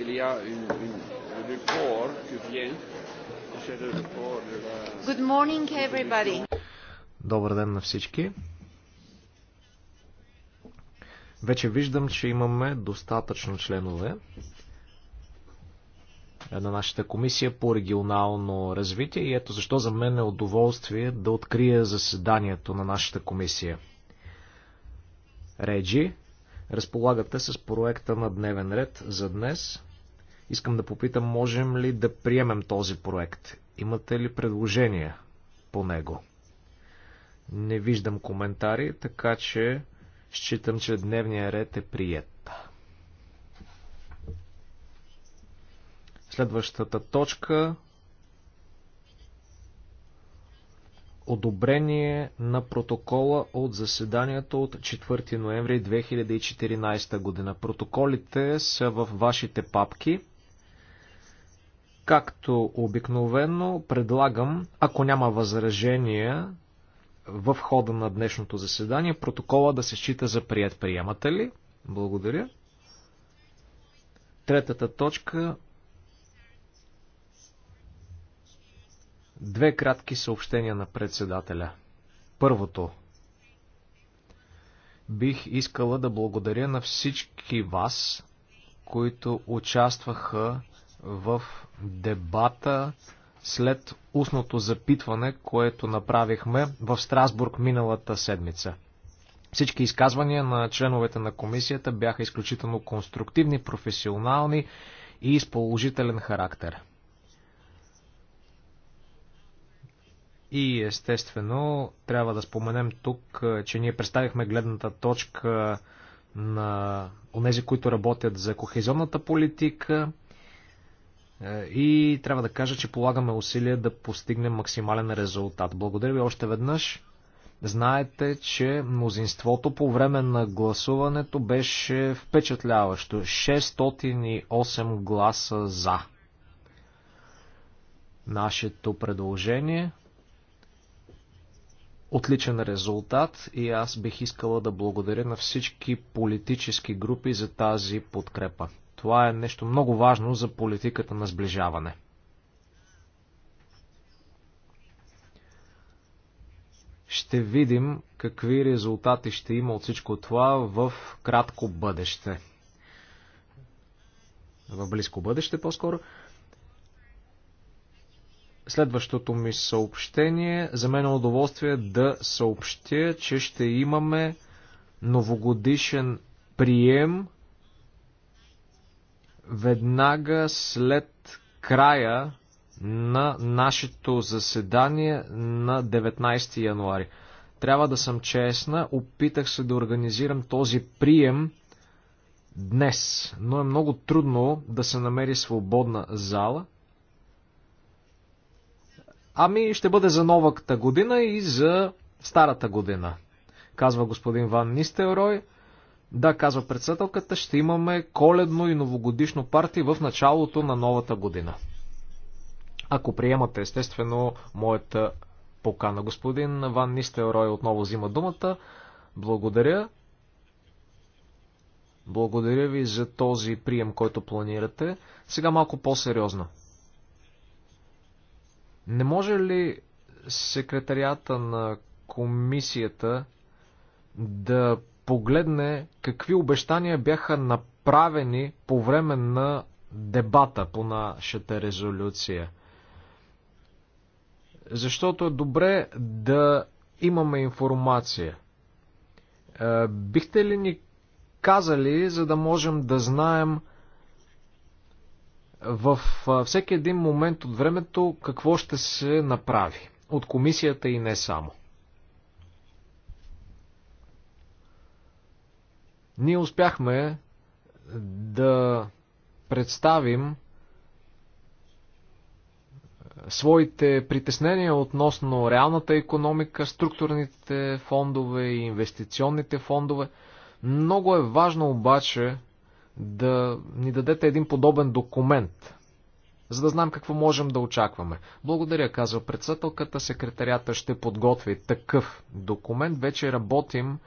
il y a une, une, le corps qui vient. Good morning, everybody. Добър ден на всички. Вече виждам, че имаме достатъчно членове на нашата комисия по регионално развитие и ето защо за мен е удоволствие да открия заседанието на нашата комисия. Реджи, Разполагате с проекта на дневен ред за днес. Искам да попитам, можем ли да приемем този проект? Имате ли предложения по него? Не виждам коментари, така че считам, че дневния ред е прият. Следващата точка одобрение на протокола от заседанието от 4 ноември 2014 година. Протоколите са в вашите папки. Както обикновено, предлагам, ако няма възражения в хода на днешното заседание, протокола да се счита за прият. Приемате ли? Благодаря. Третата точка Две кратки съобщения на председателя. Първото. Бих искала да благодаря на всички вас, които участваха в дебата след устното запитване, което направихме в Страсбург миналата седмица. Всички изказвания на членовете на комисията бяха изключително конструктивни, професионални и с положителен характер. И естествено, трябва да споменем тук, е, че ние представихме гледната точка на онези, които работят за кохезионната политика. Е, и трябва да кажа, че полагаме усилия да постигнем максимален резултат. Благодаря ви още веднъж. Знаете, че мнозинството по време на гласуването беше впечатляващо. 608 гласа за. Нашето предложение отличен резултат и аз бих искала да благодаря на всички политически групи за тази подкрепа. Това е нещо много важно за политиката на сближаване. Ще видим какви резултати ще има от всичко това в кратко бъдеще. В близко бъдеще по-скоро. Следващото ми съобщение. За мен е удоволствие да съобщя, че ще имаме новогодишен прием веднага след края на нашето заседание на 19 януари. Трябва да съм честна, опитах се да организирам този прием днес, но е много трудно да се намери свободна зала – Ами ще бъде за новата година и за старата година, казва господин Ван Нистелрой. Да, казва председателката, ще имаме коледно и новогодишно парти в началото на новата година. Ако приемате, естествено, моята покана. Господин Ван Нистелрой отново взима думата. Благодаря. Благодаря ви за този прием, който планирате. Сега малко по-сериозно. Не може ли секретарията на комисията да погледне какви обещания бяха направени по време на дебата по нашата резолюция? Защото е добре да имаме информация. Е, бихте ли ни казали, за да можем да знаем в всеки един момент от времето какво ще се направи от комисията и не само. Ние успяхме да представим своите притеснения относно реалната економика, структурните фондове и инвестиционните фондове. Много е важно обаче да ни дадете един подобен документ, за да знам какво можем да очакваме. Благодаря, казва председателката. Секретарията ще подготви такъв документ. Вече работим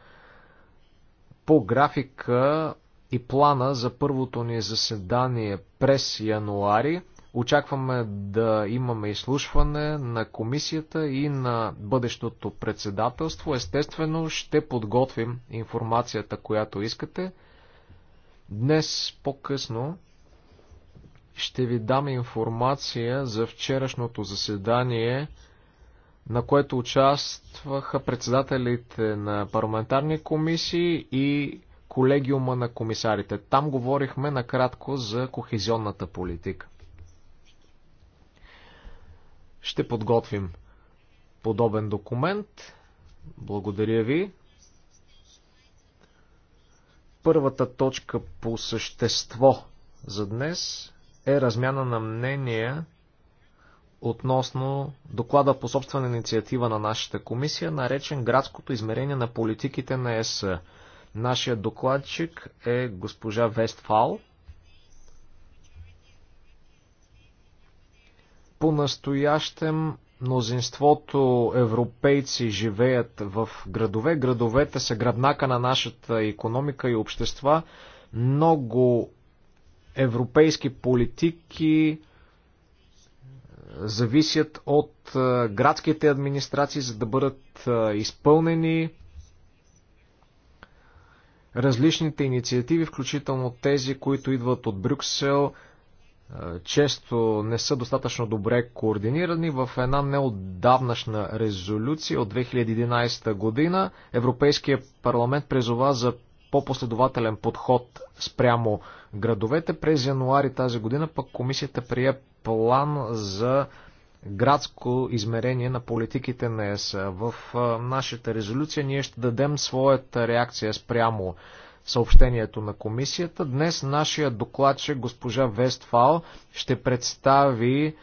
по графика и плана за първото ни заседание през януари. Очакваме да имаме изслушване на комисията и на бъдещото председателство. Естествено, ще подготвим информацията, която искате. Днес по-късно ще ви дам информация за вчерашното заседание, на което участваха председателите на парламентарни комисии и колегиума на комисарите. Там говорихме накратко за кохезионната политика. Ще подготвим подобен документ. Благодаря ви първата точка по същество за днес е размяна на мнения относно доклада по собствена инициатива на нашата комисия, наречен Градското измерение на политиките на ЕС. Нашия докладчик е госпожа Вестфал. По-настоящем Мнозинството европейци живеят в градове. Градовете са гръбнака на нашата економика и общества. Много европейски политики е, зависят от е, градските администрации, за да бъдат е, изпълнени различните инициативи, включително тези, които идват от Брюксел – е, често не са достатъчно добре координирани. В една неотдавнашна резолюция от 2011 година Европейския парламент призова за по-последователен подход спрямо градовете. През януари тази година пък комисията прие план за градско измерение на политиките на ЕС. В е, нашата резолюция ние ще дадем своята реакция спрямо съобщението на комисията. Днес нашия докладчик госпожа Вестфал ще представи е,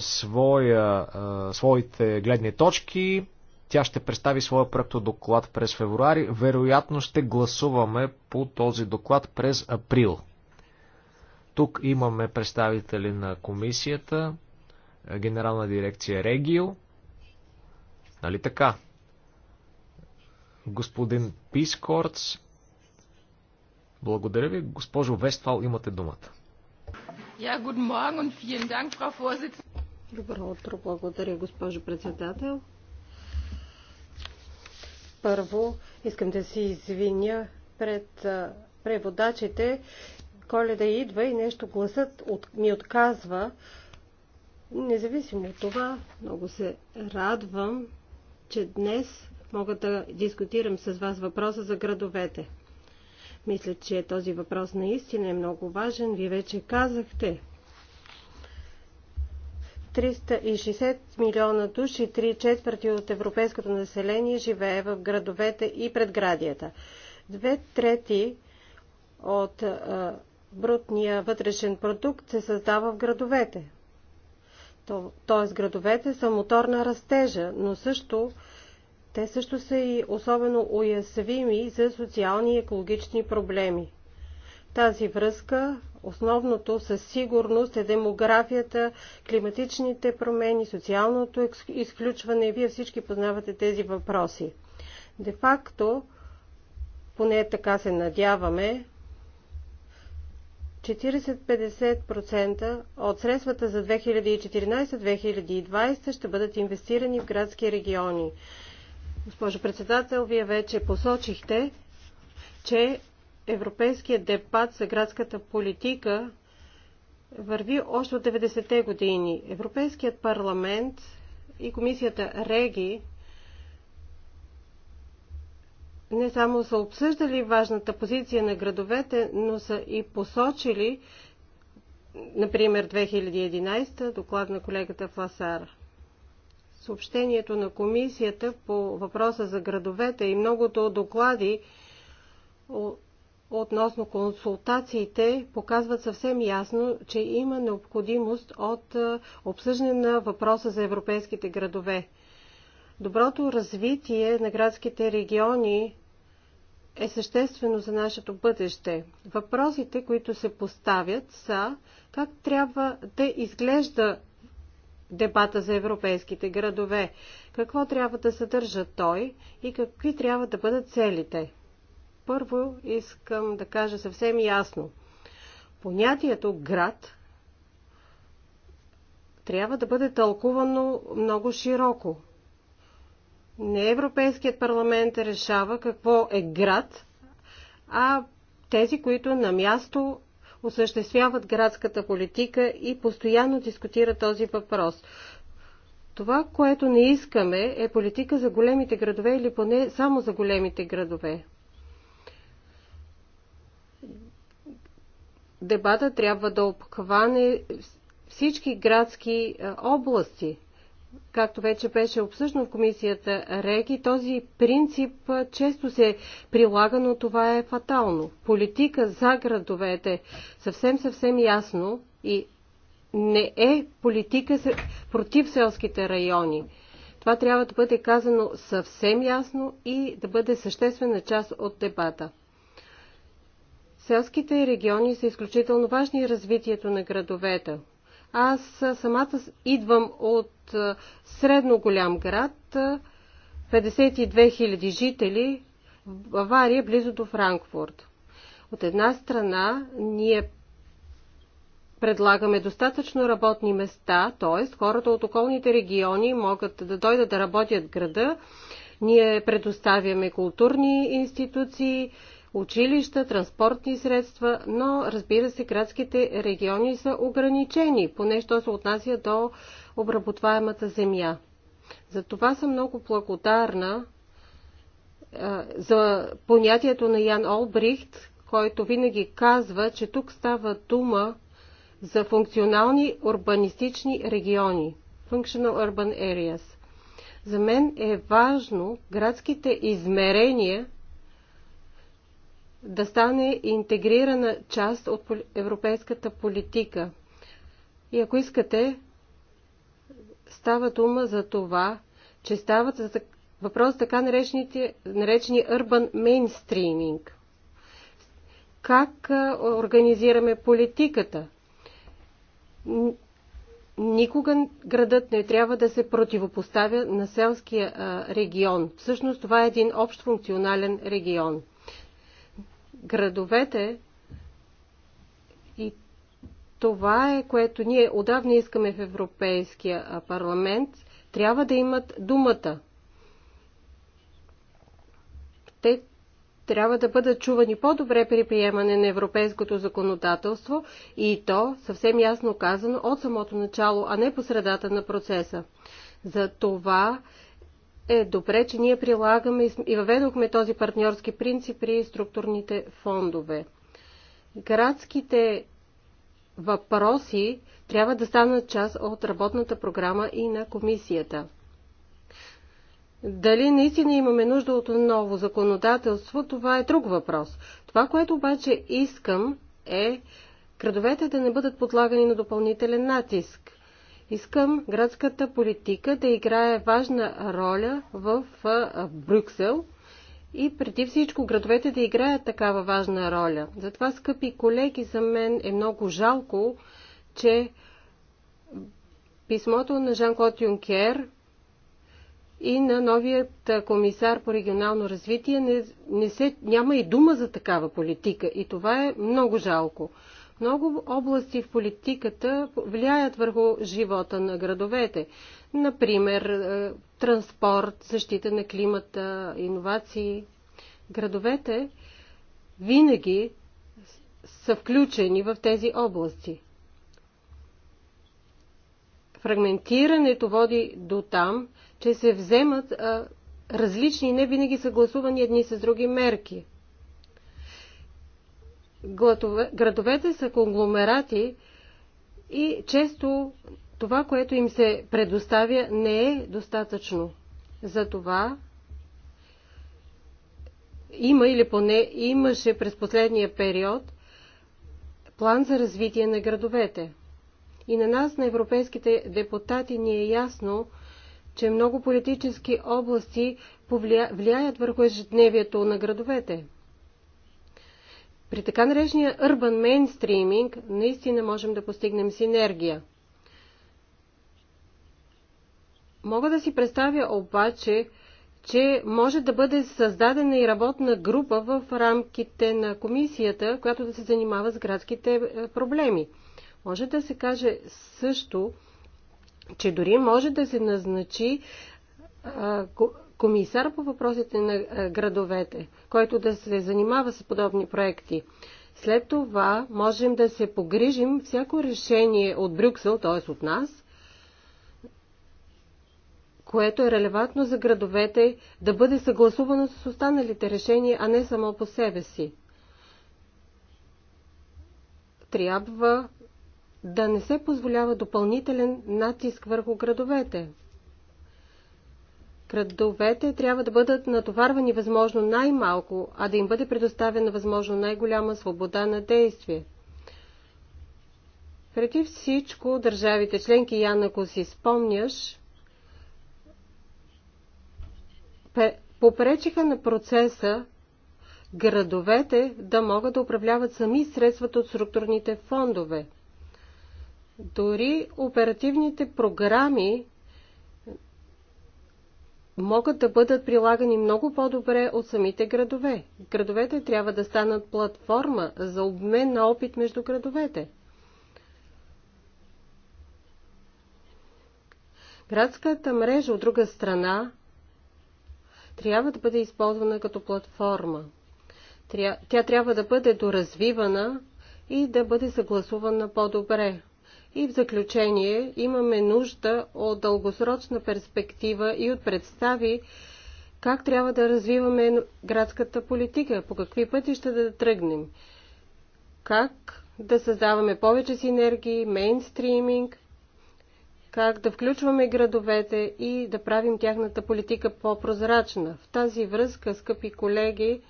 своя, е, своите гледни точки. Тя ще представи своя проекто доклад през февруари. Вероятно ще гласуваме по този доклад през април. Тук имаме представители на комисията, е, генерална дирекция Регио. Нали така? Господин Пискорц благодаря ви. Госпожо Вествал, имате думата. Ja, guten Morgen und vielen Dank, Frau Vorsitzende. Добро утро, благодаря, госпожо председател. Първо, искам да се извиня пред преводачите. Коледа идва и нещо гласът от, ми отказва. Независимо от това, много се радвам, че днес мога да дискутирам с вас въпроса за градовете. Мисля, че този въпрос наистина е много важен. Вие вече казахте. 360 милиона души, 3 четвърти от европейското население живее в градовете и предградията. Две трети от а, брутния вътрешен продукт се създава в градовете. То, тоест градовете са мотор на растежа, но също те също са и особено уязвими за социални и екологични проблеми. В тази връзка основното със сигурност е демографията, климатичните промени, социалното изключване. Вие всички познавате тези въпроси. Де факто, поне така се надяваме, 40-50% от средствата за 2014-2020 ще бъдат инвестирани в градски региони. Госпожо председател, вие вече посочихте, че европейският дебат за градската политика върви още от 90-те години. Европейският парламент и комисията Реги не само са обсъждали важната позиция на градовете, но са и посочили, например 2011, доклад на колегата Фласара съобщението на комисията по въпроса за градовете и многото доклади относно консултациите показват съвсем ясно, че има необходимост от е, обсъждане на въпроса за европейските градове. Доброто развитие на градските региони е съществено за нашето бъдеще. Въпросите, които се поставят са как трябва да изглежда дебата за европейските градове. Какво трябва да съдържа той и какви трябва да бъдат целите? Първо искам да кажа съвсем ясно. Понятието град трябва да бъде тълкувано много широко. Не Европейският парламент решава какво е град, а тези, които на място осъществяват градската политика и постоянно дискутира този въпрос. Това, което не искаме, е политика за големите градове или поне само за големите градове. Дебата трябва да обхване всички градски области – както вече беше обсъждано в комисията Реги, този принцип често се прилага, но това е фатално. Политика за градовете съвсем, съвсем ясно и не е политика против селските райони. Това трябва да бъде казано съвсем ясно и да бъде съществена част от дебата. Селските региони са изключително важни развитието на градовете. Аз самата идвам от средно голям град, 52 000 жители, в Бавария, близо до Франкфурт. От една страна, ние предлагаме достатъчно работни места, т.е. хората от околните региони могат да дойдат да работят в града. Ние предоставяме културни институции, училища, транспортни средства, но разбира се, градските региони са ограничени, поне що се отнася до обработваемата земя. Затова съм много благодарна а, за понятието на Ян Олбрихт, който винаги казва, че тук става дума за функционални урбанистични региони Functional Urban Areas. За мен е важно градските измерения – да стане интегрирана част от европейската политика. И ако искате, става дума за това, че стават за въпрос така наречени urban mainstreaming. Как организираме политиката? Никога градът не трябва да се противопоставя на селския регион. Всъщност това е един общ функционален регион градовете и това е, което ние отдавна искаме в Европейския парламент, трябва да имат думата. Те трябва да бъдат чувани по-добре при приемане на европейското законодателство и то, съвсем ясно казано, от самото начало, а не по средата на процеса. За това е добре, че ние прилагаме и въведохме този партньорски принцип при структурните фондове. Градските въпроси трябва да станат част от работната програма и на комисията. Дали наистина имаме нужда от ново законодателство, това е друг въпрос. Това, което обаче искам е градовете да не бъдат подлагани на допълнителен натиск – Искам градската политика да играе важна роля в Брюксел и преди всичко градовете да играят такава важна роля. Затова, скъпи колеги, за мен е много жалко, че писмото на Жан-Клод Юнкер и на новият комисар по регионално развитие не, не се, няма и дума за такава политика. И това е много жалко. Много области в политиката влияят върху живота на градовете. Например, е, транспорт, защита на климата, иновации. Градовете винаги са включени в тези области. Фрагментирането води до там, че се вземат а, е, различни, не винаги съгласувани едни с други мерки – Градовете са конгломерати и често това, което им се предоставя, не е достатъчно. Затова има или поне имаше през последния период план за развитие на градовете. И на нас, на европейските депутати, ни е ясно, че много политически области повлияят върху ежедневието на градовете – при така наречения urban mainstreaming наистина можем да постигнем синергия. Мога да си представя обаче, че може да бъде създадена и работна група в рамките на комисията, която да се занимава с градските е, проблеми. Може да се каже също, че дори може да се назначи а, комисар по въпросите на е, градовете, който да се занимава с подобни проекти. След това можем да се погрижим всяко решение от Брюксел, т.е. от нас, което е релевантно за градовете, да бъде съгласувано с останалите решения, а не само по себе си. Трябва да не се позволява допълнителен натиск върху градовете. Градовете трябва да бъдат натоварвани възможно най-малко, а да им бъде предоставена възможно най-голяма свобода на действие. Преди всичко, държавите членки, Ян, ако си спомняш, попречиха на процеса градовете да могат да управляват сами средствата от структурните фондове. Дори оперативните програми могат да бъдат прилагани много по-добре от самите градове. Градовете трябва да станат платформа за обмен на опит между градовете. Градската мрежа, от друга страна, трябва да бъде използвана като платформа. Тя трябва да бъде доразвивана и да бъде съгласувана по-добре. И в заключение имаме нужда от дългосрочна перспектива и от представи как трябва да развиваме градската политика, по какви пътища да тръгнем, как да създаваме повече синергии, мейнстриминг, как да включваме градовете и да правим тяхната политика по-прозрачна. В тази връзка, скъпи колеги,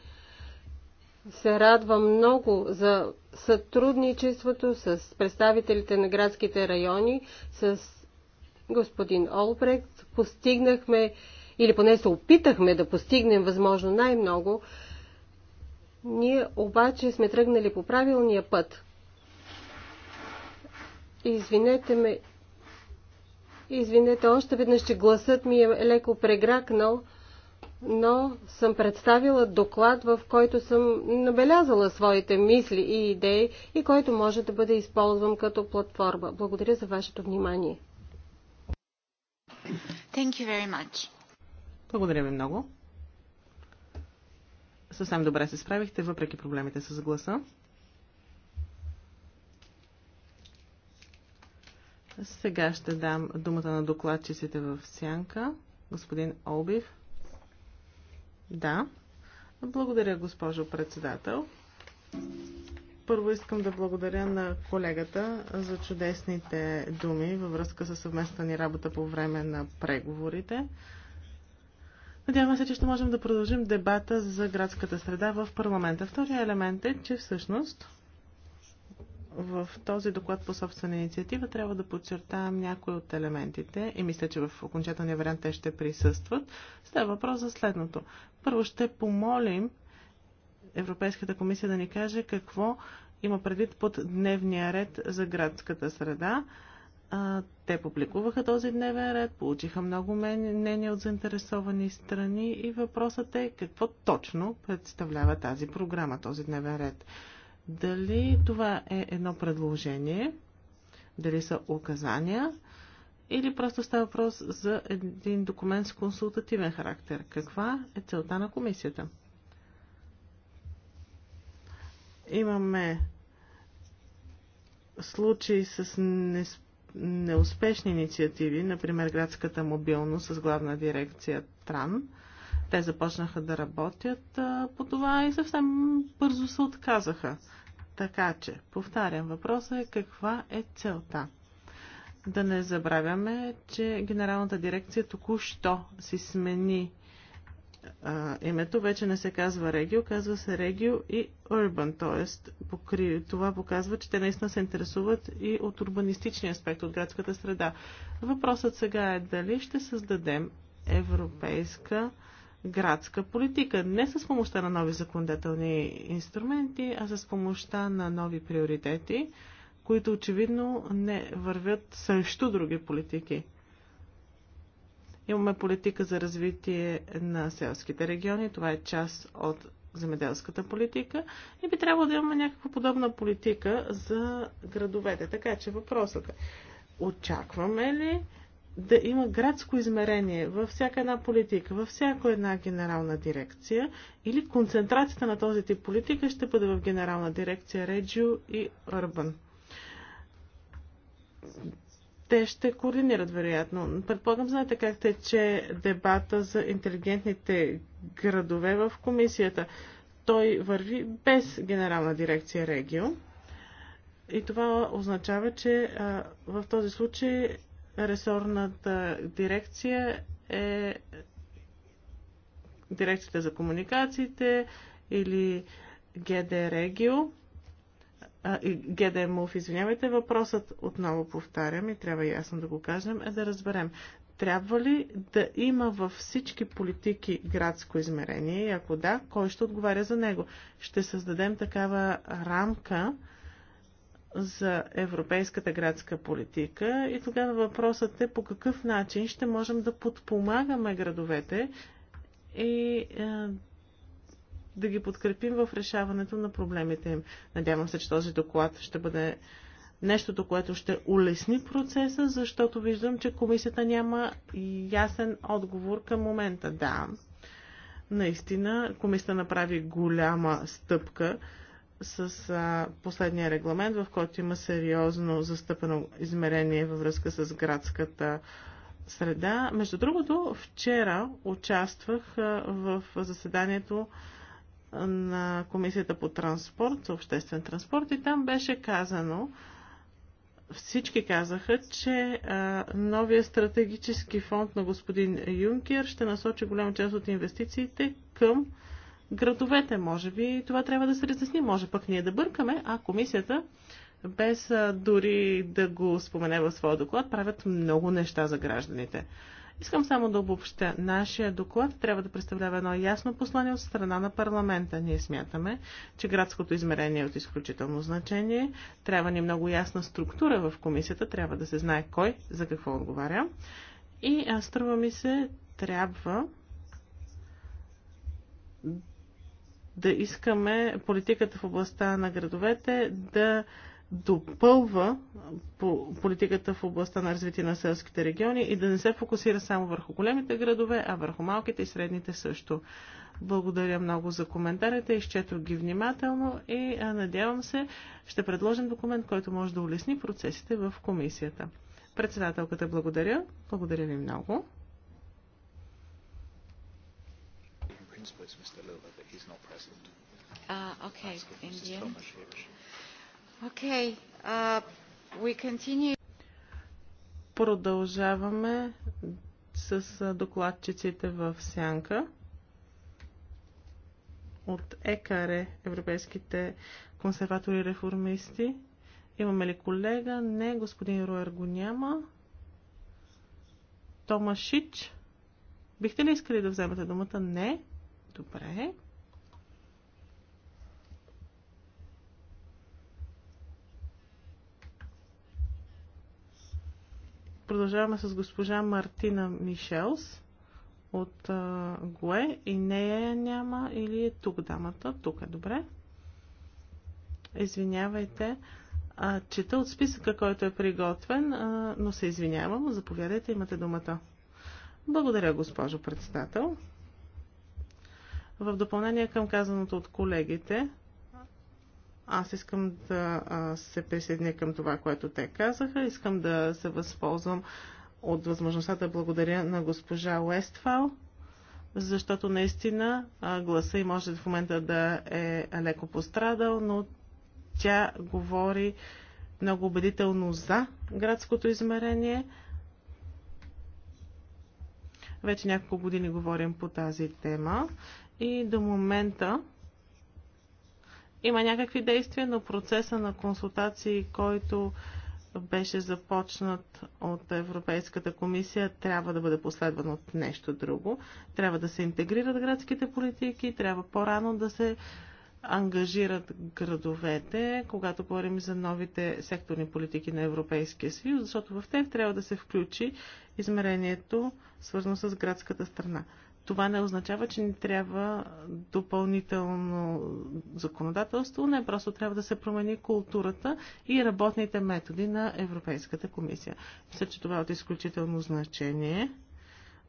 се радвам много за сътрудничеството с представителите на градските райони, с господин Олбрект. Постигнахме, или поне се опитахме да постигнем възможно най-много. Ние обаче сме тръгнали по правилния път. Извинете ме, извинете още веднъж, че гласът ми е леко прегракнал – но съм представила доклад, в който съм набелязала своите мисли и идеи и който може да бъде използван като платформа. Благодаря за вашето внимание. Thank you very much. Благодаря ви много. Съвсем добре се справихте, въпреки проблемите с гласа. Сега ще дам думата на докладчиците в сянка. Господин Олбив. Да. Благодаря, госпожо председател. Първо искам да благодаря на колегата за чудесните думи във връзка с съвместна ни работа по време на преговорите. Надявам се, че ще можем да продължим дебата за градската среда в парламента. Втория елемент е, че всъщност в този доклад по собствена инициатива трябва да подчертаем някои от елементите и мисля, че в окончателния вариант те ще присъстват. Става въпрос за следното. Първо ще помолим Европейската комисия да ни каже какво има предвид под дневния ред за градската среда. те публикуваха този дневен ред, получиха много мнения от заинтересовани страни и въпросът е какво точно представлява тази програма, този дневен ред. Дали това е едно предложение, дали са указания, или просто става въпрос за един документ с консултативен характер. Каква е целта на комисията? Имаме случаи с неспособност неуспешни инициативи, например градската мобилност с главна дирекция ТРАН, те започнаха да работят а, по това и съвсем бързо се отказаха. Така че, повтарям, въпросът е каква е целта. Да не забравяме, че генералната дирекция току-що си смени а, името. Вече не се казва Регио, казва се Регио и Urban, т.е. Покри... това показва, че те наистина се интересуват и от урбанистичния аспект, от градската среда. Въпросът сега е дали ще създадем европейска градска политика. Не с помощта на нови законодателни инструменти, а с помощта на нови приоритети, които очевидно не вървят срещу други политики. Имаме политика за развитие на селските региони. Това е част от земеделската политика. И би трябвало да имаме някаква подобна политика за градовете. Така че въпросът е, очакваме ли да има градско измерение във всяка една политика, във всяка една генерална дирекция или концентрацията на този тип политика ще бъде в генерална дирекция Реджио и Urban. Те ще координират, вероятно. Предполагам, знаете как тече дебата за интелигентните градове в комисията. Той върви без генерална дирекция Регио. И това означава, че а, в този случай Ресорната дирекция е дирекцията за комуникациите или ГД Регио. ГД МУФ, извинявайте, въпросът, отново повтарям и трябва ясно да го кажем, е да разберем трябва ли да има във всички политики градско измерение и ако да, кой ще отговаря за него? Ще създадем такава рамка, за европейската градска политика и тогава въпросът е по какъв начин ще можем да подпомагаме градовете и е, да ги подкрепим в решаването на проблемите им. Надявам се, че този доклад ще бъде нещото, което ще улесни процеса, защото виждам, че комисията няма ясен отговор към момента. Да, наистина комисията направи голяма стъпка с а, последния регламент, в който има сериозно застъпено измерение във връзка с градската среда. Между другото, вчера участвах а, в заседанието на Комисията по транспорт, обществен транспорт и там беше казано, всички казаха, че а, новия стратегически фонд на господин Юнкер ще насочи голяма част от инвестициите към а, градовете. Може би това трябва да се разясни. Може пък ние да бъркаме, а комисията, без дори да го спомене в своя доклад, правят много неща за гражданите. Искам само да обобщя. Нашия доклад трябва да представлява едно ясно послание от страна на парламента. Ние смятаме, че градското измерение е от изключително значение. Трябва ни много ясна структура в комисията. Трябва да се знае кой за какво отговаря. И струва ми се, трябва да искаме политиката в областта на градовете да допълва по политиката в областта на развитие на селските региони и да не се фокусира само върху големите градове, а върху малките и средните също. Благодаря много за коментарите, изчетох ги внимателно и надявам се ще предложим документ, който може да улесни процесите в комисията. Председателката, благодаря. Благодаря ви много not present. Uh, ah, okay. India. Okay. Uh, we continue. Продължаваме с докладчиците в сянка от ЕКАРЕ, Европейските консерватори и реформисти. Имаме ли колега? Не, господин Руер го няма. Томашич. Бихте ли искали да вземете думата? Не. Добре. Продължаваме с госпожа Мартина Мишелс от а, Гуе и нея няма или е тук дамата. Тук е добре. Извинявайте. А, чета от списъка, който е приготвен, а, но се извинявам. Заповядайте, имате думата. Благодаря, госпожо председател. В допълнение към казаното от колегите, аз искам да се присъединя към това, което те казаха. Искам да се възползвам от възможността да благодаря на госпожа Уестфал, защото наистина гласа и може в момента да е леко пострадал, но тя говори много убедително за градското измерение. Вече няколко години говорим по тази тема и до момента има някакви действия, но процеса на консултации, който беше започнат от Европейската комисия, трябва да бъде последван от нещо друго. Трябва да се интегрират градските политики, трябва по-рано да се ангажират градовете, когато говорим за новите секторни политики на Европейския съюз, защото в тях трябва да се включи измерението, свързано с градската страна. Това не означава, че ни трябва допълнително законодателство, не просто трябва да се промени културата и работните методи на Европейската комисия. Мисля, че това е от изключително значение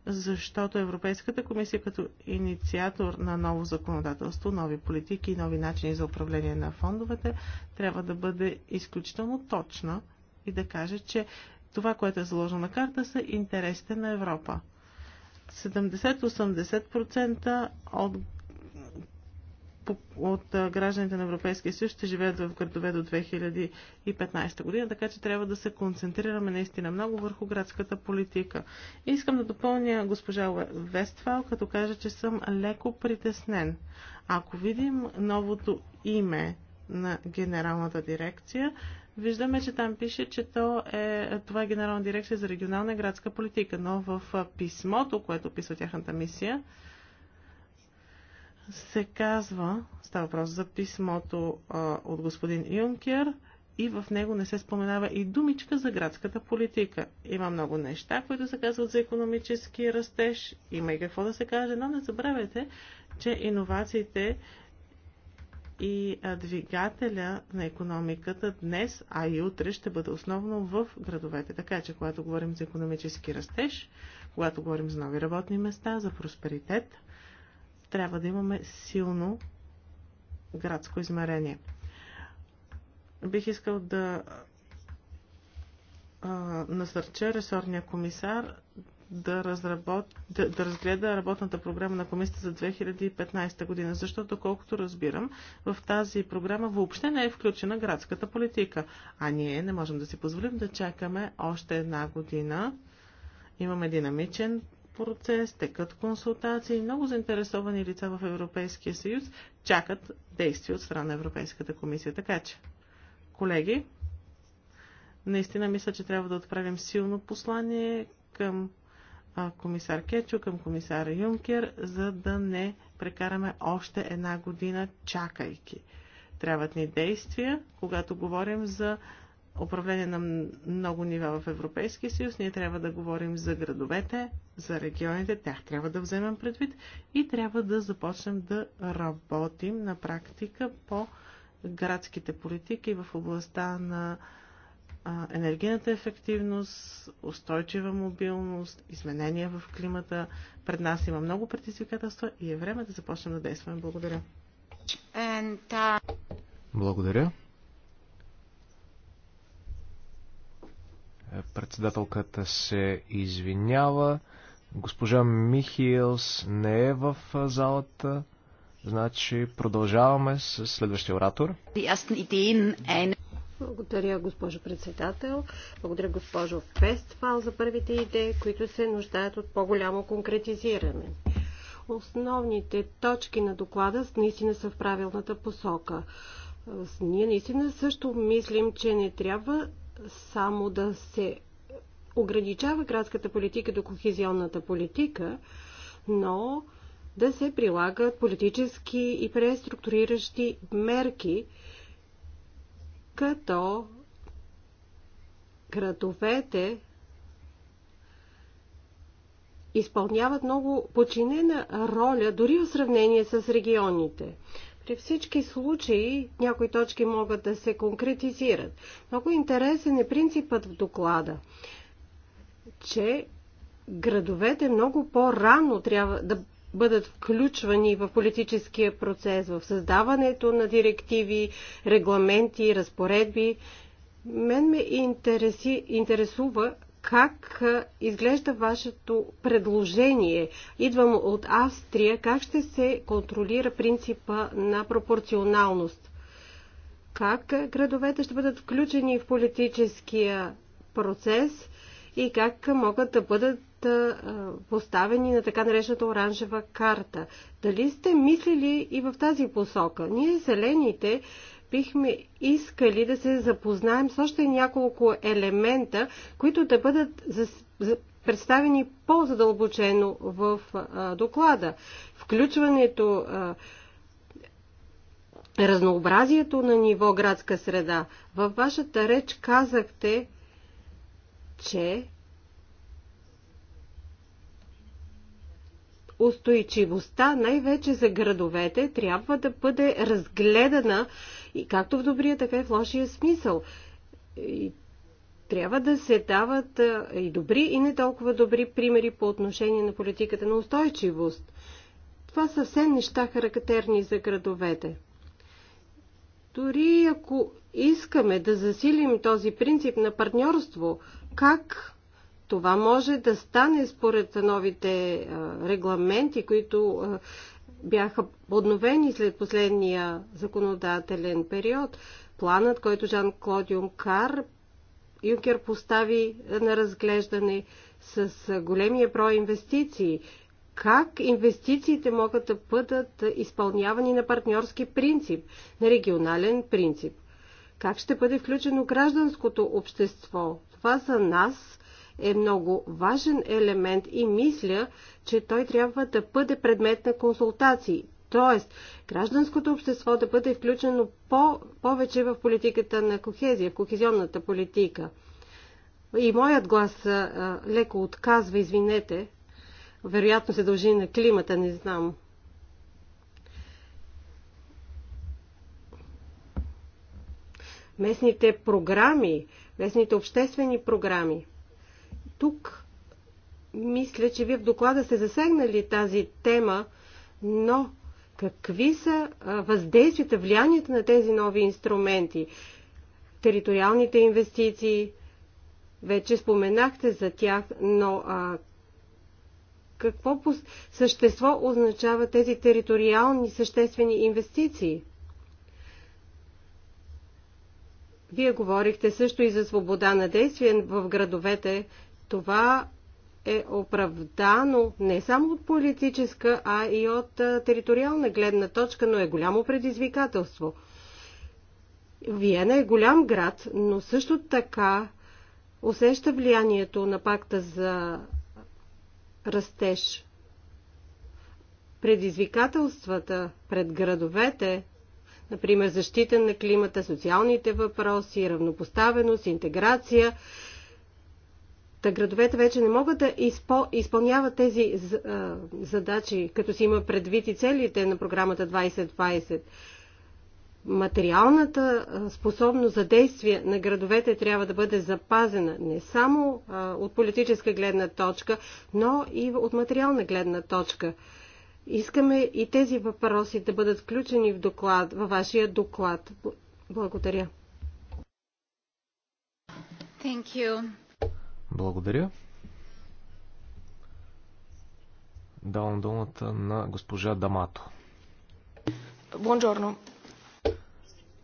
защото Европейската комисия като инициатор на ново законодателство, нови политики и нови начини за управление на фондовете трябва да бъде изключително точна и да каже, че това, което е заложено на карта, са интересите на Европа. 70-80% от, от гражданите на Европейския съюз ще живеят в градове до 2015 година, така че трябва да се концентрираме наистина много върху градската политика. И искам да допълня госпожа Вестфал, като кажа, че съм леко притеснен. Ако видим новото име на генералната дирекция, Виждаме, че там пише, че то е, това е Генерална дирекция за регионална и градска политика, но в писмото, което описва тяхната мисия, се казва, става въпрос за писмото а, от господин Юнкер, и в него не се споменава и думичка за градската политика. Има много неща, които се казват за економически растеж, има и какво да се каже, но не забравяйте, че иновациите и двигателя на економиката днес, а и утре ще бъде основно в градовете. Така че, когато говорим за економически растеж, когато говорим за нови работни места, за просперитет, трябва да имаме силно градско измерение. Бих искал да а, насърча ресорния комисар да, разработ... да, да разгледа работната програма на комисията за 2015 година, защото, колкото разбирам, в тази програма въобще не е включена градската политика. А ние не можем да си позволим да чакаме още една година. Имаме динамичен процес, текат консултации, много заинтересовани лица в Европейския съюз чакат действия от страна на Европейската комисия. Така че, колеги, наистина мисля, че трябва да отправим силно послание към комисар Кечо към комисар Юнкер, за да не прекараме още една година чакайки. Трябват ни действия, когато говорим за управление на много нива в Европейския съюз, ние трябва да говорим за градовете, за регионите, тях трябва да вземем предвид и трябва да започнем да работим на практика по градските политики в областта на енергийната ефективност, устойчива мобилност, изменения в климата. Пред нас има много предизвикателства и е време да започнем да действаме. Благодаря. Uh, Благодаря. Председателката се извинява. Госпожа Михиелс не е в залата. Значи продължаваме с следващия оратор. Благодаря, госпожо председател. Благодаря, госпожо Фестфал, за първите идеи, които се нуждаят от по-голямо конкретизиране. Основните точки на доклада наистина са в правилната посока. Ние наистина също мислим, че не трябва само да се ограничава градската политика до кохезионната политика, но да се прилагат политически и преструктуриращи мерки, като градовете изпълняват много починена роля, дори в сравнение с регионите. При всички случаи някои точки могат да се конкретизират. Много интересен е принципът в доклада, че градовете много по-рано трябва да бъдат включвани в политическия процес, в създаването на директиви, регламенти, разпоредби. Мен ме интереси, интересува как изглежда вашето предложение. Идвам от Австрия. Как ще се контролира принципа на пропорционалност? Как градовете ще бъдат включени в политическия процес и как могат да бъдат поставени на така наречената оранжева карта. Дали сте мислили и в тази посока? Ние, зелените, бихме искали да се запознаем с още няколко елемента, които да бъдат представени по-задълбочено в доклада. Включването, разнообразието на ниво градска среда. Във вашата реч казахте, че устойчивостта, най-вече за градовете, трябва да бъде разгледана и както в добрия, така и в лошия смисъл. И трябва да се дават и добри, и не толкова добри примери по отношение на политиката на устойчивост. Това са все неща характерни за градовете. Дори ако искаме да засилим този принцип на партньорство как това може да стане според новите регламенти, които бяха подновени след последния законодателен период. Планът, който Жан-Клод Юнкар Юнкер постави на разглеждане с големия брой инвестиции. Как инвестициите могат да бъдат изпълнявани на партньорски принцип, на регионален принцип? Как ще бъде включено гражданското общество това за нас е много важен елемент и мисля, че той трябва да бъде предмет на консултации. Тоест, гражданското общество да бъде включено по- повече в политиката на кохезия, в кохезионната политика. И моят глас а, леко отказва, извинете. Вероятно се дължи на климата, не знам. Местните програми, местните обществени програми. Тук мисля, че вие в доклада сте засегнали тази тема, но какви са въздействията, влиянията на тези нови инструменти? Териториалните инвестиции, вече споменахте за тях, но а, какво по същество означава тези териториални съществени инвестиции? Вие говорихте също и за свобода на действие в градовете. Това е оправдано не само от политическа, а и от териториална гледна точка, но е голямо предизвикателство. Виена е голям град, но също така усеща влиянието на пакта за растеж. Предизвикателствата пред градовете например защита на климата, социалните въпроси, равнопоставеност, интеграция. Та градовете вече не могат да изпо, изпълняват тези а, задачи, като си има предвид и целите на програмата 2020. Материалната способност за действие на градовете трябва да бъде запазена не само а, от политическа гледна точка, но и от материална гледна точка. Искаме и тези въпроси да бъдат включени в доклад, във вашия доклад. Благодаря. Thank you. Благодаря. Давам думата на госпожа Дамато. Бонжорно.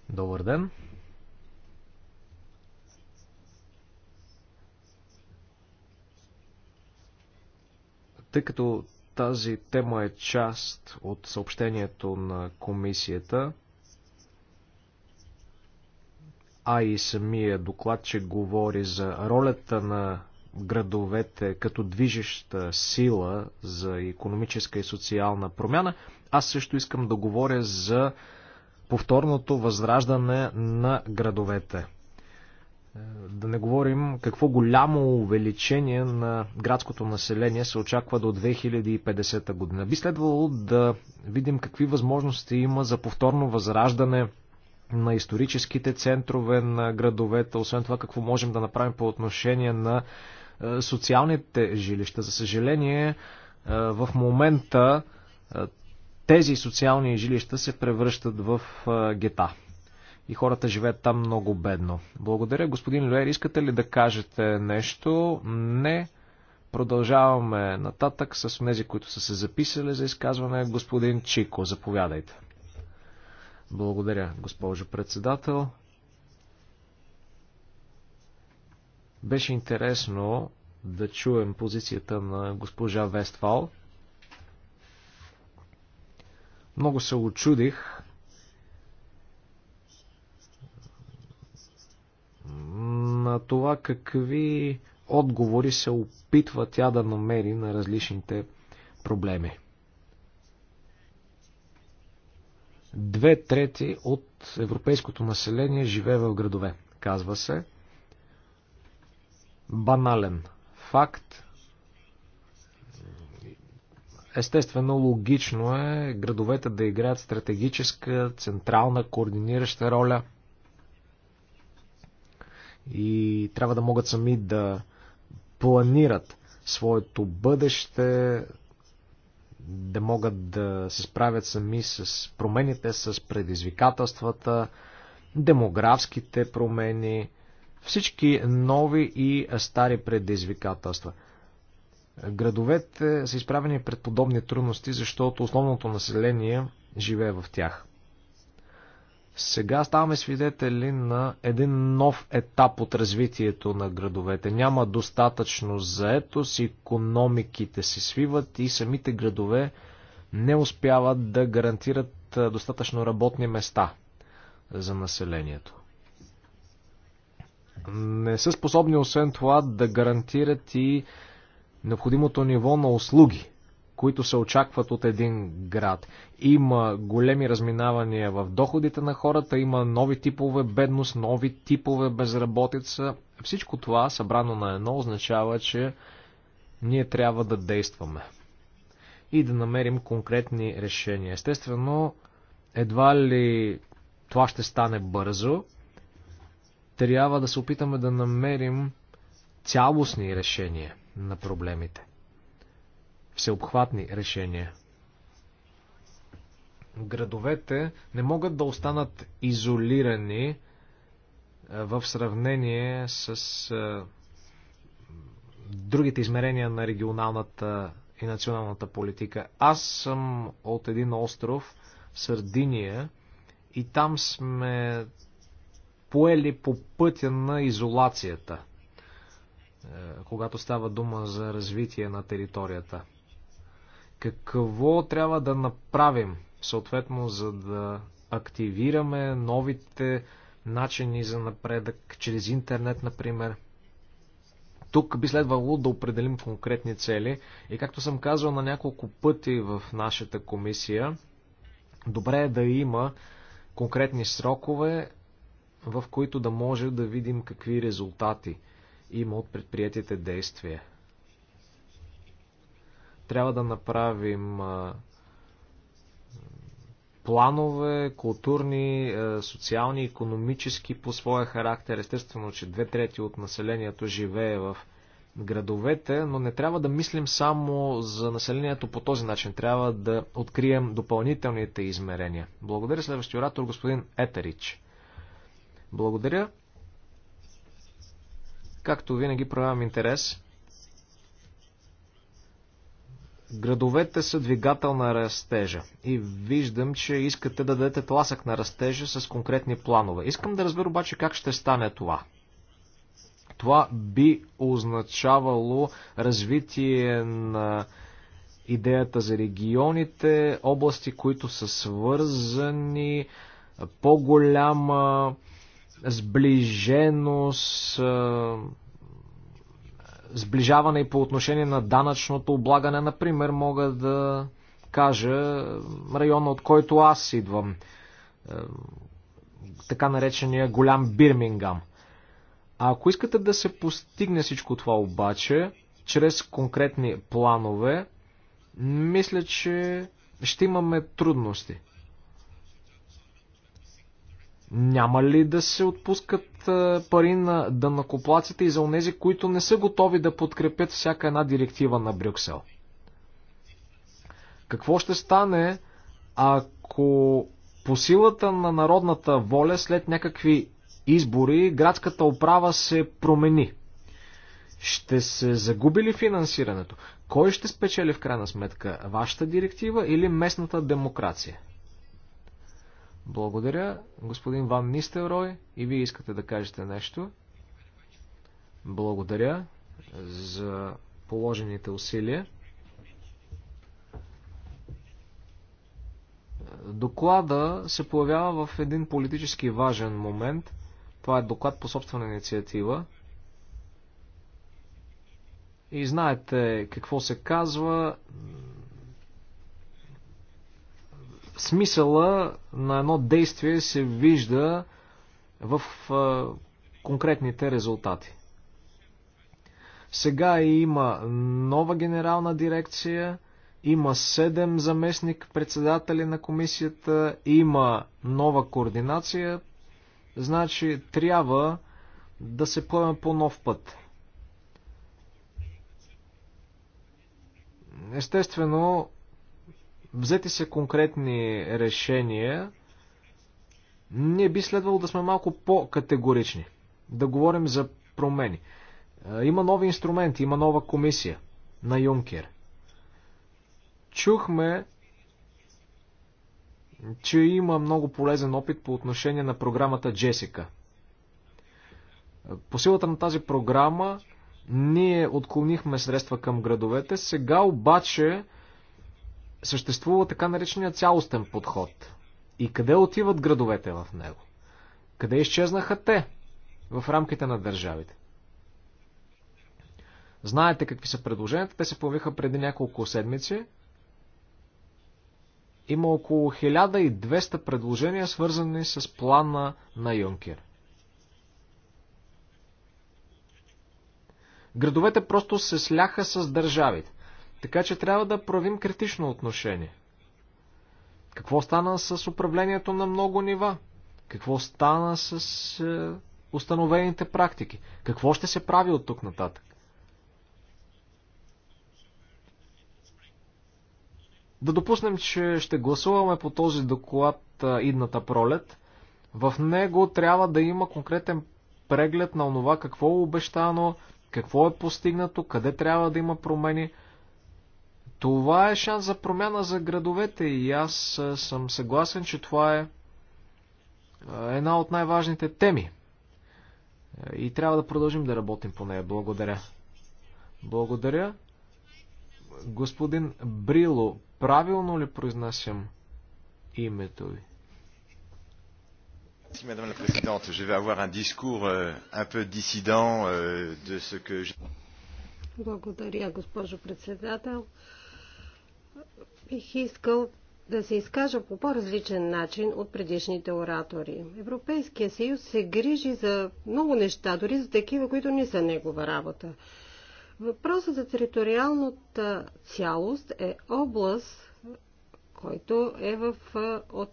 Добър ден. Тъй като тази тема е част от съобщението на комисията, а и самия доклад, че говори за ролята на градовете като движеща сила за економическа и социална промяна. Аз също искам да говоря за повторното възраждане на градовете. Да не говорим какво голямо увеличение на градското население се очаква до 2050 година. Би следвало да видим какви възможности има за повторно възраждане на историческите центрове на градовете, освен това какво можем да направим по отношение на е, социалните жилища. За съжаление, е, в момента е, тези социални жилища се превръщат в гета и хората живеят там много бедно. Благодаря. Господин Люер, искате ли да кажете нещо? Не. Продължаваме нататък с тези, които са се записали за изказване. Господин Чико, заповядайте. Благодаря, госпожо председател. Беше интересно да чуем позицията на госпожа Вестфал. Много се очудих, на това какви отговори се опитва тя да намери на различните проблеми. Две трети от европейското население живее в градове, казва се. Банален факт. Естествено, логично е градовете да играят стратегическа, централна, координираща роля – и трябва да могат сами да планират своето бъдеще, да могат да се справят сами с промените, с предизвикателствата, демографските промени, всички нови и стари предизвикателства. Градовете са изправени пред подобни трудности, защото основното население живее в тях. Сега ставаме свидетели на един нов етап от развитието на градовете. Няма достатъчно заетост, економиките се свиват и самите градове не успяват да гарантират достатъчно работни места за населението. Не са способни освен това да гарантират и необходимото ниво на услуги които се очакват от един град. Има големи разминавания в доходите на хората, има нови типове бедност, нови типове безработица. Всичко това, събрано на едно, означава, че ние трябва да действаме и да намерим конкретни решения. Естествено, едва ли това ще стане бързо, трябва да се опитаме да намерим цялостни решения на проблемите всеобхватни решения. Градовете не могат да останат изолирани е, в сравнение с е, другите измерения на регионалната и националната политика. Аз съм от един остров, Сърдиния, и там сме поели по пътя на изолацията, е, когато става дума за развитие на територията. Какво трябва да направим, съответно, за да активираме новите начини за напредък, чрез интернет, например? Тук би следвало да определим конкретни цели и както съм казал на няколко пъти в нашата комисия, добре е да има конкретни срокове, в които да може да видим какви резултати има от предприятите действия. Трябва да направим планове, културни, социални, економически по своя характер. Естествено, че две трети от населението живее в градовете, но не трябва да мислим само за населението по този начин. Трябва да открием допълнителните измерения. Благодаря следващия оратор, господин Етерич. Благодаря. Както винаги проявявам интерес Градовете са двигател на растежа и виждам, че искате да дадете тласък на растежа с конкретни планове. Искам да разбера обаче как ще стане това. Това би означавало развитие на идеята за регионите, области, които са свързани, по-голяма сближеност, сближаване и по отношение на данъчното облагане, например, мога да кажа района, от който аз идвам, е, така наречения голям Бирмингам. А ако искате да се постигне всичко това обаче, чрез конкретни планове, мисля, че ще имаме трудности. Няма ли да се отпускат пари на дънакоплаците и за онези, които не са готови да подкрепят всяка една директива на Брюксел? Какво ще стане, ако по силата на народната воля след някакви избори градската управа се промени? Ще се загуби ли финансирането? Кой ще спечели в крайна сметка? Вашата директива или местната демокрация? Благодаря, господин Ван Нистелрой, и вие искате да кажете нещо. Благодаря за положените усилия. Доклада се появява в един политически важен момент. Това е доклад по собствена инициатива. И знаете какво се казва смисъла на едно действие се вижда в конкретните резултати. Сега има нова генерална дирекция, има 7 заместник председатели на комисията, има нова координация, значи трябва да се поеме по нов път. Естествено, Взети се конкретни решения. Ние би следвало да сме малко по-категорични. Да говорим за промени. Има нови инструменти, има нова комисия на Юнкер. Чухме, че има много полезен опит по отношение на програмата Джесика. По силата на тази програма ние отклонихме средства към градовете. Сега обаче съществува така наречения цялостен подход. И къде отиват градовете в него? Къде изчезнаха те в рамките на държавите? Знаете какви са предложенията. Те се появиха преди няколко седмици. Има около 1200 предложения, свързани с плана на Юнкер. Градовете просто се сляха с държавите. Така че трябва да правим критично отношение. Какво стана с управлението на много нива? Какво стана с е, установените практики? Какво ще се прави от тук нататък? Да допуснем, че ще гласуваме по този доклад е, идната пролет. В него трябва да има конкретен преглед на онова какво е обещано, какво е постигнато, къде трябва да има промени – това е шанс за промяна за градовете и аз съм съгласен, че това е една от най-важните теми. И трябва да продължим да работим по нея. Благодаря. Благодаря. Господин Брило, правилно ли произнасям името ви? Madame la Présidente, je vais avoir un discours euh, un peu dissident euh, de ce que je... Благодаря, госпожо председател. Euh, Бих искал да се изкажа по по-различен начин от предишните оратори. Европейския съюз се грижи за много неща, дори за такива, които не са негова работа. Въпросът за териториалната цялост е област, който е в, от,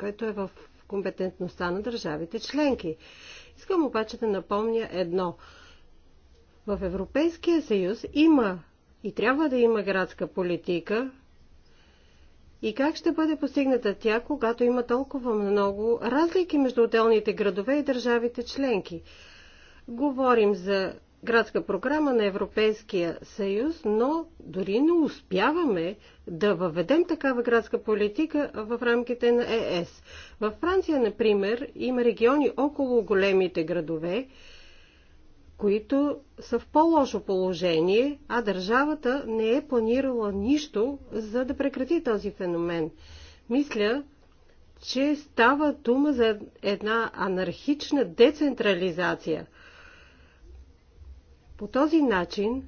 който е в компетентността на държавите членки. Искам обаче да напомня едно. В Европейския съюз има и трябва да има градска политика. И как ще бъде постигната тя, когато има толкова много разлики между отделните градове и държавите членки? Говорим за градска програма на Европейския съюз, но дори не успяваме да въведем такава градска политика в рамките на ЕС. Във Франция, например, има региони около големите градове, които са в по-лошо положение, а държавата не е планирала нищо, за да прекрати този феномен. Мисля, че става дума за една анархична децентрализация. По този начин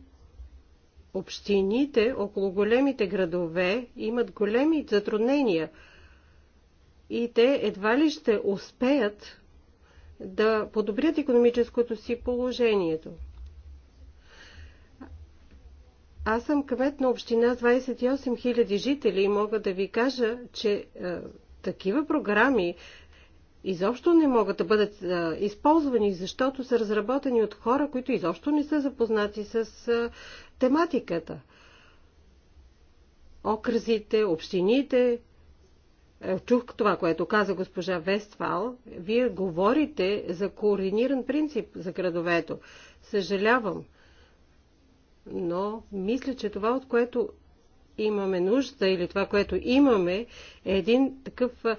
общините около големите градове имат големи затруднения и те едва ли ще успеят да подобрят економическото си положението. Аз съм кмет на община с 28 000 жители и мога да ви кажа, че е, такива програми изобщо не могат да бъдат е, използвани, защото са разработени от хора, които изобщо не са запознати с е, тематиката. Окръзите, общините, е, чух това, което каза госпожа Вестфал, вие говорите за координиран принцип за градовето. Съжалявам, но мисля, че това, от което имаме нужда или това, което имаме, е един такъв е,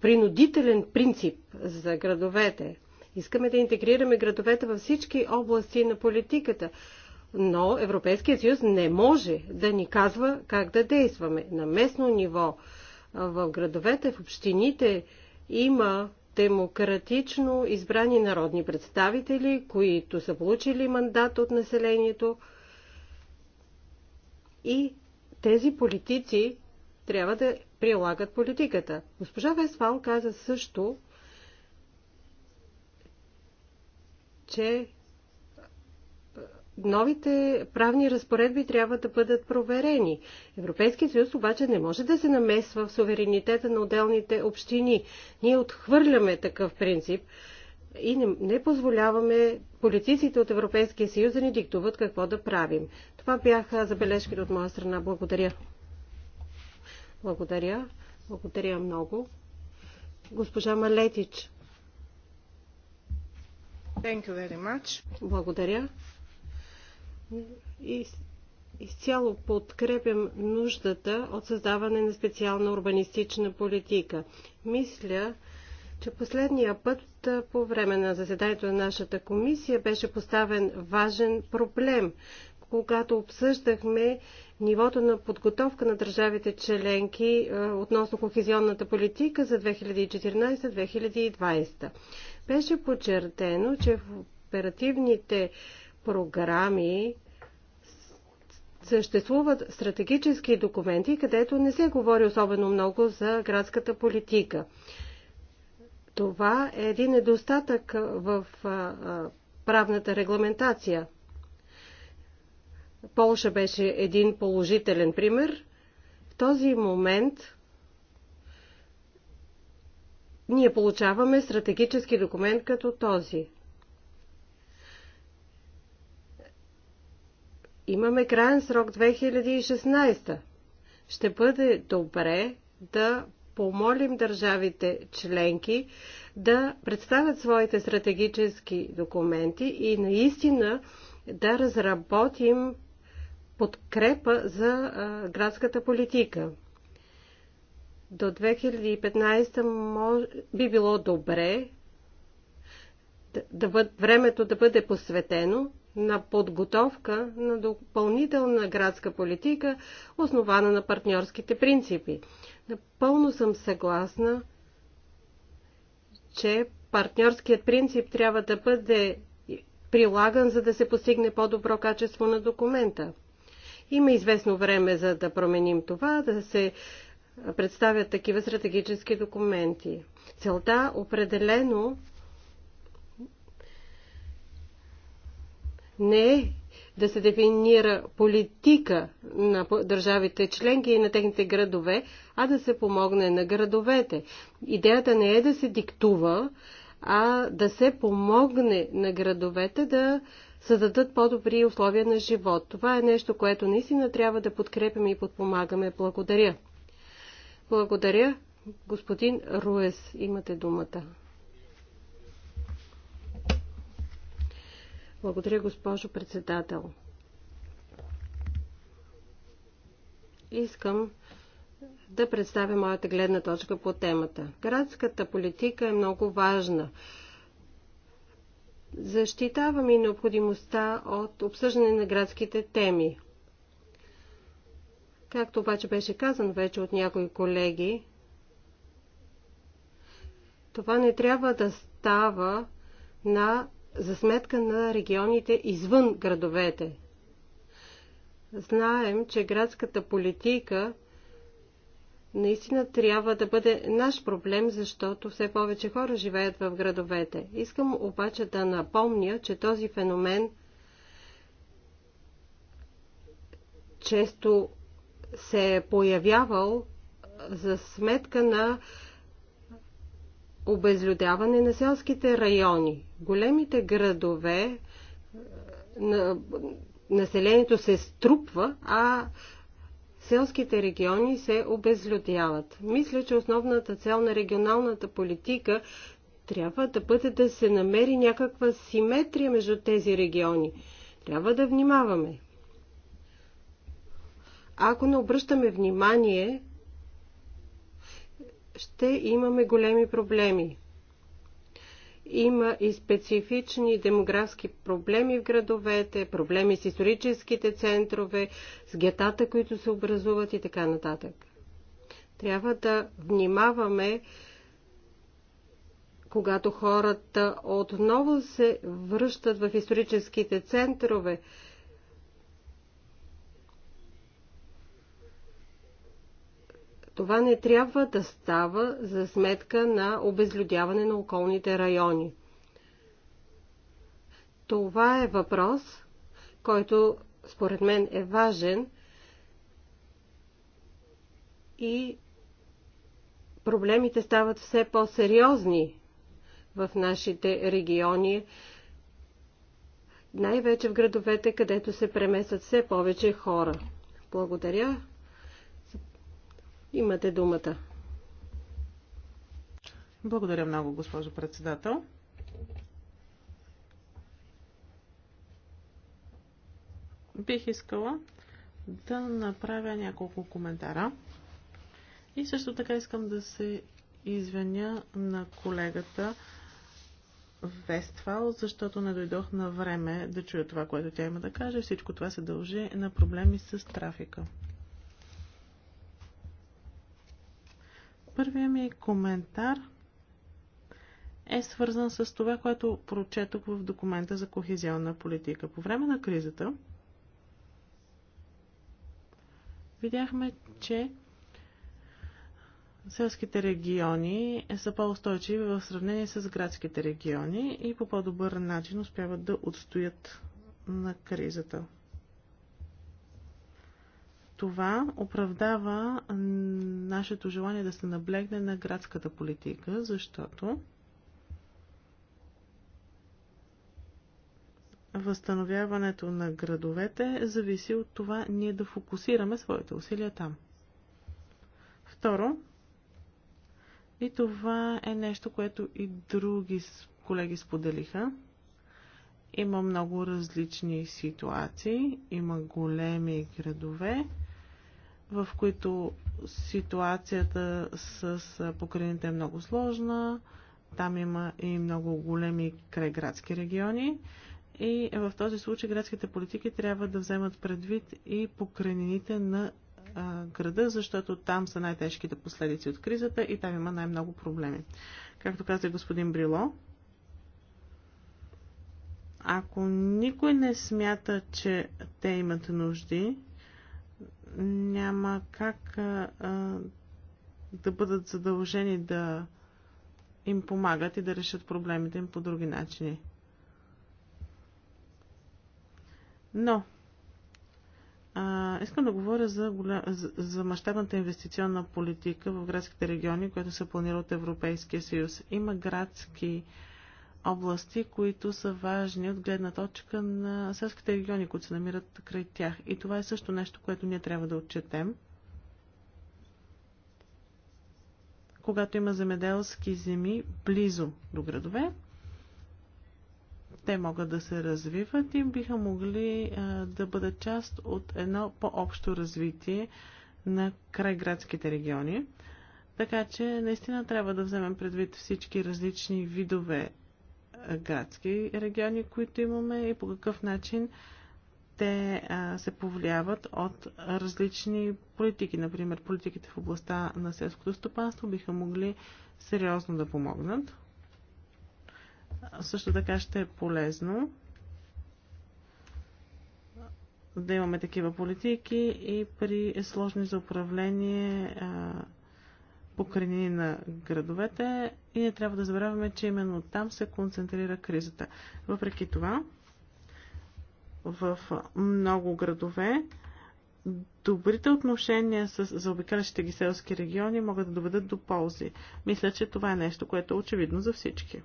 принудителен принцип за градовете. Искаме да интегрираме градовете във всички области на политиката. Но Европейският съюз не може да ни казва как да действаме на местно ниво, в градовете, в общините има демократично избрани народни представители, които са получили мандат от населението. И тези политици трябва да прилагат политиката. Госпожа Вестфал каза също, че новите правни разпоредби трябва да бъдат проверени. Европейския съюз обаче не може да се намесва в суверенитета на отделните общини. Ние отхвърляме такъв принцип и не, не позволяваме политиците от Европейския съюз да ни диктуват какво да правим. Това бяха забележките от моя страна. Благодаря. Благодаря. Благодаря много. Госпожа Малетич. Thank you very much. Благодаря изцяло подкрепям нуждата от създаване на специална урбанистична политика. Мисля, че последния път по време на заседанието на нашата комисия беше поставен важен проблем, когато обсъждахме нивото на подготовка на държавите членки относно кохезионната политика за 2014-2020. Беше подчертено, че в оперативните програми съществуват стратегически документи, където не се говори особено много за градската политика. Това е един недостатък в правната регламентация. Полша беше един положителен пример. В този момент ние получаваме стратегически документ като този. Имаме крайен срок 2016. Ще бъде добре да помолим държавите членки да представят своите стратегически документи и наистина да разработим подкрепа за а, градската политика. До 2015 мож... би било добре да, да бъд... времето да бъде посветено на подготовка на допълнителна градска политика, основана на партньорските принципи. Напълно съм съгласна, че партньорският принцип трябва да бъде прилаган, за да се постигне по-добро качество на документа. Има известно време за да променим това, да се представят такива стратегически документи. Целта определено не е да се дефинира политика на държавите членки и на техните градове, а да се помогне на градовете. Идеята не е да се диктува, а да се помогне на градовете да създадат по-добри условия на живот. Това е нещо, което наистина трябва да подкрепяме и подпомагаме. Благодаря. Благодаря. Господин Руес, имате думата. Благодаря, госпожо председател. Искам да представя моята гледна точка по темата. Градската политика е много важна. Защитавам и необходимостта от обсъждане на градските теми. Както обаче беше казан вече от някои колеги, това не трябва да става на за сметка на регионите извън градовете. Знаем, че градската политика наистина трябва да бъде наш проблем, защото все повече хора живеят в градовете. Искам обаче да напомня, че този феномен често се е появявал за сметка на обезлюдяване на селските райони. Големите градове е, населението се струпва, а селските региони се обезлюдяват. Мисля, че основната цел на регионалната политика трябва да бъде да се намери някаква симетрия между тези региони. Трябва да внимаваме. Ако не обръщаме внимание ще имаме големи проблеми. Има и специфични демографски проблеми в градовете, проблеми с историческите центрове, с гетата, които се образуват и така нататък. Трябва да внимаваме, когато хората отново се връщат в историческите центрове, Това не трябва да става за сметка на обезлюдяване на околните райони. Това е въпрос, който според мен е важен и проблемите стават все по-сериозни в нашите региони, най-вече в градовете, където се преместват все повече хора. Благодаря. Имате думата. Благодаря много, госпожо председател. Бих искала да направя няколко коментара. И също така искам да се извиня на колегата Вествал, защото не дойдох на време да чуя това, което тя има да каже. Всичко това се дължи на проблеми с трафика. Първият ми коментар е свързан с това, което прочетох в документа за кохезионна политика. По време на кризата видяхме, че селските региони са по-устойчиви в сравнение с градските региони и по по-добър начин успяват да отстоят на кризата. Това оправдава нашето желание да се наблегне на градската политика, защото възстановяването на градовете зависи от това ние да фокусираме своите усилия там. Второ, и това е нещо, което и други колеги споделиха. Има много различни ситуации, има големи градове, в които ситуацията с покрините е много сложна. Там има и много големи крайградски региони. И в този случай градските политики трябва да вземат предвид и покрайнините на а, града, защото там са най-тежките последици от кризата и там има най-много проблеми. Както каза господин Брило, ако никой не смята, че те имат нужди, няма как а, а, да бъдат задължени да им помагат и да решат проблемите им по други начини. Но, а, искам да говоря за, голям, за, за мащабната инвестиционна политика в градските региони, която се планира от Европейския съюз. Има градски а, области, които са важни от гледна точка на селските региони, които се намират край тях. И това е също нещо, което ние трябва да отчетем. Когато има земеделски земи близо до градове, те могат да се развиват и биха могли а, да бъдат част от едно по-общо развитие на крайградските региони. Така че наистина трябва да вземем предвид всички различни видове градски региони, които имаме и по какъв начин те а, се повлияват от различни политики. Например, политиките в областта на селското стопанство биха могли сериозно да помогнат. Също така ще е полезно да имаме такива политики и при сложни за управление а, покрайнини на градовете и не трябва да забравяме, че именно там се концентрира кризата. Въпреки това, в много градове добрите отношения с заобикалящите ги селски региони могат да доведат до ползи. Мисля, че това е нещо, което е очевидно за всички.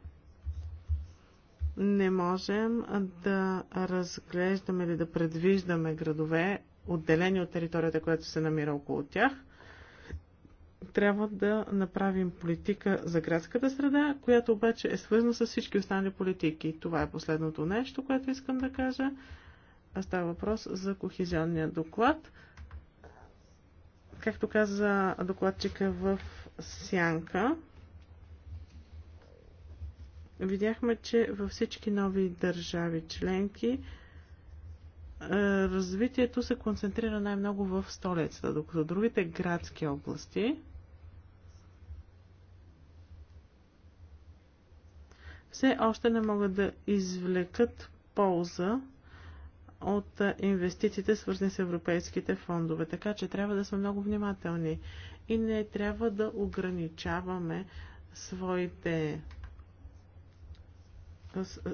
Не можем да разглеждаме или да предвиждаме градове, отделени от територията, която се намира около тях – трябва да направим политика за градската среда, която обаче е свързана с всички останали политики. Това е последното нещо, което искам да кажа. А става въпрос за кохезионния доклад. Както каза докладчика в Сянка, видяхме, че във всички нови държави членки е, развитието се концентрира най-много в столицата, докато другите градски области все още не могат да извлекат полза от инвестициите, свързани с европейските фондове. Така че трябва да сме много внимателни и не трябва да ограничаваме своите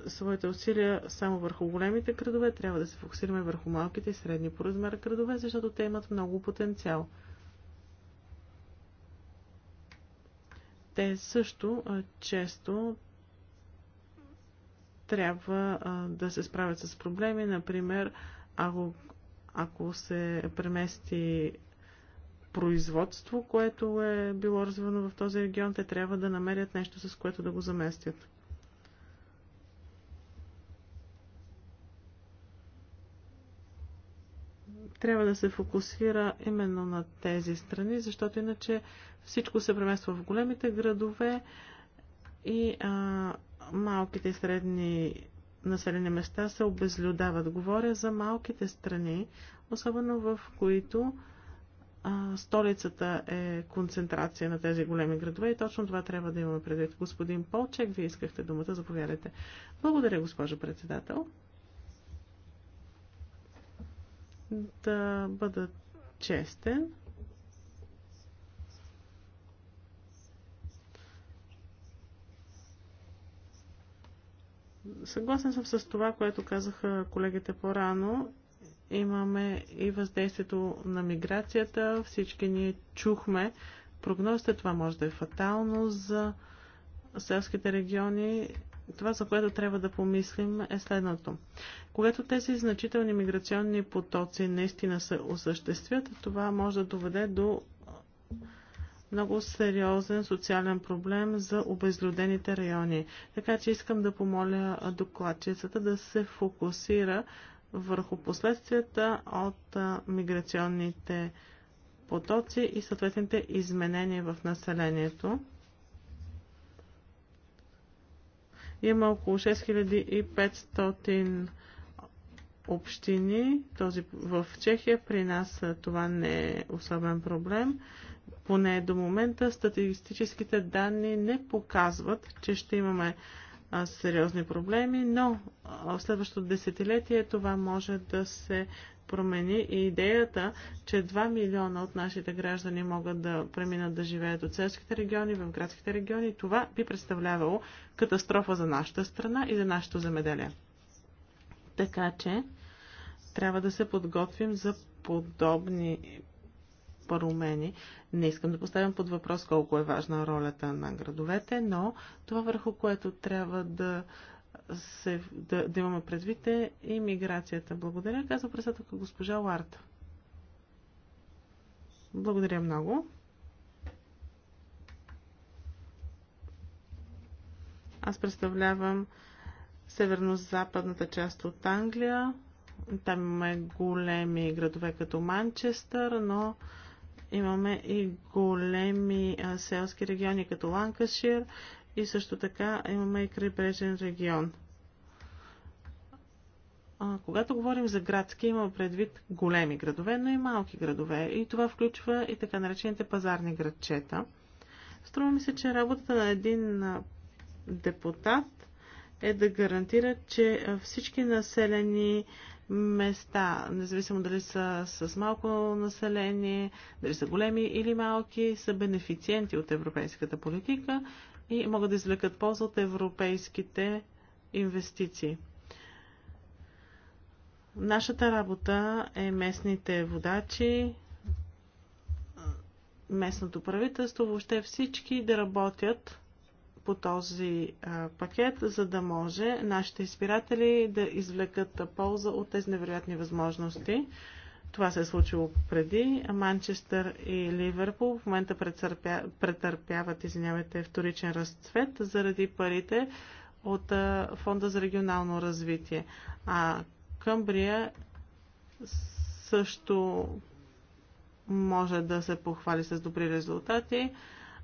своите усилия само върху големите градове, трябва да се фокусираме върху малките и средни по размер градове, защото те имат много потенциал. Те също често трябва да се справят с проблеми. Например, ако, ако се премести производство, което е било развивано в този регион, те трябва да намерят нещо, с което да го заместят. Трябва да се фокусира именно на тези страни, защото иначе всичко се премества в големите градове и а, малките и средни населени места се обезлюдават. Говоря за малките страни, особено в които а, столицата е концентрация на тези големи градове и точно това трябва да имаме предвид. Господин Полчек, вие искахте думата, заповядайте. Благодаря, госпожо председател. Да бъда честен. Съгласен съм с това, което казаха колегите по-рано. Имаме и въздействието на миграцията. Всички ние чухме прогнозите. Това може да е фатално за селските региони. Това, за което трябва да помислим, е следното. Когато тези значителни миграционни потоци наистина се осъществят, това може да доведе до много сериозен социален проблем за обезлюдените райони. Така че искам да помоля докладчицата да се фокусира върху последствията от миграционните потоци и съответните изменения в населението. Има около 6500 общини. Този в Чехия при нас това не е особен проблем. Поне до момента статистическите данни не показват, че ще имаме сериозни проблеми, но в следващото десетилетие това може да се промени и идеята, че 2 милиона от нашите граждани могат да преминат да живеят от селските региони в градските региони, това би представлявало катастрофа за нашата страна и за нашето земеделие. Така че трябва да се подготвим за подобни промени. Не искам да поставям под въпрос колко е важна ролята на градовете, но това върху което трябва да, се, да, да имаме предвид е иммиграцията. Благодаря, казва председателка госпожа Ларта. Благодаря много. Аз представлявам северно-западната част от Англия. Там имаме големи градове като Манчестър, но Имаме и големи селски региони, като Ланкашир и също така имаме и крайбрежен регион. А, когато говорим за градски, има предвид големи градове, но и малки градове. И това включва и така наречените пазарни градчета. Струва ми се, че работата на един депутат е да гарантира, че всички населени места, независимо дали са с малко население, дали са големи или малки, са бенефициенти от европейската политика и могат да извлекат полза от европейските инвестиции. Нашата работа е местните водачи, местното правителство, въобще всички да работят по този пакет, за да може нашите избиратели да извлекат полза от тези невероятни възможности. Това се е случило преди. Манчестър и Ливърпул в момента претърпя, претърпяват извинявайте, вторичен разцвет заради парите от Фонда за регионално развитие. А Къмбрия също може да се похвали с добри резултати.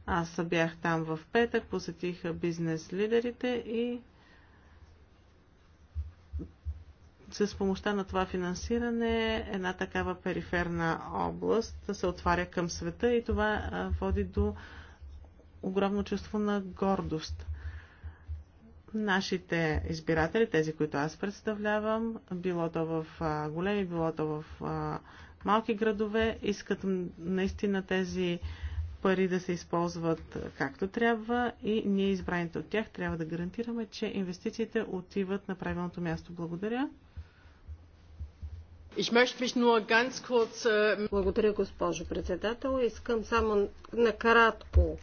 Аз бях там в петък, посетих бизнес лидерите и с помощта на това финансиране една такава периферна област се отваря към света и това води до огромно чувство на гордост. Нашите избиратели, тези, които аз представлявам, било то в големи, било то в малки градове, искат наистина тези пари да се използват е, както трябва и ние избраните от тях трябва да гарантираме, че инвестициите отиват на правилното място. Благодаря. Е, Благодаря, госпожо председател. Искам само накратко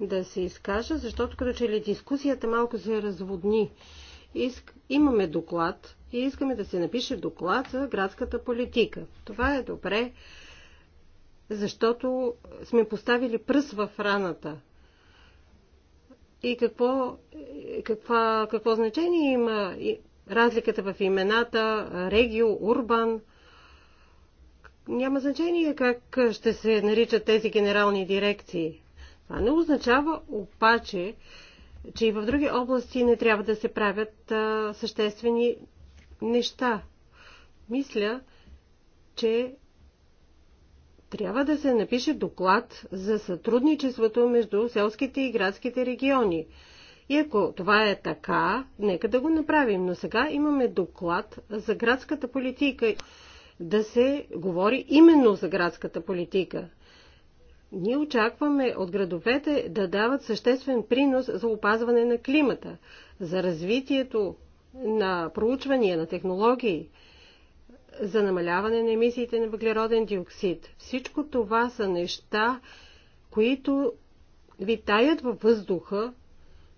да се изкажа, защото като че ли дискусията малко се разводни. Иск... Имаме доклад и искаме да се напише доклад за градската политика. Това е добре защото сме поставили пръст в раната. И какво, каква, какво значение има разликата в имената Регио, Урбан? Няма значение как ще се наричат тези генерални дирекции. Това не означава обаче, че и в други области не трябва да се правят а, съществени неща. Мисля, че трябва да се напише доклад за сътрудничеството между селските и градските региони. И ако това е така, нека да го направим. Но сега имаме доклад за градската политика. Да се говори именно за градската политика. Ние очакваме от градовете да дават съществен принос за опазване на климата, за развитието на проучвания, на технологии – за намаляване на емисиите на въглероден диоксид. Всичко това са неща, които витаят във въздуха,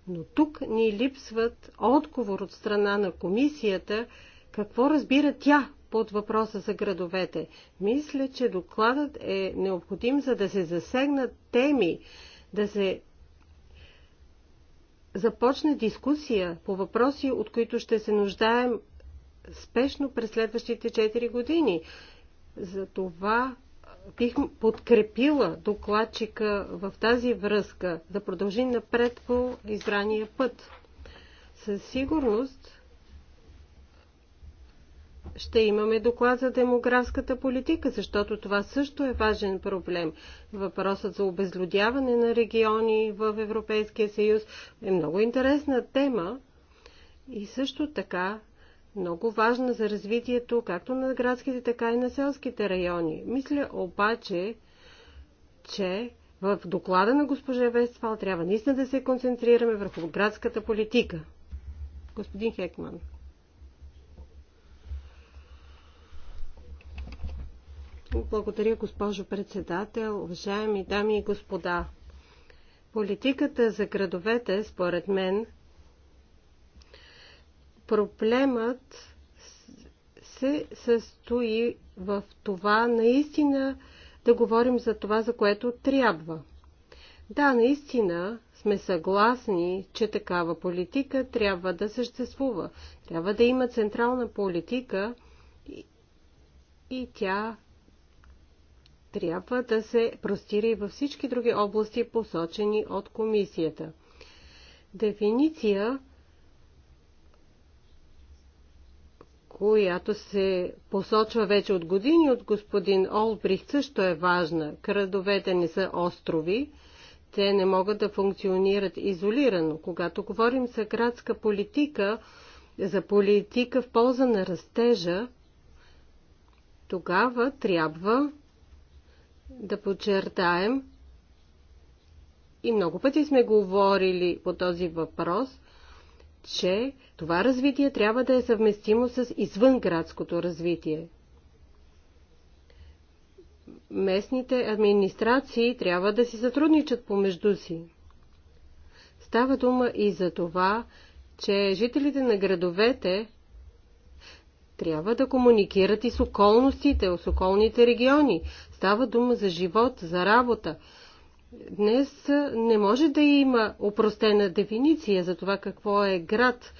но тук ни липсват отговор от страна на комисията, какво разбира тя под въпроса за градовете. Мисля, че докладът е необходим, за да се засегнат теми, да се започне дискусия по въпроси, от които ще се нуждаем спешно през следващите 4 години. За това бих подкрепила докладчика в тази връзка да продължи напред по избрания път. Със сигурност ще имаме доклад за демографската политика, защото това също е важен проблем. Въпросът за обезлюдяване на региони в Европейския съюз е много интересна тема и също така много важна за развитието както на градските, така и на селските райони. Мисля обаче, че в доклада на госпожа Вестфал трябва наистина да се концентрираме върху градската политика. Господин Хекман. Благодаря, госпожо председател, уважаеми дами и господа. Политиката за градовете, според мен, Проблемът се състои в това наистина да говорим за това, за което трябва. Да, наистина сме съгласни, че такава политика трябва да съществува. Трябва да има централна политика и, и тя трябва да се простира и във всички други области, посочени от комисията. Дефиниция която се посочва вече от години от господин Олбрих, също е важна. крадовете не са острови, те не могат да функционират изолирано. Когато говорим за градска политика, за политика в полза на растежа, тогава трябва да подчертаем, и много пъти сме говорили по този въпрос – че това развитие трябва да е съвместимо с извънградското развитие. Местните администрации трябва да си сътрудничат помежду си. Става дума и за това, че жителите на градовете трябва да комуникират и с околностите, с околните региони. Става дума за живот, за работа. Днес не може да има упростена дефиниция за това какво е град,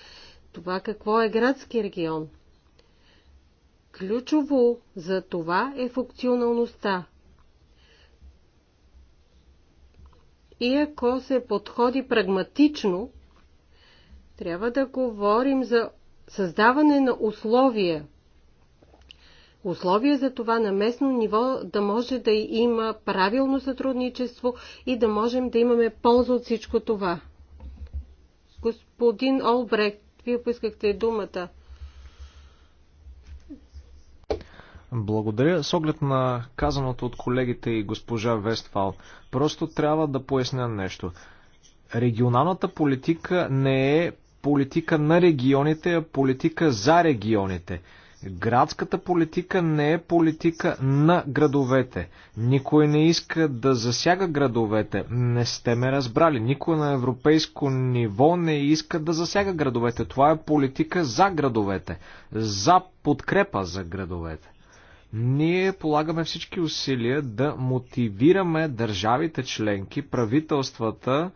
това какво е градски регион. Ключово за това е функционалността. И ако се подходи прагматично, трябва да говорим за създаване на условия, Условия за това на местно ниво да може да има правилно сътрудничество и да можем да имаме полза от всичко това. Господин Олбрект, вие поискахте думата. Благодаря. С оглед на казаното от колегите и госпожа Вестфал, просто трябва да поясня нещо. Регионалната политика не е политика на регионите, а политика за регионите. Градската политика не е политика на градовете. Никой не иска да засяга градовете. Не сте ме разбрали. Никой на европейско ниво не иска да засяга градовете. Това е политика за градовете. За подкрепа за градовете. Ние полагаме всички усилия да мотивираме държавите членки, правителствата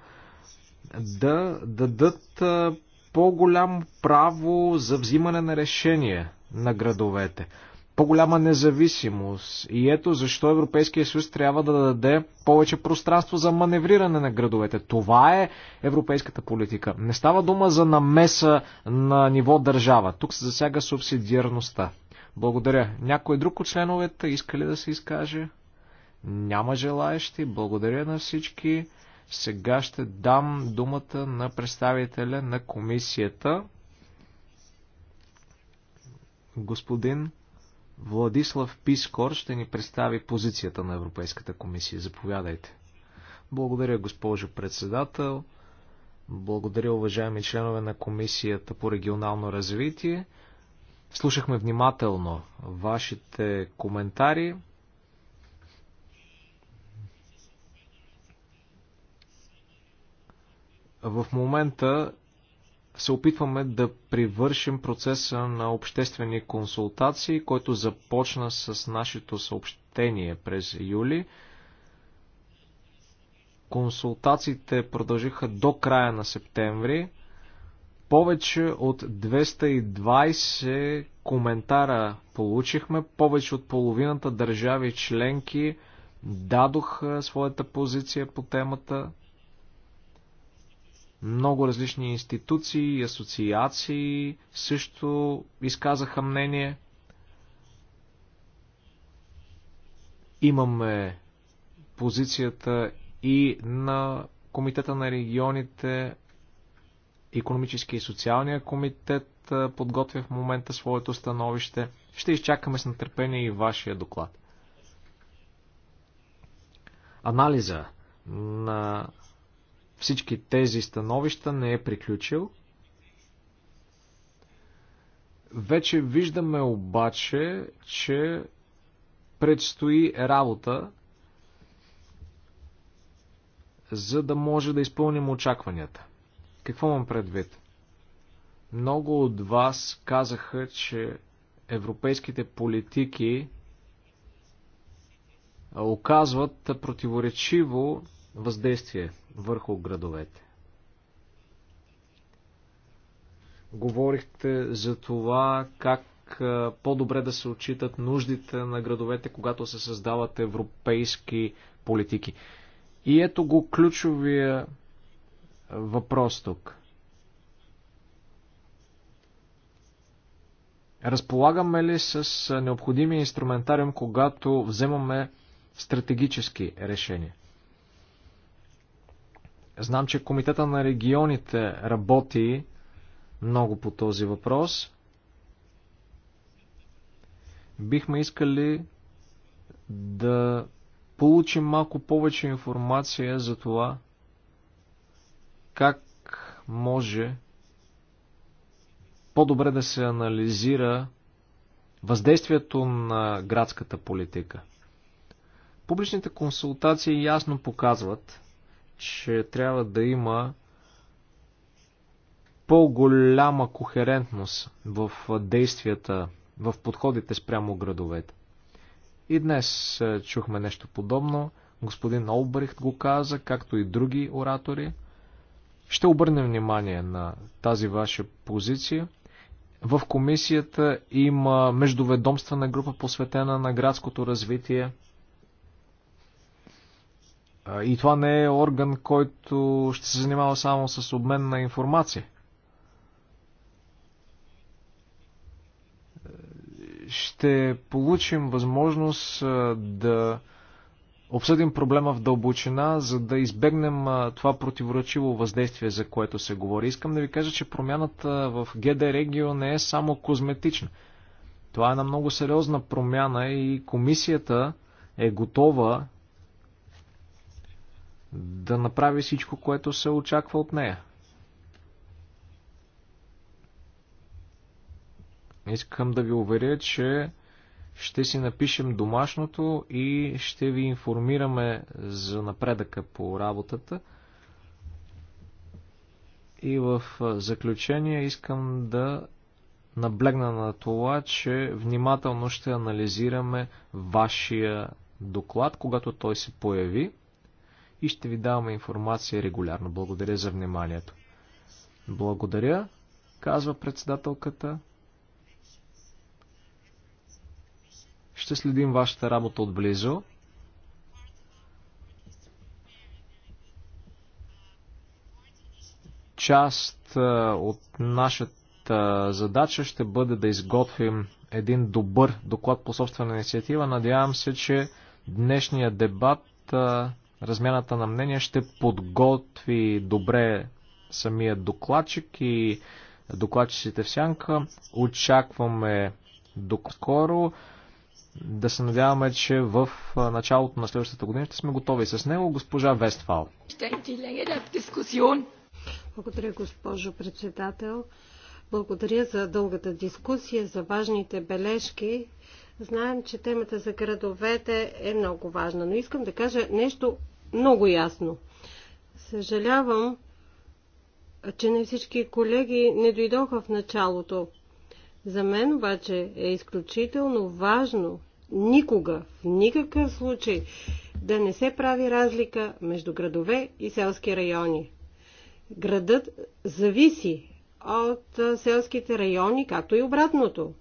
да дадат по-голямо право за взимане на решения на градовете. По-голяма независимост. И ето защо Европейския съюз трябва да даде повече пространство за маневриране на градовете. Това е европейската политика. Не става дума за намеса на ниво държава. Тук се засяга субсидиарността. Благодаря. Някой друг от членовете иска ли да се изкаже? Няма желаещи. Благодаря на всички. Сега ще дам думата на представителя на комисията. Господин Владислав Пискор ще ни представи позицията на Европейската комисия. Заповядайте. Благодаря, госпожо председател. Благодаря, уважаеми членове на Комисията по регионално развитие. Слушахме внимателно вашите коментари. В момента се опитваме да привършим процеса на обществени консултации, който започна с нашето съобщение през юли. Консултациите продължиха до края на септември. Повече от 220 коментара получихме, повече от половината държави членки дадоха своята позиция по темата. Много различни институции и асоциации също изказаха мнение. Имаме позицията и на Комитета на регионите, Економически и социалния комитет подготвя в момента своето становище. Ще изчакаме с нетърпение и вашия доклад. Анализа на всички тези становища не е приключил. Вече виждаме обаче, че предстои работа, за да може да изпълним очакванията. Какво имам предвид? Много от вас казаха, че европейските политики оказват противоречиво въздействие върху градовете. Говорихте за това как по-добре да се отчитат нуждите на градовете, когато се създават европейски политики. И ето го ключовия въпрос тук. Разполагаме ли с необходимия инструментариум, когато вземаме стратегически решения? Знам, че Комитета на регионите работи много по този въпрос. Бихме искали да получим малко повече информация за това как може по-добре да се анализира въздействието на градската политика. Публичните консултации ясно показват, че трябва да има по-голяма кохерентност в действията, в подходите спрямо градовете. И днес е, чухме нещо подобно. Господин Олбрихт го каза, както и други оратори. Ще обърнем внимание на тази ваша позиция. В комисията има междуведомствена група, посветена на градското развитие. И това не е орган, който ще се занимава само с обмен на информация. Ще получим възможност да обсъдим проблема в дълбочина, за да избегнем това противоречиво въздействие, за което се говори. Искам да ви кажа, че промяната в ГД Регио не е само козметична. Това е една много сериозна промяна и комисията е готова да направи всичко, което се очаква от нея. Искам да ви уверя, че ще си напишем домашното и ще ви информираме за напредъка по работата. И в заключение искам да наблегна на това, че внимателно ще анализираме вашия доклад, когато той се появи и ще ви даваме информация регулярно. Благодаря за вниманието. Благодаря, казва председателката. Ще следим вашата работа отблизо. Част от нашата задача ще бъде да изготвим един добър доклад по собствена инициатива. Надявам се, че днешния дебат размяната на мнения ще подготви добре самия докладчик и докладчиците в сянка. Очакваме доскоро. да се надяваме, че в началото на следващата година ще сме готови с него, госпожа Вестфал. Благодаря, госпожо председател. Благодаря за дългата дискусия, за важните бележки. Знаем, че темата за градовете е много важна, но искам да кажа нещо много ясно. Съжалявам, че не всички колеги не дойдоха в началото. За мен обаче е изключително важно никога, в никакъв случай, да не се прави разлика между градове и селски райони. Градът зависи от селските райони, както и обратното.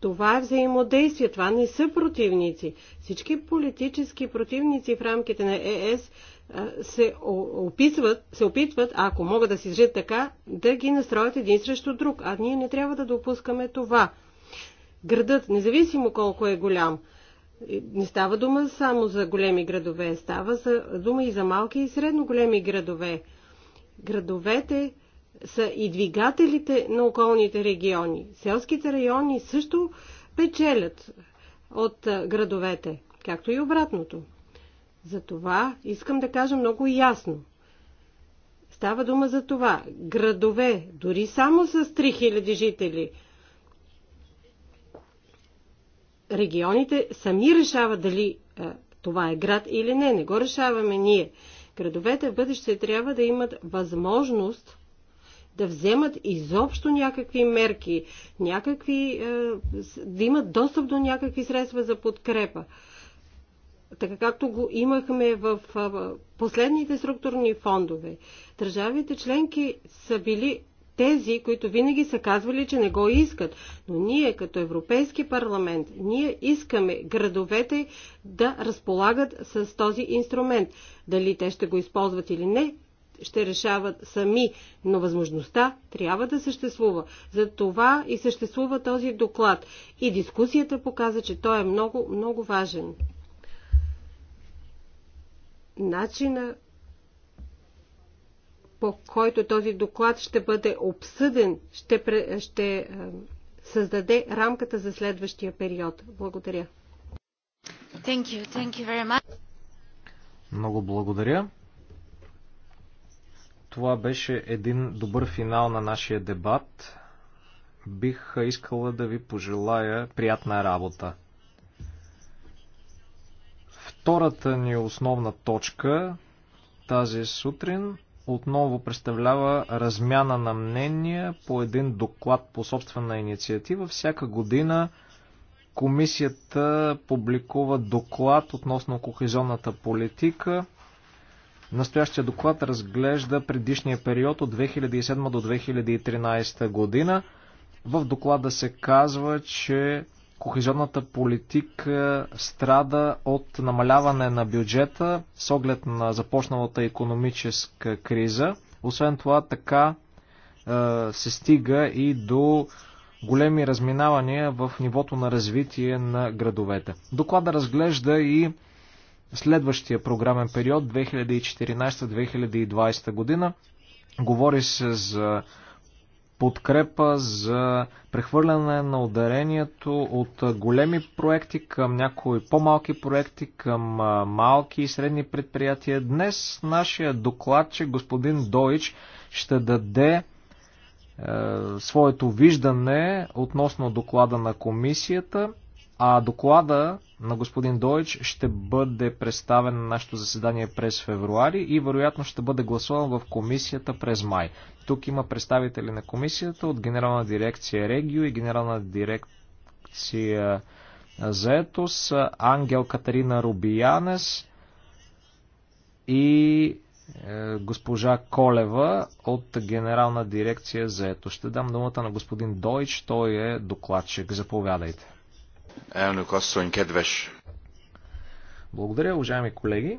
Това е взаимодействие, това не са противници. Всички политически противници в рамките на ЕС се, описват, се опитват, ако могат да си изжат така, да ги настроят един срещу друг. А ние не трябва да допускаме това. Градът, независимо колко е голям, не става дума само за големи градове, става за дума и за малки и средно големи градове. Градовете са и двигателите на околните региони. Селските райони също печелят от градовете, както и обратното. Затова искам да кажа много ясно. Става дума за това. Градове, дори само с 3000 жители, регионите сами решават дали а, това е град или не. Не го решаваме ние. Градовете в бъдеще трябва да имат възможност да вземат изобщо някакви мерки, някакви, е, да имат достъп до някакви средства за подкрепа. Така както го имахме в последните структурни фондове. Държавите членки са били тези, които винаги са казвали, че не го искат. Но ние, като Европейски парламент, ние искаме градовете да разполагат с този инструмент. Дали те ще го използват или не, ще решават сами, но възможността трябва да съществува. За това и съществува този доклад. И дискусията показа, че той е много, много важен. Начина по който този доклад ще бъде обсъден, ще, ще е, създаде рамката за следващия период. Благодаря. Thank you. Thank you very much. Много благодаря. Това беше един добър финал на нашия дебат. Бих искала да ви пожелая приятна работа. Втората ни основна точка тази сутрин отново представлява размяна на мнения по един доклад по собствена инициатива. Всяка година комисията публикува доклад относно кохезионната политика. Настоящия доклад разглежда предишния период от 2007 до 2013 година. В доклада се казва, че кохезионната политика страда от намаляване на бюджета с оглед на започналата економическа криза. Освен това, така е, се стига и до големи разминавания в нивото на развитие на градовете. Доклада разглежда и следващия програмен период 2014-2020 година. Говори се за подкрепа за прехвърляне на ударението от големи проекти към някои по-малки проекти, към малки и средни предприятия. Днес нашия докладчик, господин Дойч, ще даде е, своето виждане относно доклада на комисията, а доклада на господин Дойч ще бъде представен на нашето заседание през февруари и вероятно ще бъде гласуван в комисията през май. Тук има представители на комисията от Генерална дирекция Регио и Генерална дирекция Заетос, Ангел Катерина Рубиянес и е, госпожа Колева от Генерална дирекция Заетос. Ще дам думата на господин Дойч, той е докладчик. Заповядайте. Благодаря, уважаеми колеги.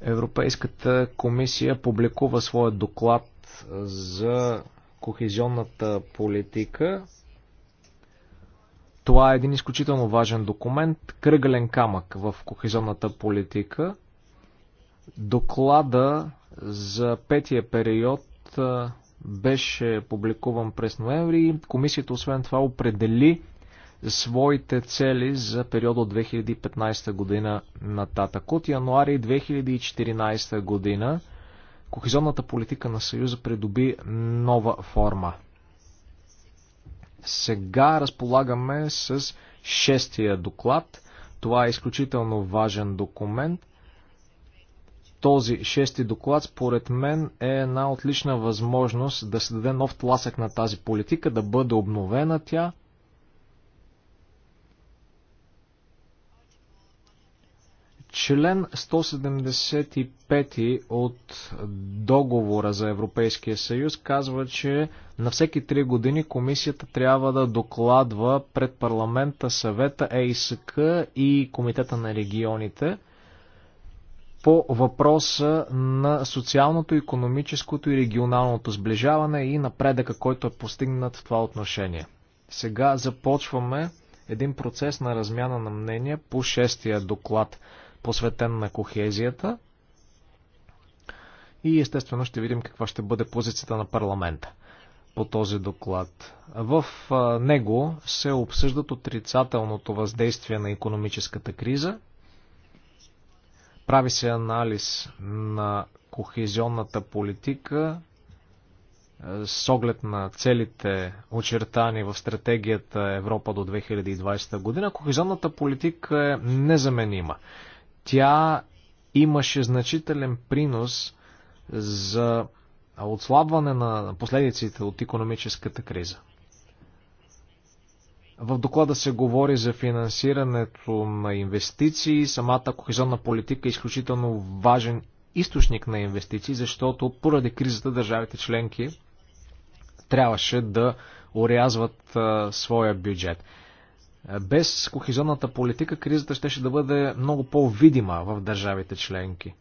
Европейската комисия публикува своя доклад за кохезионната политика. Това е един изключително важен документ, кръгален камък в кохезионната политика. Доклада за петия период беше публикуван през ноември. Комисията освен това определи своите цели за периода от 2015 година нататък. От януари 2014 година кохезионната политика на Съюза придоби нова форма. Сега разполагаме с шестия доклад. Това е изключително важен документ този шести доклад, според мен, е една отлична възможност да се даде нов тласък на тази политика, да бъде обновена тя. Член 175 от договора за Европейския съюз казва, че на всеки 3 години комисията трябва да докладва пред парламента, съвета, ЕИСК и комитета на регионите – по въпроса на социалното, економическото и регионалното сближаване и напредъка, който е постигнат в това отношение. Сега започваме един процес на размяна на мнения по шестия доклад, посветен на кохезията. И естествено ще видим каква ще бъде позицията на парламента по този доклад. В него се обсъждат отрицателното въздействие на економическата криза, прави се анализ на кохезионната политика е, с оглед на целите очертани в стратегията Европа до 2020 година. Кохезионната политика е незаменима. Тя имаше значителен принос за отслабване на последиците от економическата криза. В доклада се говори за финансирането на инвестиции. Самата кохезионна политика е изключително важен източник на инвестиции, защото поради кризата държавите членки трябваше да орязват а, своя бюджет. Без кохезионната политика кризата щеше да бъде много по-видима в държавите членки.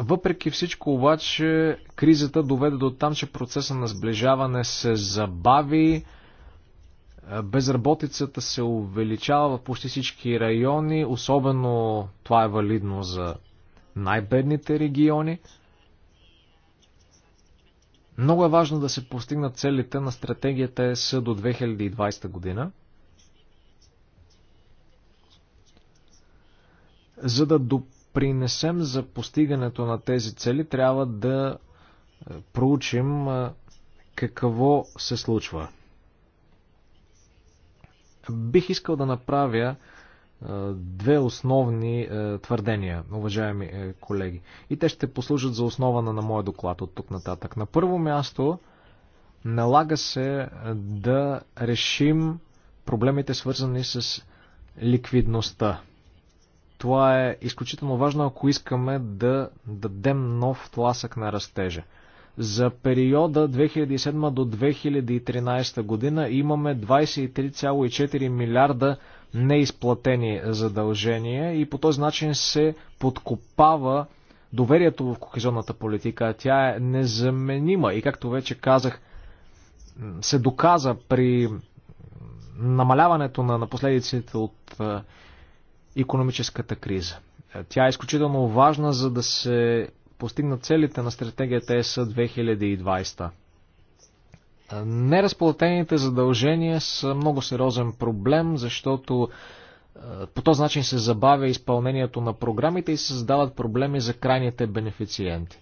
Въпреки всичко обаче, кризата доведе до там, че процеса на сближаване се забави, безработицата се увеличава в почти всички райони, особено това е валидно за най-бедните региони. Много е важно да се постигнат целите на стратегията ЕС до 2020 година. За да допълнят допринесем за постигането на тези цели, трябва да е, проучим е, какво се случва. Бих искал да направя е, две основни твърдения, уважаеми колеги. И те ще послужат за основа на моя доклад от тук нататък. На първо място, налага се да решим проблемите свързани с ликвидността това е изключително важно, ако искаме да дадем нов тласък на растежа. За периода 2007 до 2013 година имаме 23,4 милиарда неизплатени задължения и по този начин се подкопава доверието в кохезионната политика. Тя е незаменима и както вече казах, се доказа при намаляването на, последиците от економическата криза. Е, тя е изключително важна, за да се постигнат целите на стратегията ЕС 2020. Е, неразплатените задължения са много сериозен проблем, защото е, по този начин се забавя изпълнението на програмите и се създават проблеми за крайните бенефициенти.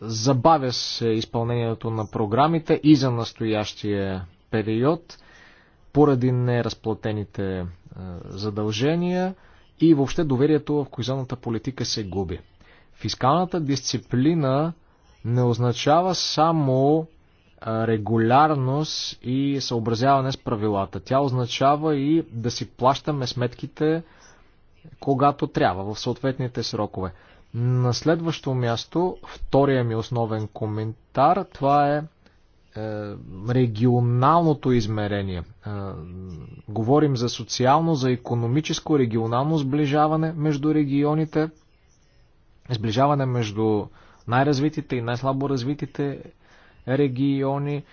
Забавя се изпълнението на програмите и за настоящия период поради неразплатените е, задължения и въобще доверието в коизонната политика се губи. Фискалната дисциплина не означава само е, регулярност и съобразяване с правилата. Тя означава и да си плащаме сметките когато трябва, в съответните срокове. На следващо място, втория ми основен коментар, това е, е регионалното измерение. Е, говорим за социално, за економическо, регионално сближаване между регионите, сближаване между най-развитите и най-слабо развитите региони.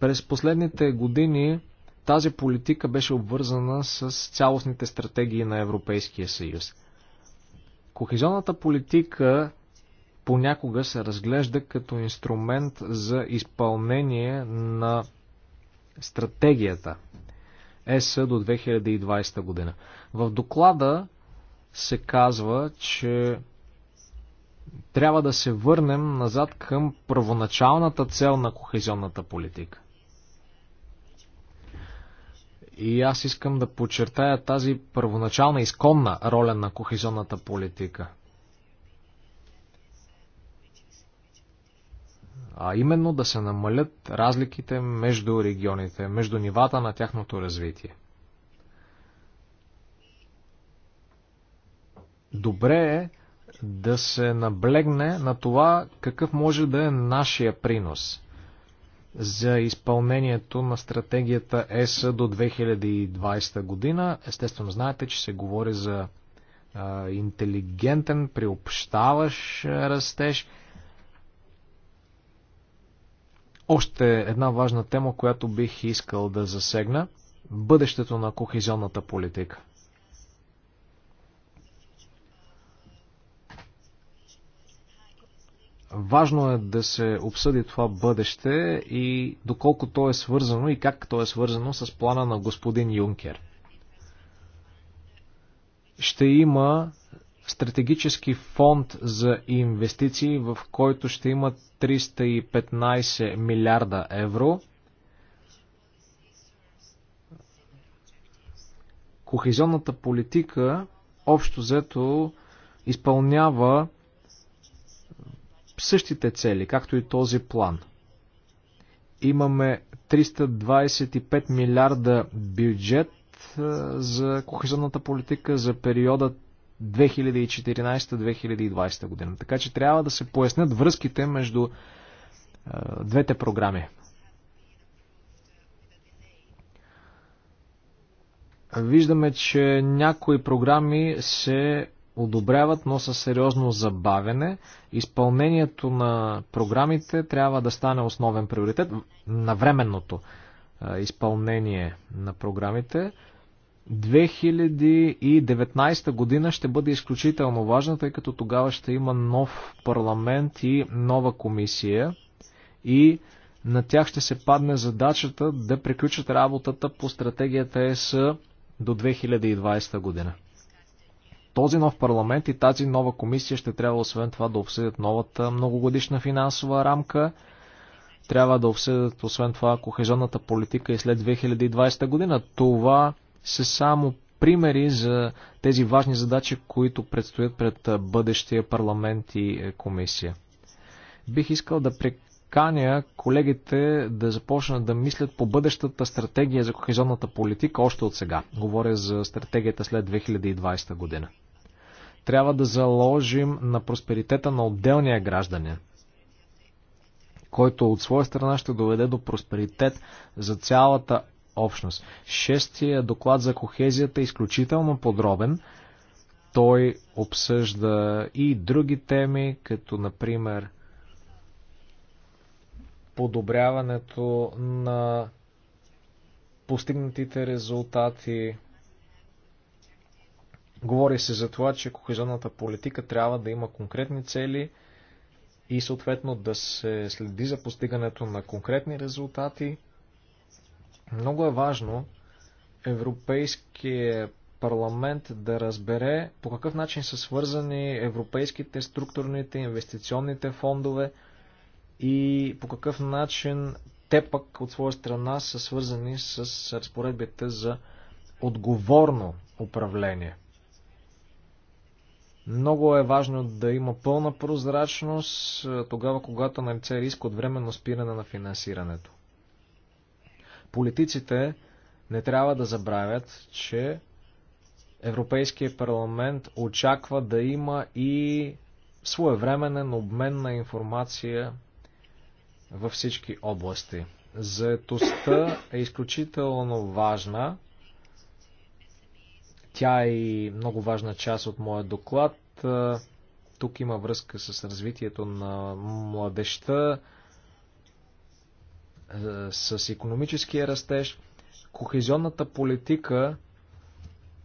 През последните години тази политика беше обвързана с цялостните стратегии на Европейския съюз. Кохезионната политика понякога се разглежда като инструмент за изпълнение на стратегията ЕС до 2020 година. В доклада се казва, че трябва да се върнем назад към първоначалната цел на кохезионната политика. И аз искам да подчертая тази първоначална изконна роля на кохезионната политика. А именно да се намалят разликите между регионите, между нивата на тяхното развитие. Добре е да се наблегне на това какъв може да е нашия принос – за изпълнението на стратегията ЕС до 2020 година. Естествено, знаете, че се говори за а, интелигентен, приобщаващ растеж. Още една важна тема, която бих искал да засегна бъдещето на кохезионната политика. Важно е да се обсъди това бъдеще и доколко то е свързано и как то е свързано с плана на господин Юнкер. Ще има стратегически фонд за инвестиции, в който ще има 315 милиарда евро. Кохезионната политика общо взето изпълнява същите цели, както и този план. Имаме 325 милиарда бюджет за кохезионната политика за периода 2014-2020 година. Така че трябва да се пояснят връзките между двете програми. Виждаме, че някои програми се одобряват, но със сериозно забавене. Изпълнението на програмите трябва да стане основен приоритет на временното изпълнение на програмите. 2019 година ще бъде изключително важна, тъй като тогава ще има нов парламент и нова комисия и на тях ще се падне задачата да приключат работата по стратегията ЕС до 2020 година този нов парламент и тази нова комисия ще трябва освен това да обсъдят новата многогодишна финансова рамка. Трябва да обсъдят освен това кохезионната политика и след 2020 година. Това са само примери за тези важни задачи, които предстоят пред бъдещия парламент и е, комисия. Бих искал да преканя колегите да започнат да мислят по бъдещата стратегия за кохезионната политика още от сега. Говоря за стратегията след 2020 година. Трябва да заложим на просперитета на отделния гражданин, който от своя страна ще доведе до просперитет за цялата общност. Шестия доклад за кохезията е изключително подробен. Той обсъжда и други теми, като например подобряването на постигнатите резултати, Говори се за това, че кохезионната политика трябва да има конкретни цели и съответно да се следи за постигането на конкретни резултати. Много е важно Европейския парламент да разбере по какъв начин са свързани европейските структурните инвестиционните фондове и по какъв начин те пък от своя страна са свързани с разпоредбите за отговорно управление – много е важно да има пълна прозрачност е, тогава, когато е на лице риск от временно спиране на финансирането. Политиците не трябва да забравят, че Европейския парламент очаква да има и своевременен обмен на информация във всички области. Заетостта е изключително важна тя е и много важна част от моя доклад. Тук има връзка с развитието на младеща, с економическия растеж. Кохезионната политика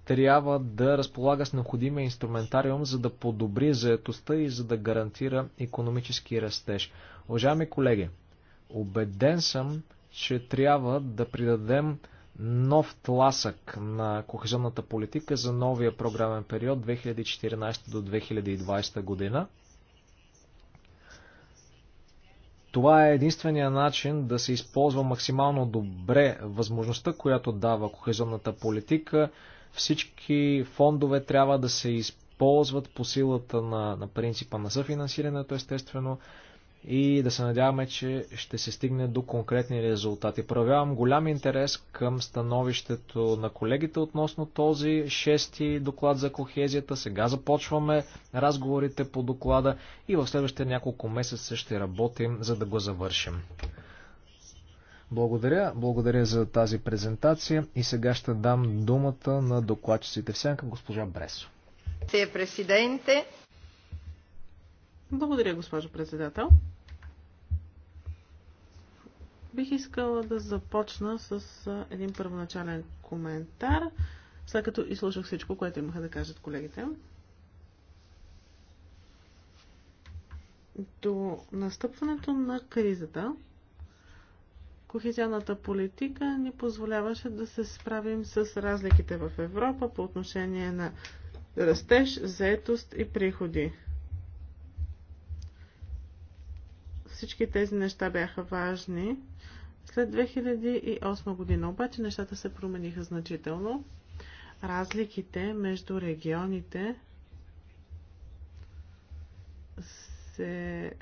трябва да разполага с необходимия инструментариум, за да подобри заетостта и за да гарантира економически растеж. Уважаеми колеги, убеден съм, че трябва да придадем нов тласък на кохезионната политика за новия програмен период 2014 до 2020 година. Това е единствения начин да се използва максимално добре възможността, която дава кохезионната политика. Всички фондове трябва да се използват по силата на, на принципа на съфинансирането, естествено и да се надяваме, че ще се стигне до конкретни резултати. Проявявам голям интерес към становището на колегите относно този шести доклад за кохезията. Сега започваме разговорите по доклада и в следващите няколко месеца ще работим, за да го завършим. Благодаря, благодаря за тази презентация и сега ще дам думата на докладчиците в сянка госпожа Бресо. Те, Президенте, благодаря, госпожо председател. Бих искала да започна с един първоначален коментар, след като изслушах всичко, което имаха да кажат колегите. До настъпването на кризата, кохезионната политика ни позволяваше да се справим с разликите в Европа по отношение на растеж, заетост и приходи. Всички тези неща бяха важни. След 2008 година обаче нещата се промениха значително. Разликите между регионите се е,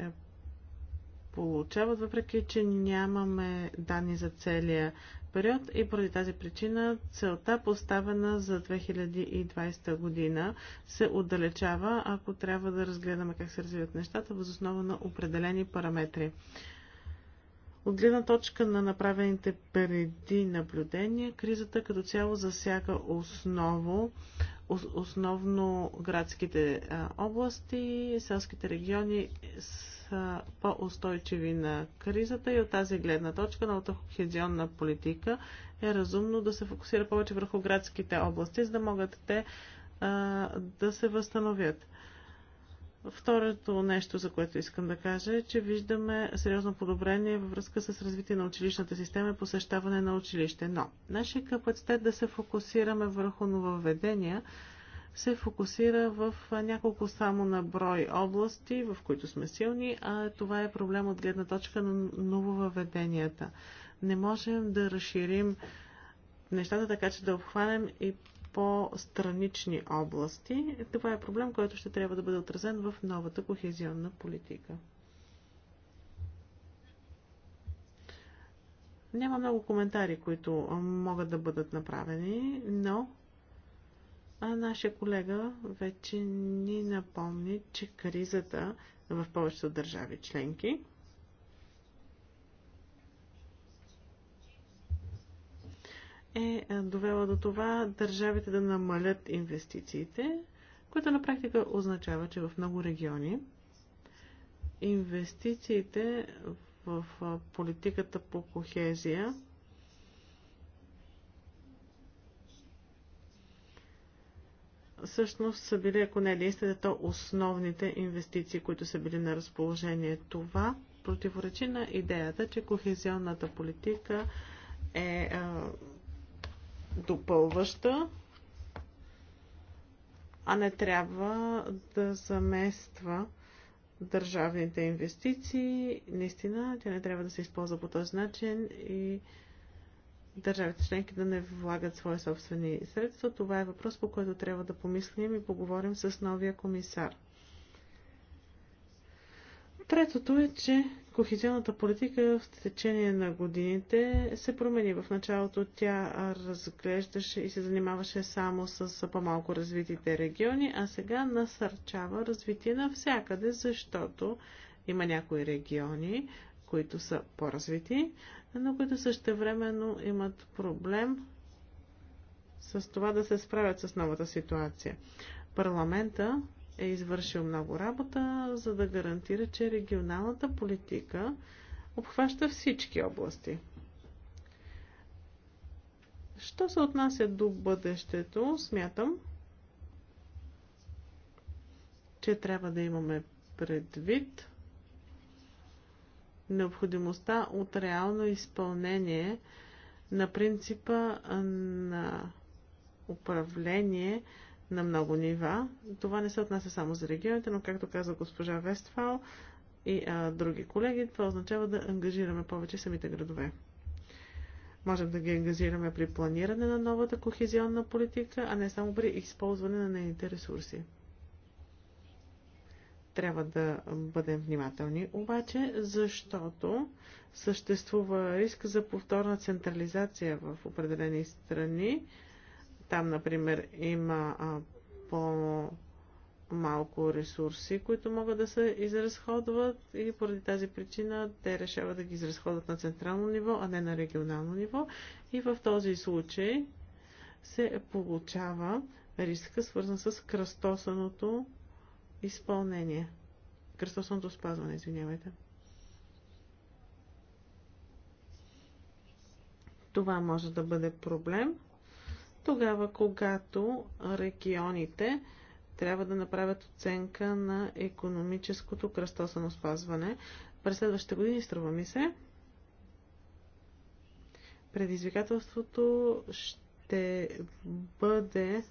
получават, въпреки че нямаме данни за целия период и поради тази причина целта поставена за 2020 година се отдалечава, ако трябва да разгледаме как се развиват нещата възоснова на определени параметри. От гледна точка на направените преди наблюдения, кризата като цяло засяга осново основно градските области и селските региони са по-устойчиви на кризата и от тази гледна точка на кохезионна политика е разумно да се фокусира повече върху градските области, за да могат те да се възстановят. Второто нещо, за което искам да кажа, е, че виждаме сериозно подобрение във връзка с развитие на училищната система и посещаване на училище. Но нашия капацитет да се фокусираме върху нововведения се фокусира в няколко само на брой области, в които сме силни, а това е проблем от гледна точка на нововъведенията. Не можем да разширим нещата така, че да обхванем и по-странични области. Това е проблем, който ще трябва да бъде отразен в новата кохезионна политика. Няма много коментари, които могат да бъдат направени, но а нашия колега вече ни напомни, че кризата в повечето държави членки Е, е довела до това държавите да намалят инвестициите, което на практика означава, че в много региони инвестициите в политиката по кохезия всъщност са били, ако не единствените, то основните инвестиции, които са били на разположение. Това противоречи на идеята, че кохезионната политика е допълваща, а не трябва да замества държавните инвестиции. Наистина, тя не трябва да се използва по този начин и държавите членки да не влагат свои собствени средства. Това е въпрос, по който трябва да помислим и поговорим с новия комисар. Третото е, че Кохезионната политика в течение на годините се промени. В началото тя разглеждаше и се занимаваше само с по-малко развитите региони, а сега насърчава развитие навсякъде, защото има някои региони, които са по-развити, но които същевременно имат проблем с това да се справят с новата ситуация. Парламента е извършил много работа, за да гарантира, че регионалната политика обхваща всички области. Що се отнася до бъдещето, смятам, че трябва да имаме предвид необходимостта от реално изпълнение на принципа на управление на много нива. Това не се отнася само за регионите, но както каза госпожа Вестфал и а, други колеги, това означава да ангажираме повече самите градове. Можем да ги ангажираме при планиране на новата кохезионна политика, а не само при използване на нейните ресурси. Трябва да бъдем внимателни обаче, защото съществува риск за повторна централизация в определени страни, там, например, има по-малко ресурси, които могат да се изразходват и поради тази причина те решават да ги изразходват на централно ниво, а не на регионално ниво. И в този случай се получава риска, свързан с кръстосаното изпълнение. Кръстосаното спазване, извинявайте. Това може да бъде проблем тогава когато регионите трябва да направят оценка на економическото кръстосано спазване през следващите години, струва ми се. Предизвикателството ще бъде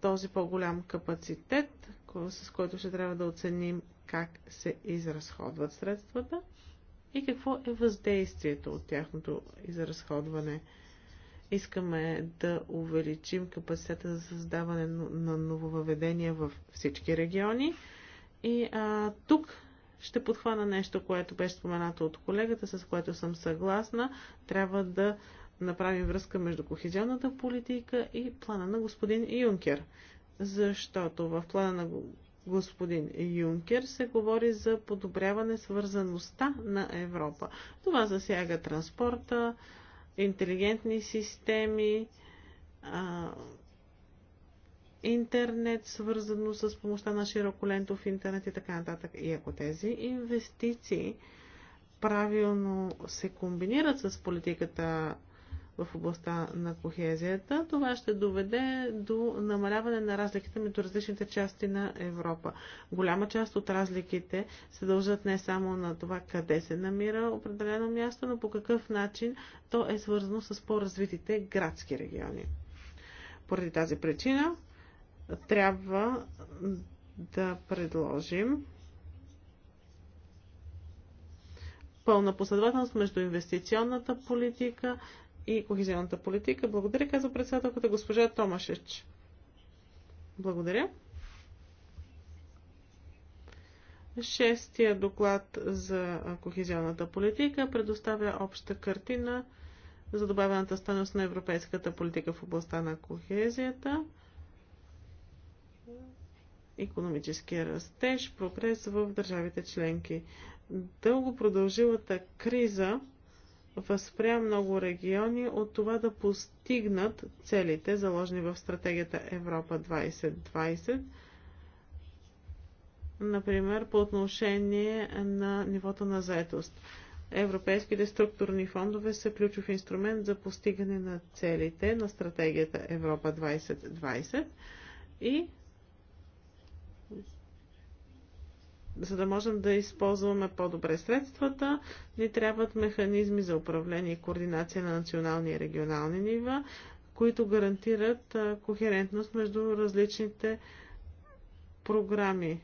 този по-голям капацитет, с който ще трябва да оценим как се изразходват средствата и какво е въздействието от тяхното изразходване. Искаме да увеличим капацитета за създаване на нововъведения в всички региони. И а, тук ще подхвана нещо, което беше споменато от колегата, с което съм съгласна. Трябва да направим връзка между кохезионната политика и плана на господин Юнкер. Защото в плана на господин Юнкер се говори за подобряване свързаността на Европа. Това засяга транспорта, интелигентни системи, а, интернет, свързано с помощта на широколентов интернет и така нататък. И ако тези инвестиции правилно се комбинират с политиката в областта на кохезията. Това ще доведе до намаляване на разликите между различните части на Европа. Голяма част от разликите се дължат не само на това къде се намира определено място, но по какъв начин то е свързано с по-развитите градски региони. Поради тази причина трябва да предложим пълна последователност между инвестиционната политика, и кохезионната политика. Благодаря, казва председателката госпожа Томашеч. Благодаря. Шестия доклад за кохезионната политика предоставя обща картина за добавената стойност на европейската политика в областта на кохезията, економическия растеж, прогрес в държавите членки. Дълго продължилата криза възпря много региони от това да постигнат целите, заложени в стратегията Европа 2020, например по отношение на нивото на заетост. Европейските структурни фондове са ключов инструмент за постигане на целите на стратегията Европа 2020 и за да можем да използваме по-добре средствата, ни трябват механизми за управление и координация на национални и регионални нива, които гарантират кохерентност между различните програми.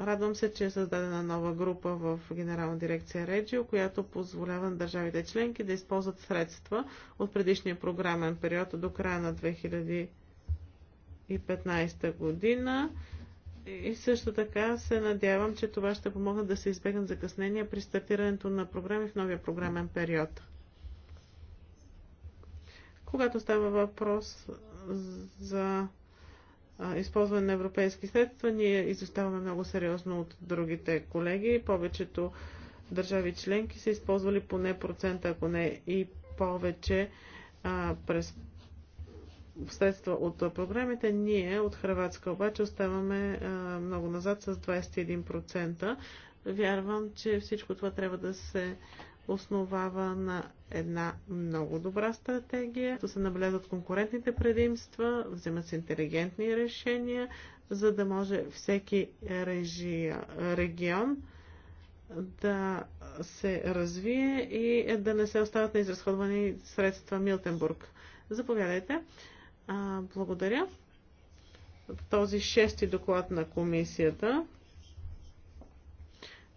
Радвам се, че е създадена нова група в Генерална дирекция Реджио, която позволява на държавите членки да използват средства от предишния програмен период до края на 2015 година и също така се надявам, че това ще помогне да се избегнат закъснения при стартирането на програми в новия програмен период. Когато става въпрос за използване на европейски средства, ние изоставаме много сериозно от другите колеги. Повечето държави членки са използвали поне процента, ако не и повече през средства от програмите. Ние от Хрватска обаче оставаме много назад с 21%. Вярвам, че всичко това трябва да се основава на една много добра стратегия, да се набелязват конкурентните предимства, вземат се интелигентни решения, за да може всеки режия, регион да се развие и да не се остават на изразходвани средства Милтенбург. Заповядайте. А, благодаря. Този шести доклад на комисията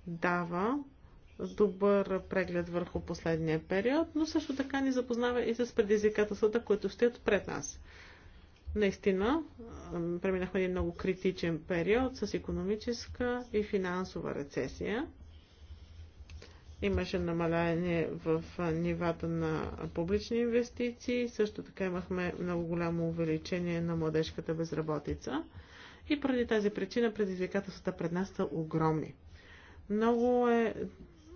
дава добър преглед върху последния период, но също така ни запознава и с предизвикателствата, които стоят пред нас. Наистина, преминахме един много критичен период с економическа и финансова рецесия. Имаше намаляние в нивата на публични инвестиции, също така имахме много голямо увеличение на младежката безработица и преди тази причина предизвикателствата пред нас са огромни. Много е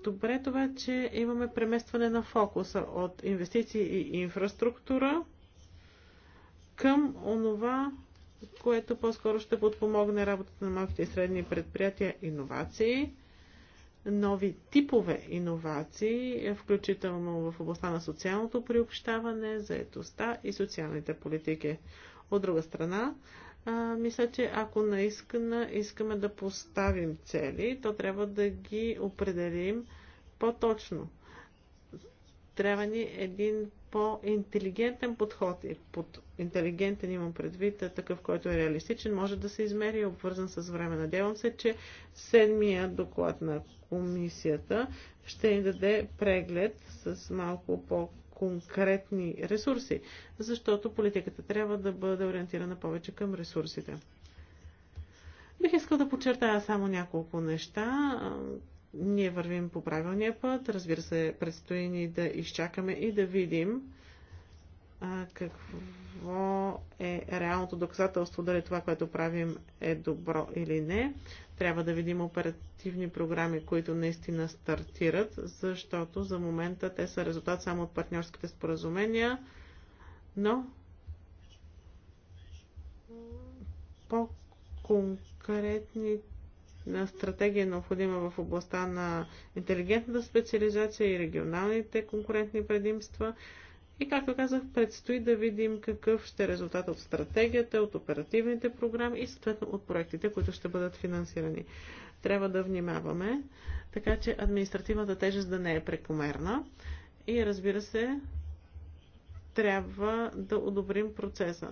добре това, че имаме преместване на фокуса от инвестиции и инфраструктура към онова, което по-скоро ще подпомогне работата на малките и средни предприятия, иновации – нови типове иновации, включително в областта на социалното приобщаване, заетостта и социалните политики. От друга страна, а, мисля, че ако наистина искаме да поставим цели, то трябва да ги определим по-точно. Трябва ни един по-интелигентен подход. И под интелигентен имам предвид е такъв, който е реалистичен, може да се измери и обвързан с време. Надявам се, че седмия доклад на комисията ще ни даде преглед с малко по- конкретни ресурси, защото политиката трябва да бъде ориентирана повече към ресурсите. Бих искал да подчертая само няколко неща. Ние вървим по правилния път. Разбира се, предстои ни да изчакаме и да видим а, какво е реалното доказателство, дали това, което правим е добро или не. Трябва да видим оперативни програми, които наистина стартират, защото за момента те са резултат само от партньорските споразумения, но по-конкретните стратегия е необходима в областта на интелигентната специализация и регионалните конкурентни предимства. И както казах, предстои да видим какъв ще е резултат от стратегията, от оперативните програми и съответно от проектите, които ще бъдат финансирани. Трябва да внимаваме, така че административната тежест да не е прекомерна. И разбира се, трябва да одобрим процеса.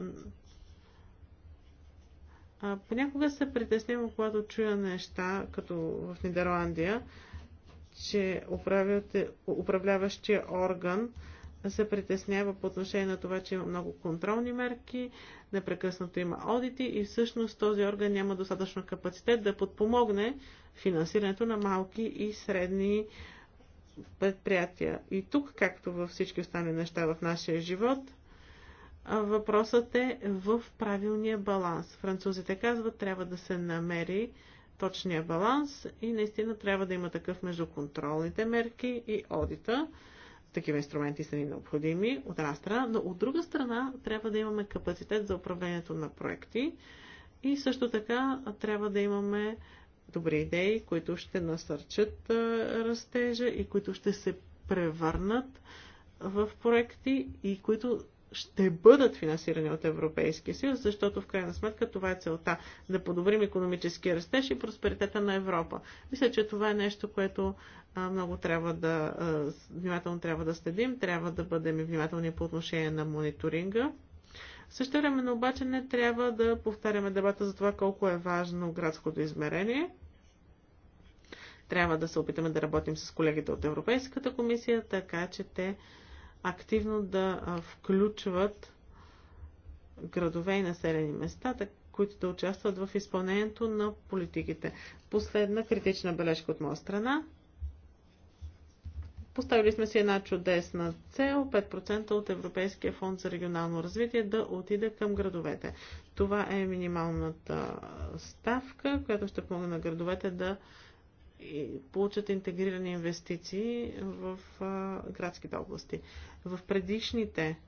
А, понякога се притеснявам, когато чуя неща, като в Нидерландия, че управляващия орган се притеснява по отношение на това, че има много контролни мерки, непрекъснато има одити и всъщност този орган няма достатъчно капацитет да подпомогне финансирането на малки и средни предприятия. И тук, както във всички останали неща в нашия живот, Въпросът е в правилния баланс. Французите казват, трябва да се намери точния баланс и наистина трябва да има такъв между контролните мерки и одита. Такива инструменти са ни необходими от една страна, но от друга страна трябва да имаме капацитет за управлението на проекти и също така трябва да имаме добри идеи, които ще насърчат растежа и които ще се превърнат в проекти и които ще бъдат финансирани от Европейския съюз, защото в крайна сметка това е целта да подобрим економическия растеж и просперитета на Европа. Мисля, че това е нещо, което много трябва да внимателно трябва да следим, трябва да бъдем внимателни по отношение на мониторинга. Също време, обаче не трябва да повтаряме дебата за това колко е важно градското измерение. Трябва да се опитаме да работим с колегите от Европейската комисия, така че те активно да включват градове и населени места, които да участват в изпълнението на политиките. Последна критична бележка от моя страна. Поставили сме си една чудесна цел 5% от Европейския фонд за регионално развитие да отиде към градовете. Това е минималната ставка, която ще помогне на градовете да получат интегрирани инвестиции в градските области. В предишните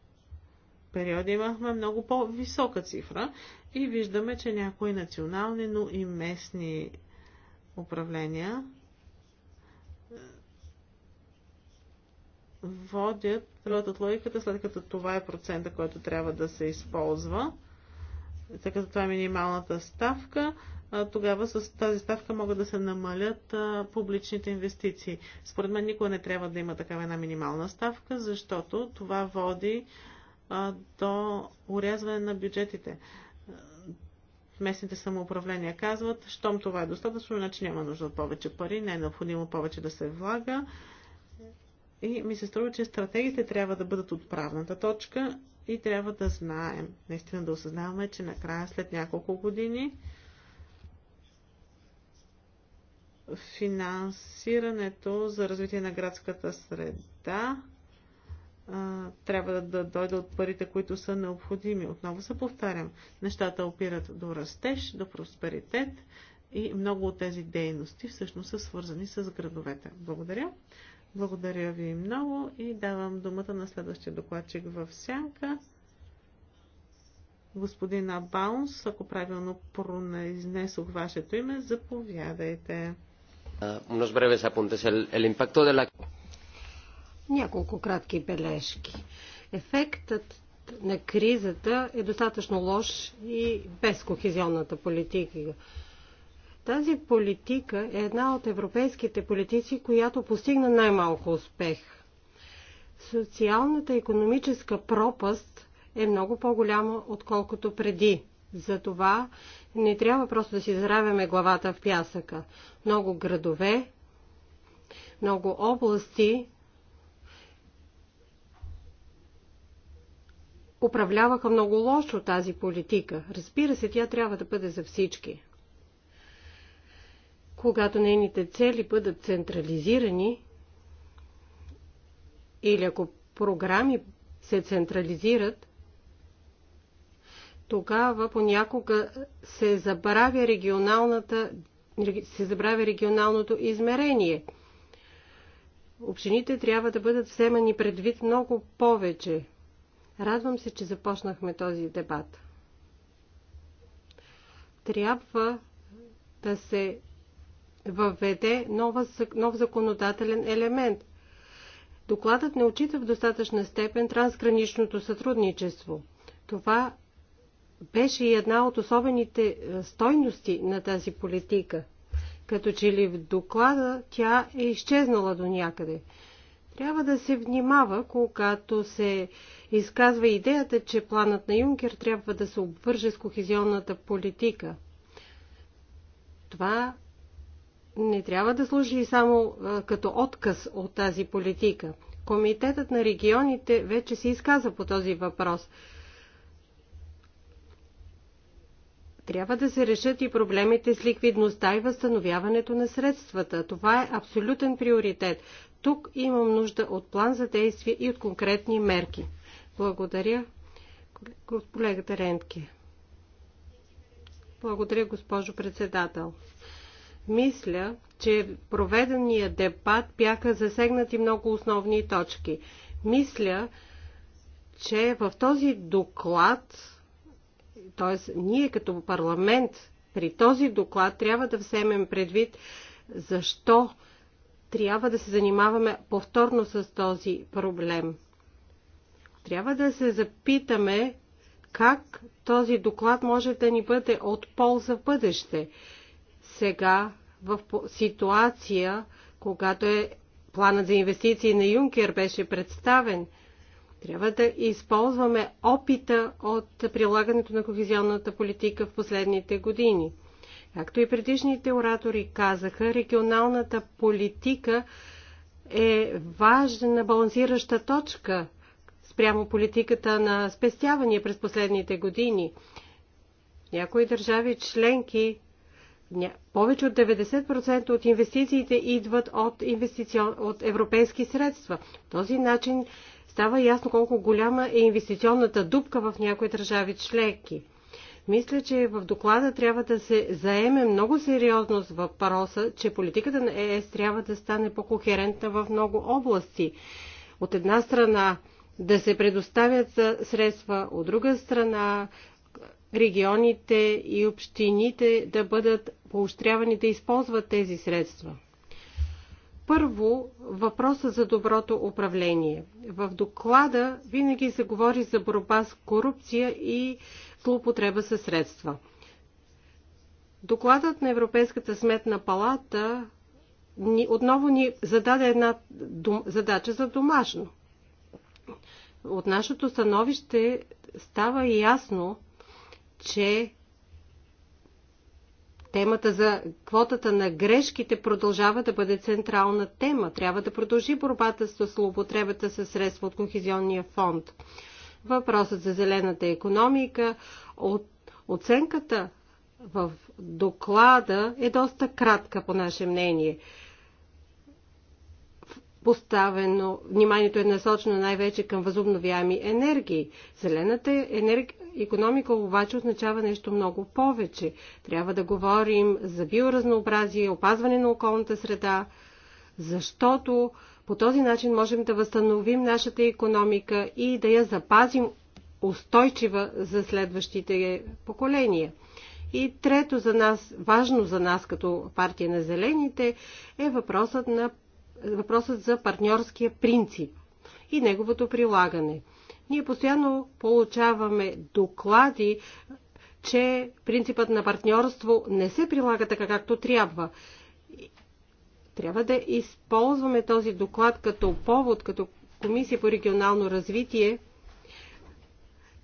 периоди имахме много по-висока цифра и виждаме, че някои национални, но и местни управления водят, от логиката, след като това е процента, който трябва да се използва, така като това е минималната ставка, тогава с тази ставка могат да се намалят публичните инвестиции. Според мен никога не трябва да има такава една минимална ставка, защото това води до урязване на бюджетите. Местните самоуправления казват, щом това е достатъчно, иначе няма нужда от повече пари, не е необходимо повече да се влага. И ми се струва, че стратегиите трябва да бъдат отправната точка и трябва да знаем, наистина да осъзнаваме, че накрая след няколко години финансирането за развитие на градската среда трябва да, дойде от парите, които са необходими. Отново се повтарям, нещата опират до растеж, до просперитет и много от тези дейности всъщност са свързани с градовете. Благодаря. Благодаря ви много и давам думата на следващия докладчик в сянка. Господин Абаунс, ако правилно произнесох вашето име, заповядайте. Няколко кратки бележки. Ефектът на кризата е достатъчно лош и без кохезионната политика. Тази политика е една от европейските политици, която постигна най-малко успех. Социалната и економическа пропаст е много по-голяма, отколкото преди. Затова не трябва просто да си заравяме главата в пясъка. Много градове, много области управляваха много лошо тази политика. Разбира се, тя трябва да бъде за всички. Когато нейните цели бъдат централизирани, или ако програми се централизират, тогава понякога се забравя, регионалната, се забравя регионалното измерение. Общините трябва да бъдат вземани предвид много повече. Радвам се, че започнахме този дебат. Трябва да се въведе нова, нов законодателен елемент. Докладът не очита в достатъчна степен трансграничното сътрудничество. Това беше и една от особените е, стойности на тази политика. Като че ли в доклада тя е изчезнала до някъде. Трябва да се внимава, когато се изказва идеята, че планът на Юнкер трябва да се обвърже с кохезионната политика. Това не трябва да служи само е, като отказ от тази политика. Комитетът на регионите вече се изказа по този въпрос – Трябва да се решат и проблемите с ликвидността и възстановяването на средствата. Това е абсолютен приоритет. Тук имам нужда от план за действие и от конкретни мерки. Благодаря, колегата Рентке. Благодаря, госпожо председател. Мисля, че в проведения дебат бяха засегнати много основни точки. Мисля, че в този доклад т.е. ние като парламент при този доклад трябва да вземем предвид защо трябва да се занимаваме повторно с този проблем. Трябва да се запитаме как този доклад може да ни бъде от полза в бъдеще. Сега в ситуация, когато е планът за инвестиции на Юнкер беше представен – трябва да използваме опита от прилагането на кохезионната политика в последните години. Както и предишните оратори казаха, регионалната политика е важна балансираща точка спрямо политиката на спестявания през последните години. Някои държави членки повече от 90% от инвестициите идват от, инвестицион... от европейски средства. В този начин става ясно колко голяма е инвестиционната дупка в някои държави членки. Мисля, че в доклада трябва да се заеме много сериозно с въпроса, че политиката на ЕС трябва да стане по-кохерентна в много области. От една страна да се предоставят средства, от друга страна регионите и общините да бъдат поощрявани да използват тези средства. Първо, въпроса за доброто управление. В доклада винаги се говори за борба с корупция и злоупотреба със средства. Докладът на Европейската сметна палата ни, отново ни зададе една дум, задача за домашно. От нашето становище става ясно, че Темата за квотата на грешките продължава да бъде централна тема. Трябва да продължи борбата с злоупотребата със средства от Кохизионния фонд. Въпросът за зелената економика, от, оценката в доклада е доста кратка, по наше мнение. Поставено, вниманието е насочено най-вече към възобновяеми енергии. Зелената енерг економика обаче означава нещо много повече. Трябва да говорим за биоразнообразие, опазване на околната среда, защото по този начин можем да възстановим нашата економика и да я запазим устойчива за следващите поколения. И трето за нас, важно за нас като партия на зелените, е въпросът, на, въпросът за партньорския принцип и неговото прилагане – ние постоянно получаваме доклади, че принципът на партньорство не се прилага така както трябва. Трябва да използваме този доклад като повод, като Комисия по регионално развитие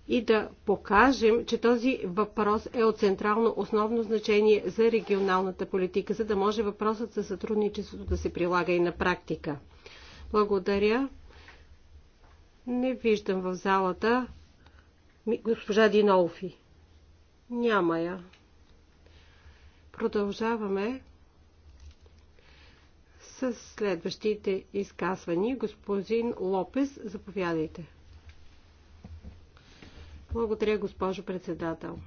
и да покажем, че този въпрос е от централно основно значение за регионалната политика, за да може въпросът за сътрудничеството да се прилага и на практика. Благодаря. Не виждам в залата госпожа Динолфи. Няма я. Продължаваме с следващите изказвания. Господин Лопес, заповядайте. Благодаря, госпожо председател.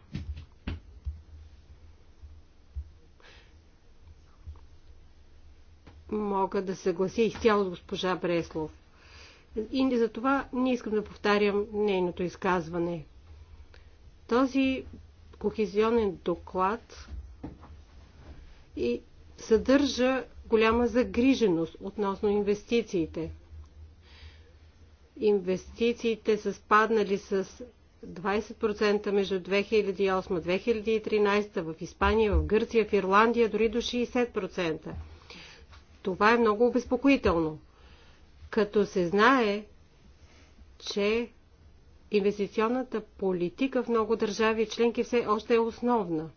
Мога да съглася изцяло с госпожа Бреслов. И за това не искам да повтарям нейното изказване. Този кохезионен доклад и съдържа голяма загриженост относно инвестициите. Инвестициите са спаднали с 20% между 2008-2013 в Испания, в Гърция, в Ирландия, дори до 60%. Това е много обезпокоително като се знае, че инвестиционната политика в много държави и членки все още е основна.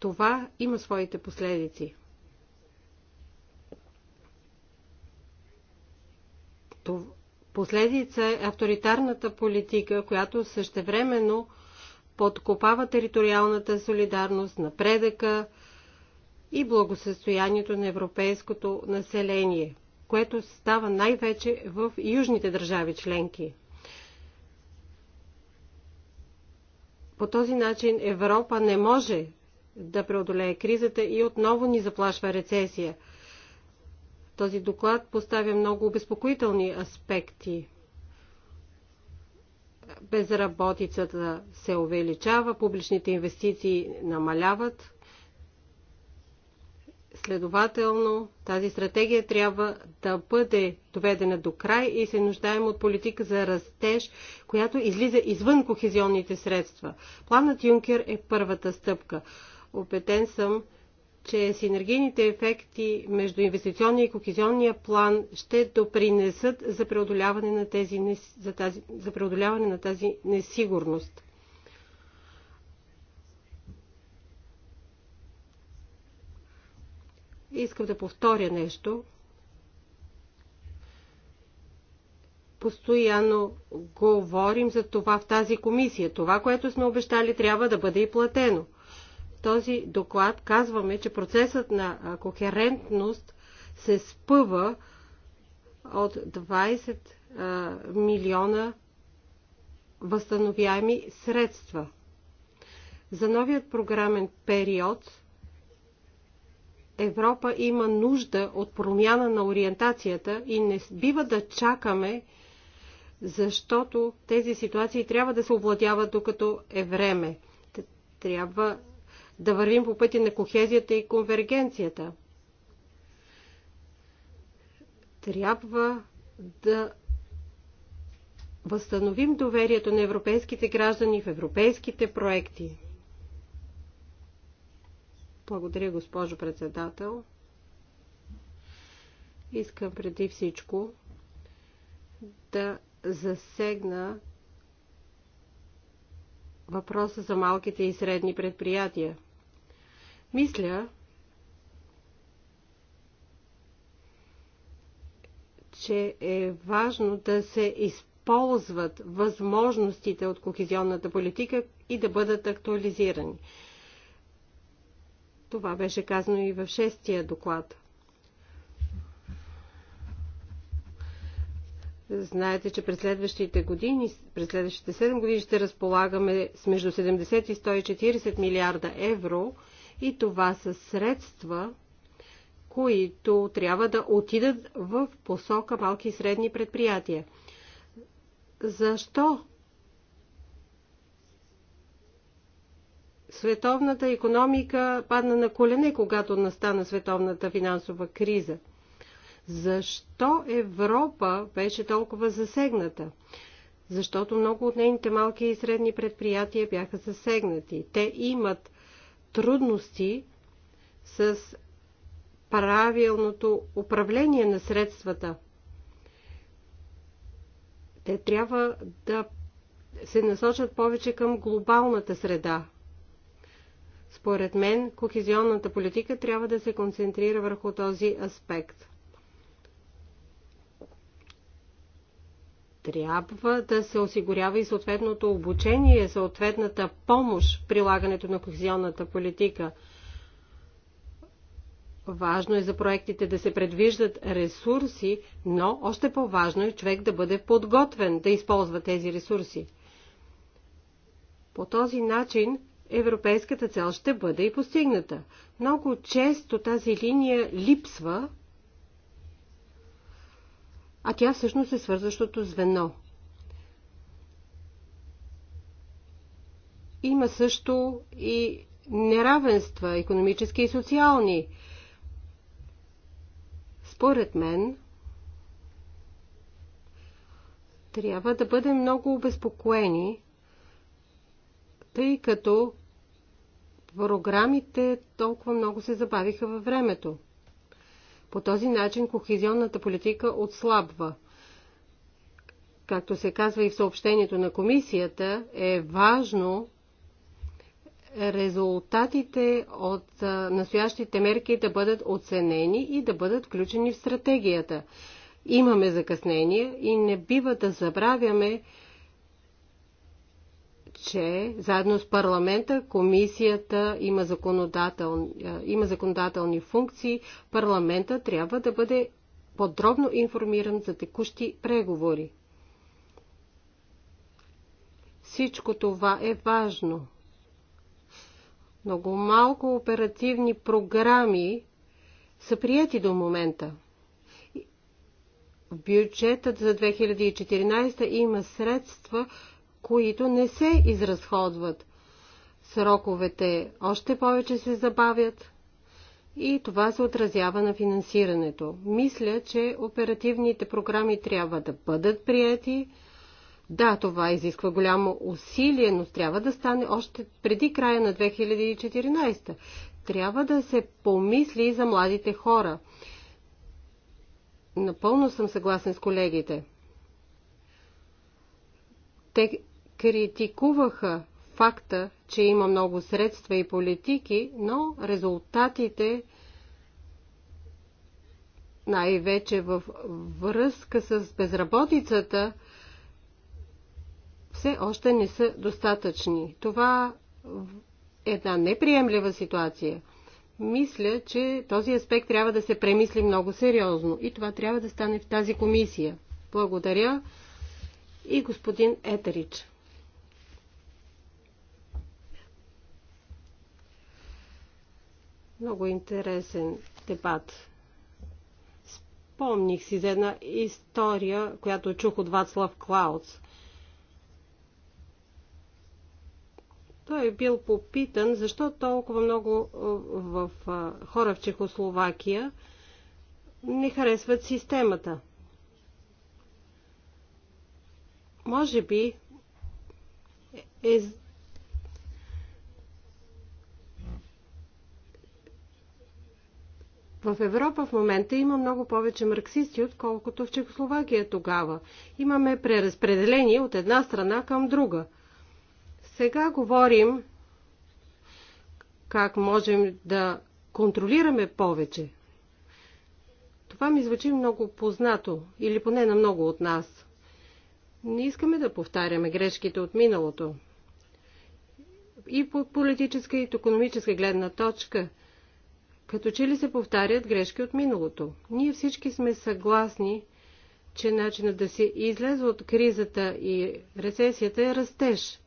Това има своите последици. Последица е авторитарната политика, която същевременно подкопава териториалната солидарност, напредъка и благосъстоянието на европейското население – което става най-вече в южните държави членки. По този начин Европа не може да преодолее кризата и отново ни заплашва рецесия. Този доклад поставя много обезпокоителни аспекти. Безработицата се увеличава, публичните инвестиции намаляват, Следователно, тази стратегия трябва да бъде доведена до край и се нуждаем от политика за растеж, която излиза извън кохезионните средства. Планът Юнкер е първата стъпка. Опетен съм, че синергийните ефекти между инвестиционния и кохезионния план ще допринесат за преодоляване на, тази, за, тази, за преодоляване на тази несигурност. искам да повторя нещо. Постоянно говорим за това в тази комисия. Това, което сме обещали, трябва да бъде и платено. В този доклад казваме, че процесът на кохерентност се спъва от 20 а, милиона възстановяеми средства. За новият програмен период Европа има нужда от промяна на ориентацията и не бива да чакаме, защото тези ситуации трябва да се овладяват докато е време. Трябва да вървим по пътя на кохезията и конвергенцията. Трябва да възстановим доверието на европейските граждани в европейските проекти. Благодаря, госпожо председател. Искам преди всичко да засегна въпроса за малките и средни предприятия. Мисля, че е важно да се използват възможностите от кохезионната политика и да бъдат актуализирани. Това беше казано и в шестия доклад. Знаете, че през следващите години, през следващите 7 години ще разполагаме с между 70 и 140 милиарда евро и това са средства, които трябва да отидат в посока малки и средни предприятия. Защо световната економика падна на колене, когато настана световната финансова криза. Защо Европа беше толкова засегната? Защото много от нейните малки и средни предприятия бяха засегнати. Те имат трудности с правилното управление на средствата. Те трябва да се насочат повече към глобалната среда, според мен, кохезионната политика трябва да се концентрира върху този аспект. Трябва да се осигурява и съответното обучение, съответната помощ в прилагането на кохезионната политика. Важно е за проектите да се предвиждат ресурси, но още по-важно е човек да бъде подготвен да използва тези ресурси. По този начин европейската цел ще бъде и постигната. Много често тази линия липсва, а тя всъщност е свързващото звено. Има също и неравенства, економически и социални. Според мен, трябва да бъдем много обезпокоени, тъй като програмите толкова много се забавиха във времето. По този начин кохезионната политика отслабва. Както се казва и в съобщението на комисията, е важно резултатите от настоящите мерки да бъдат оценени и да бъдат включени в стратегията. Имаме закъснение и не бива да забравяме, че заедно с парламента комисията има, законодател, е, има законодателни функции. Парламента трябва да бъде подробно информиран за текущи преговори. Всичко това е важно. Много малко оперативни програми са прияти до момента. Бюджетът за 2014 има средства, които не се изразходват. Сроковете още повече се забавят и това се отразява на финансирането. Мисля, че оперативните програми трябва да бъдат прияти. Да, това изисква голямо усилие, но трябва да стане още преди края на 2014. Трябва да се помисли и за младите хора. Напълно съм съгласен с колегите. Те критикуваха факта, че има много средства и политики, но резултатите най-вече в връзка с безработицата все още не са достатъчни. Това е една неприемлива ситуация. Мисля, че този аспект трябва да се премисли много сериозно и това трябва да стане в тази комисия. Благодаря и господин Етерич. Много интересен дебат. Спомних си за една история, която чух от Вацлав Клауц. Той е бил попитан защо толкова много е, в, е, хора в Чехословакия не харесват системата. Може би е, е В Европа в момента има много повече марксисти, отколкото в Чехословакия тогава. Имаме преразпределение от една страна към друга. Сега говорим как можем да контролираме повече. Това ми звучи много познато, или поне на много от нас. Не искаме да повтаряме грешките от миналото. И по политическа и от економическа гледна точка – като че ли се повтарят грешки от миналото? Ние всички сме съгласни, че начинът да се излезе от кризата и рецесията е растеж.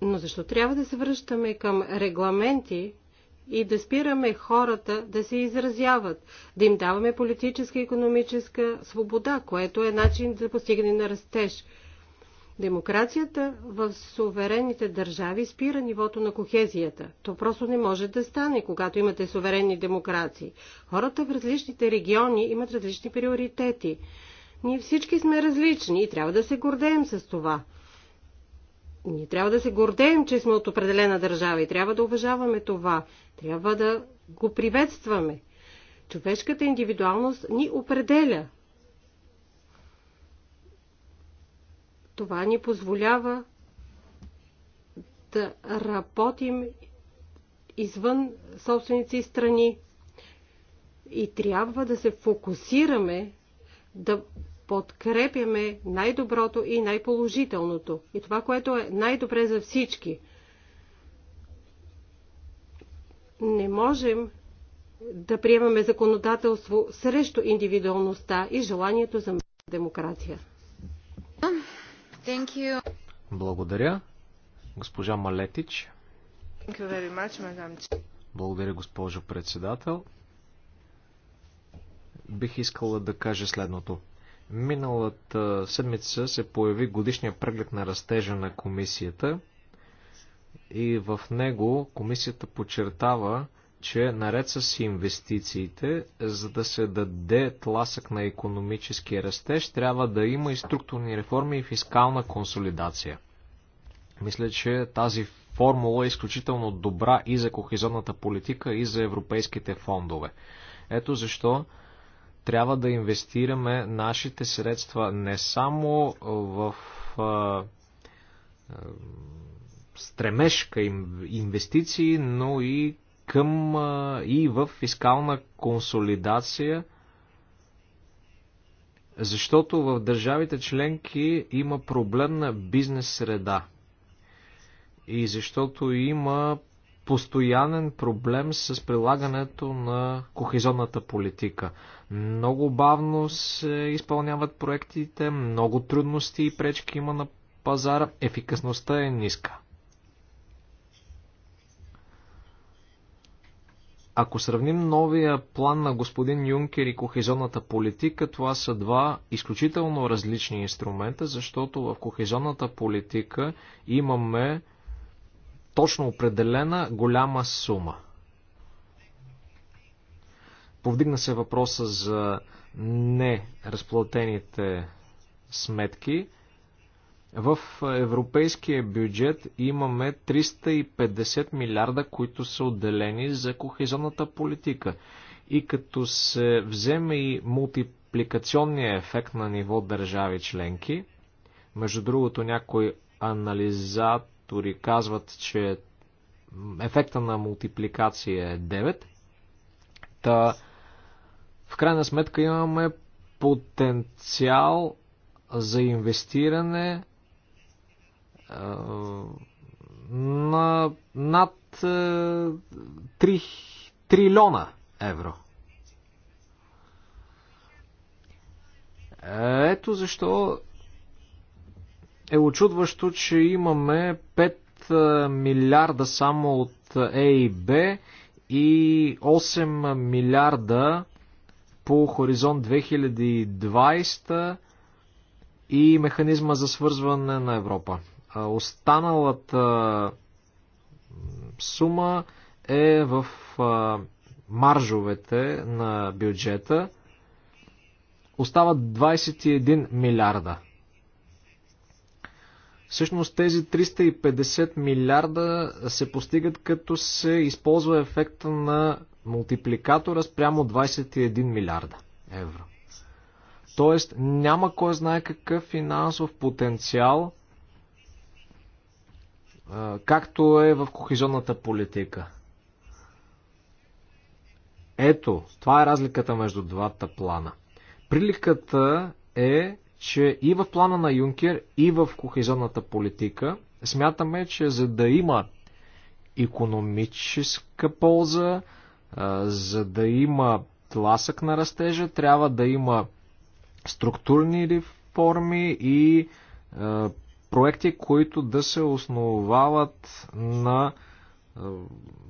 Но защо трябва да се връщаме към регламенти и да спираме хората да се изразяват, да им даваме политическа и економическа свобода, което е начин за да постигане на растеж – Демокрацията в суверенните държави спира нивото на кохезията. То просто не може да стане, когато имате суверенни демокрации. Хората в различните региони имат различни приоритети. Ние всички сме различни и трябва да се гордеем с това. Ние трябва да се гордеем, че сме от определена държава и трябва да уважаваме това. Трябва да го приветстваме. Човешката индивидуалност ни определя. Това ни позволява да работим извън собствените и страни и трябва да се фокусираме да подкрепяме най-доброто и най-положителното и това, което е най-добре за всички. Не можем да приемаме законодателство срещу индивидуалността и желанието за демокрация. Thank you. Благодаря. Госпожа Малетич. Thank you very much, madam. Благодаря, госпожо председател. Бих искала да кажа следното. Миналата седмица се появи годишния преглед на растежа на комисията и в него комисията подчертава, че наред с инвестициите, за да се даде тласък на економически растеж, трябва да има и структурни реформи и фискална консолидация. Мисля, че тази формула е изключително добра и за кохезионната политика, и за европейските фондове. Ето защо трябва да инвестираме нашите средства не само в стремеж към инвестиции, но и към и в фискална консолидация, защото в държавите членки има проблем на бизнес среда и защото има постоянен проблем с прилагането на кохезионната политика. Много бавно се изпълняват проектите, много трудности и пречки има на пазара, ефикасността е ниска. Ако сравним новия план на господин Юнкер и кохезионната политика, това са два изключително различни инструмента, защото в кохезионната политика имаме точно определена голяма сума. Повдигна се въпроса за неразплатените сметки. В европейския бюджет имаме 350 милиарда, които са отделени за кохезионната политика. И като се вземе и мултипликационния ефект на ниво държави членки, между другото някои анализатори казват, че ефекта на мултипликация е 9, та в крайна сметка имаме потенциал за инвестиране на над 3 е, трилиона евро. Е, ето защо е очудващо, че имаме 5 е, милиарда само от Е и Б и 8 милиарда по хоризонт 2020 и механизма за свързване на Европа. Останалата сума е в маржовете на бюджета. Остават 21 милиарда. Всъщност тези 350 милиарда се постигат като се използва ефекта на мултипликатора спрямо 21 милиарда евро. Тоест няма кой знае какъв финансов потенциал както е в кохезионната политика. Ето, това е разликата между двата плана. Приликата е, че и в плана на Юнкер, и в кохезионната политика смятаме, че за да има економическа полза, за да има тласък на растежа, трябва да има структурни реформи и проекти, които да се основават на е,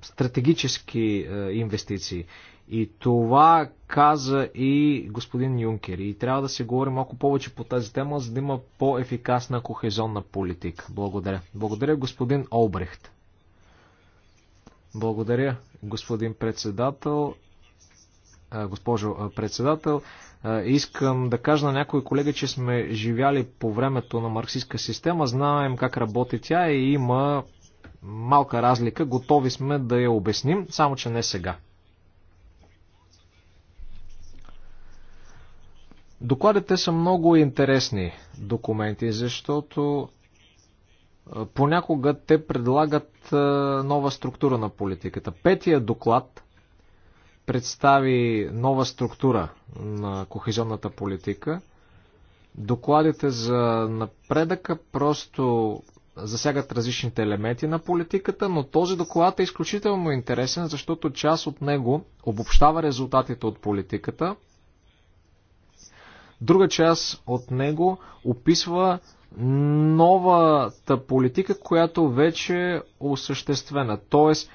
стратегически е, инвестиции. И това каза и господин Юнкер. И трябва да се говори малко повече по тази тема, за да има по-ефикасна кохезионна политика. Благодаря. Благодаря, господин Олбрехт. Благодаря, господин председател госпожо председател. Искам да кажа на някои колеги, че сме живяли по времето на марксистска система, знаем как работи тя и има малка разлика, готови сме да я обясним, само че не сега. Докладите са много интересни документи, защото понякога те предлагат нова структура на политиката. Петия доклад представи нова структура на кохезионната политика. Докладите за напредъка просто засягат различните елементи на политиката, но този доклад е изключително интересен, защото част от него обобщава резултатите от политиката, друга част от него описва новата политика, която вече е осъществена. Тоест,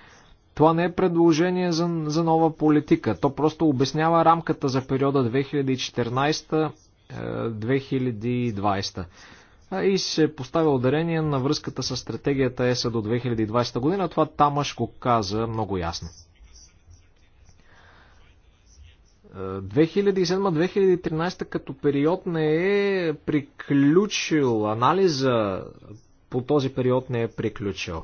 това не е предложение за, за нова политика. То просто обяснява рамката за периода 2014-2020 е, и се поставя ударение на връзката с стратегията ЕСА до 2020 година. Това Тамаш го каза много ясно. 2007-2013 е, като период не е приключил, анализа по този период не е приключил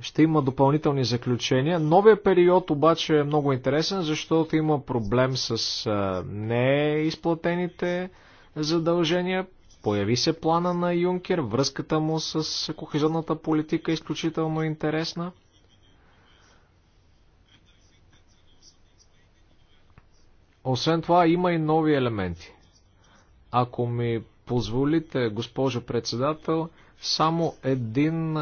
ще има допълнителни заключения. Новия период обаче е много интересен, защото има проблем с неизплатените задължения. Появи се плана на Юнкер, връзката му с кохезионната политика е изключително интересна. Освен това има и нови елементи. Ако ми позволите, госпожо председател, само един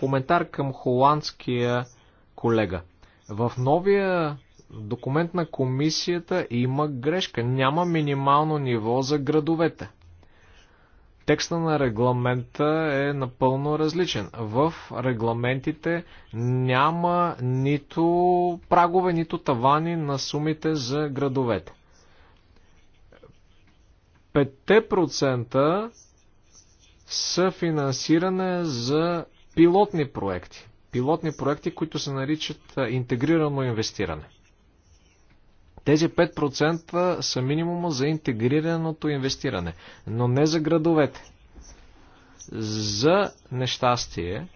коментар към холандския колега. В новия документ на комисията има грешка. Няма минимално ниво за градовете. Текста на регламента е напълно различен. В регламентите няма нито прагове, нито тавани на сумите за градовете. 5% са финансиране за пилотни проекти. Пилотни проекти, които се наричат интегрирано инвестиране. Тези 5% са минимума за интегрираното инвестиране, но не за градовете. За нещастие,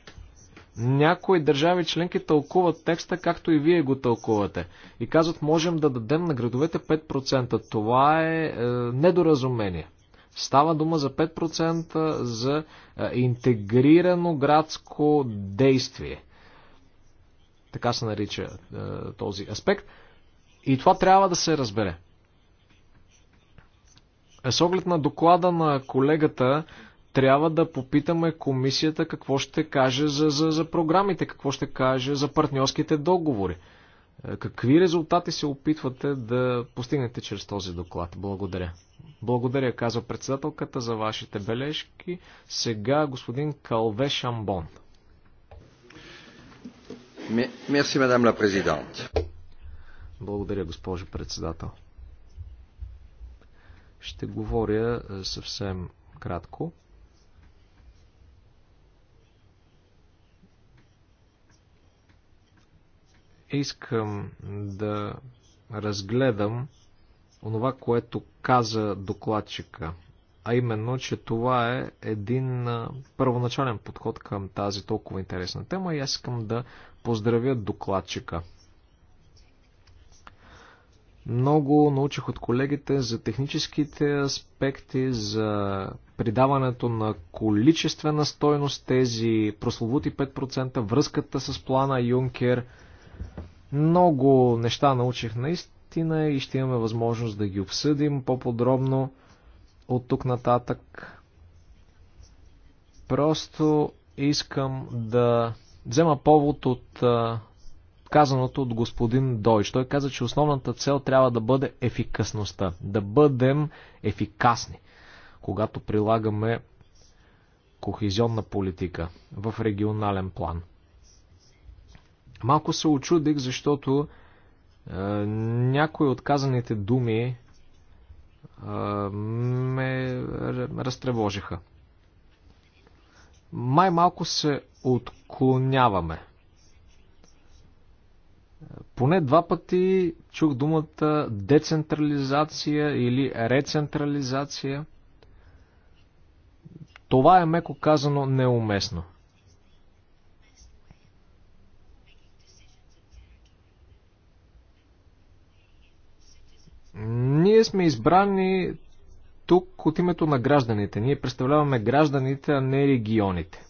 някои държави членки тълкуват текста, както и вие го тълкувате. И казват, можем да дадем на градовете 5%. Това е, е недоразумение. Става дума за 5% за е, интегрирано градско действие. Така се нарича е, този аспект. И това трябва да се разбере. Е, с оглед на доклада на колегата, трябва да попитаме комисията какво ще каже за, за, за програмите, какво ще каже за партньорските договори. Какви резултати се опитвате да постигнете чрез този доклад? Благодаря. Благодаря, казва председателката, за вашите бележки. Сега господин Калве Шамбон. Мерси, мадам ла президент. Благодаря, госпожо председател. Ще говоря е, съвсем кратко. Искам да разгледам онова, което каза докладчика, а именно, че това е един първоначален подход към тази толкова интересна тема и аз искам да поздравя докладчика. Много научих от колегите за техническите аспекти, за придаването на количествена стойност, тези прословути 5%, връзката с плана Юнкер. Много неща научих наистина наистина и ще имаме възможност да ги обсъдим по-подробно от тук нататък. Просто искам да взема повод от казаното от господин Дойч. Той каза, че основната цел трябва да бъде ефикасността. Да бъдем ефикасни, когато прилагаме кохезионна политика в регионален план. Малко се очудих, защото е, някои от казаните думи е, ме разтревожиха. Май малко се отклоняваме. Поне два пъти чух думата децентрализация или рецентрализация. Това е меко казано неуместно. Ние сме избрани тук от името на гражданите. Ние представляваме гражданите, а не регионите.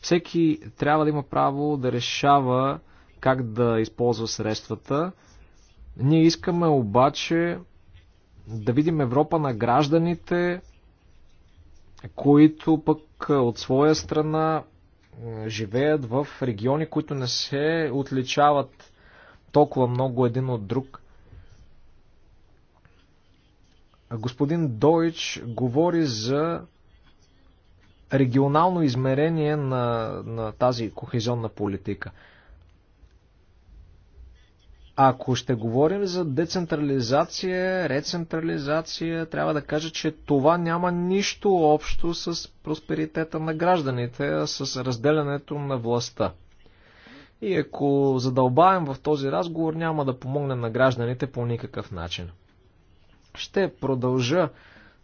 Всеки трябва да има право да решава как да използва средствата. Ние искаме обаче да видим Европа на гражданите, които пък от своя страна живеят в региони, които не се отличават толкова много един от друг. Господин Дойч говори за регионално измерение на, на тази кохезионна политика. Ако ще говорим за децентрализация, рецентрализация, трябва да кажа, че това няма нищо общо с просперитета на гражданите, а с разделянето на властта. И ако задълбаем в този разговор, няма да помогнем на гражданите по никакъв начин. Ще продължа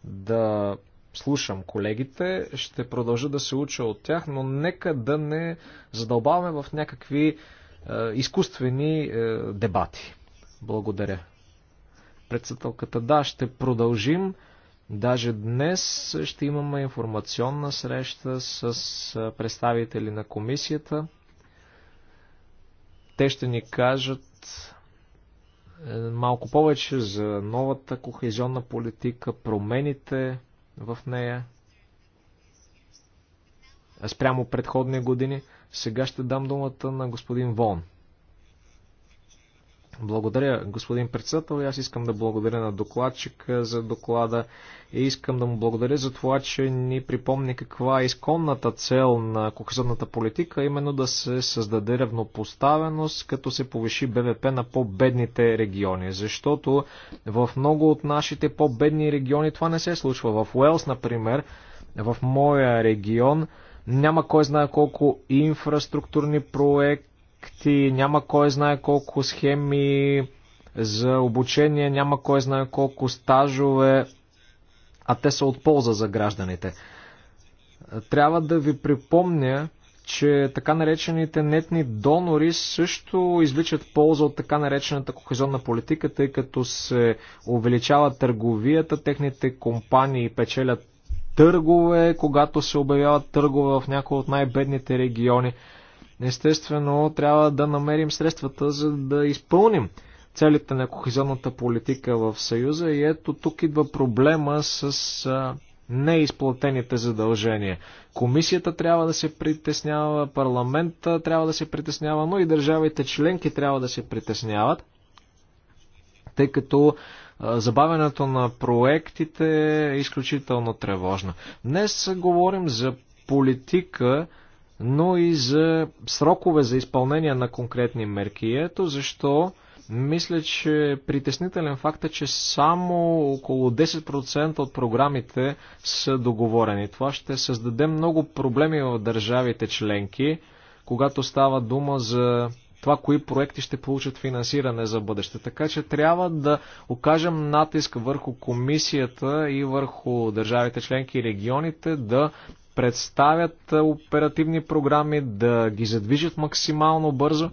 да слушам колегите, ще продължа да се уча от тях, но нека да не задълбаваме в някакви е, изкуствени е, дебати. Благодаря. Председателката, да, ще продължим. Даже днес ще имаме информационна среща с е, представители на комисията. Те ще ни кажат е, малко повече за новата кохезионна политика, промените в нея спрямо предходни години. Сега ще дам думата на господин Вон. Благодаря, господин председател. Аз искам да благодаря на докладчика за доклада и искам да му благодаря за това, че ни припомни каква е изконната цел на кохезионната политика, именно да се създаде равнопоставеност, като се повиши БВП на по-бедните региони. Защото в много от нашите по-бедни региони това не се случва. В Уелс, например, в моя регион, няма кой знае колко инфраструктурни проекти, проекти, няма кой знае колко схеми за обучение, няма кой знае колко стажове, а те са от полза за гражданите. Трябва да ви припомня, че така наречените нетни донори също извличат полза от така наречената кохезионна политика, тъй като се увеличава търговията, техните компании печелят търгове, когато се обявяват търгове в някои от най-бедните региони. Естествено, трябва да намерим средствата, за да изпълним целите на кохезионната политика в Съюза и ето тук идва проблема с неизплатените задължения. Комисията трябва да се притеснява, парламента трябва да се притеснява, но и държавите членки трябва да се притесняват, тъй като забавянето на проектите е изключително тревожно. Днес говорим за политика, но и за срокове за изпълнение на конкретни мерки. Ето защо мисля, че притеснителен факт е, че само около 10% от програмите са договорени. Това ще създаде много проблеми в държавите членки, когато става дума за това, кои проекти ще получат финансиране за бъдеще. Така че трябва да окажем натиск върху комисията и върху държавите членки и регионите да представят оперативни програми, да ги задвижат максимално бързо.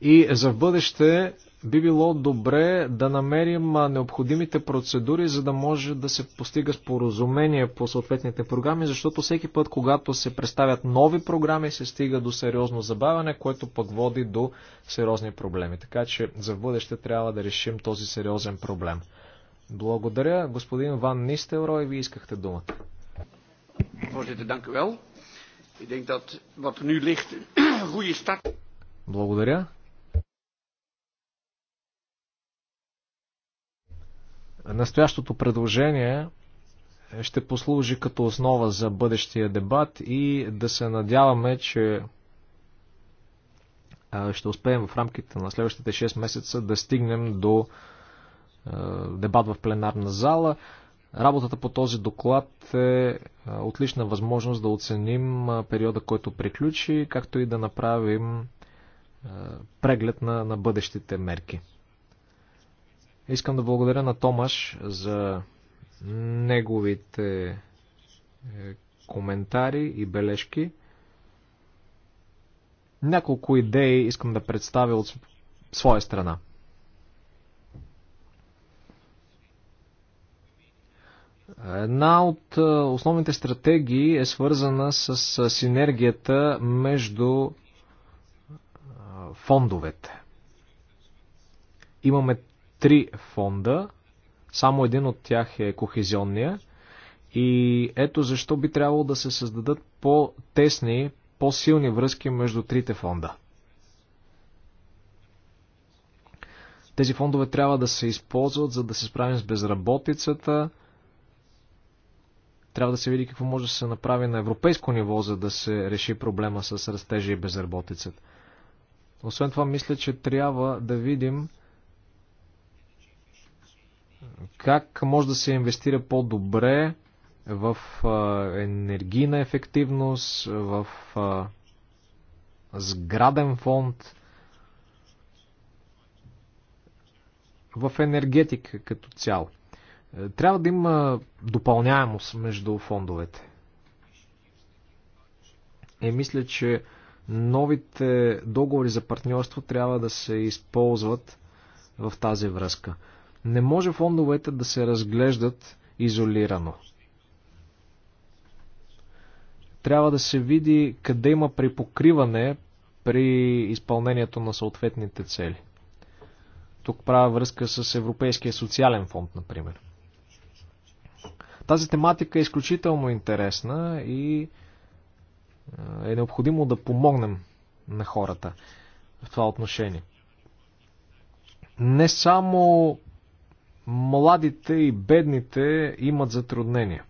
И за в бъдеще би било добре да намерим необходимите процедури, за да може да се постига споразумение по съответните програми, защото всеки път, когато се представят нови програми, се стига до сериозно забавяне, което пък води до сериозни проблеми. Така че за бъдеще трябва да решим този сериозен проблем. Благодаря, господин Ван Нистелрой, ви искахте думата. Voorzitter, dank u wel. Ik denk dat wat er nu ligt een goede start. Благодаря. Настоящото предложение ще послужи като основа за бъдещия дебат и да се надяваме, че ще успеем в рамките на следващите 6 месеца да стигнем до дебат в пленарна зала. Работата по този доклад е отлична възможност да оценим периода, който приключи, както и да направим преглед на, на бъдещите мерки. Искам да благодаря на Томаш за неговите е, коментари и бележки. Няколко идеи искам да представя от своя страна. Една от основните стратегии е свързана с синергията между фондовете. Имаме три фонда, само един от тях е кохезионния и ето защо би трябвало да се създадат по-тесни, по-силни връзки между трите фонда. Тези фондове трябва да се използват, за да се справим с безработицата, трябва да се види какво може да се направи на европейско ниво, за да се реши проблема с растежа и безработицата. Освен това, мисля, че трябва да видим как може да се инвестира по-добре в енергийна ефективност, в сграден фонд, в енергетика като цяло. Трябва да има допълняемост между фондовете. Е, мисля, че новите договори за партньорство трябва да се използват в тази връзка. Не може фондовете да се разглеждат изолирано. Трябва да се види къде има припокриване при изпълнението на съответните цели. Тук правя връзка с Европейския социален фонд, например. Тази тематика е изключително интересна и е, е необходимо да помогнем на хората в това отношение. Не само младите и бедните имат затруднения.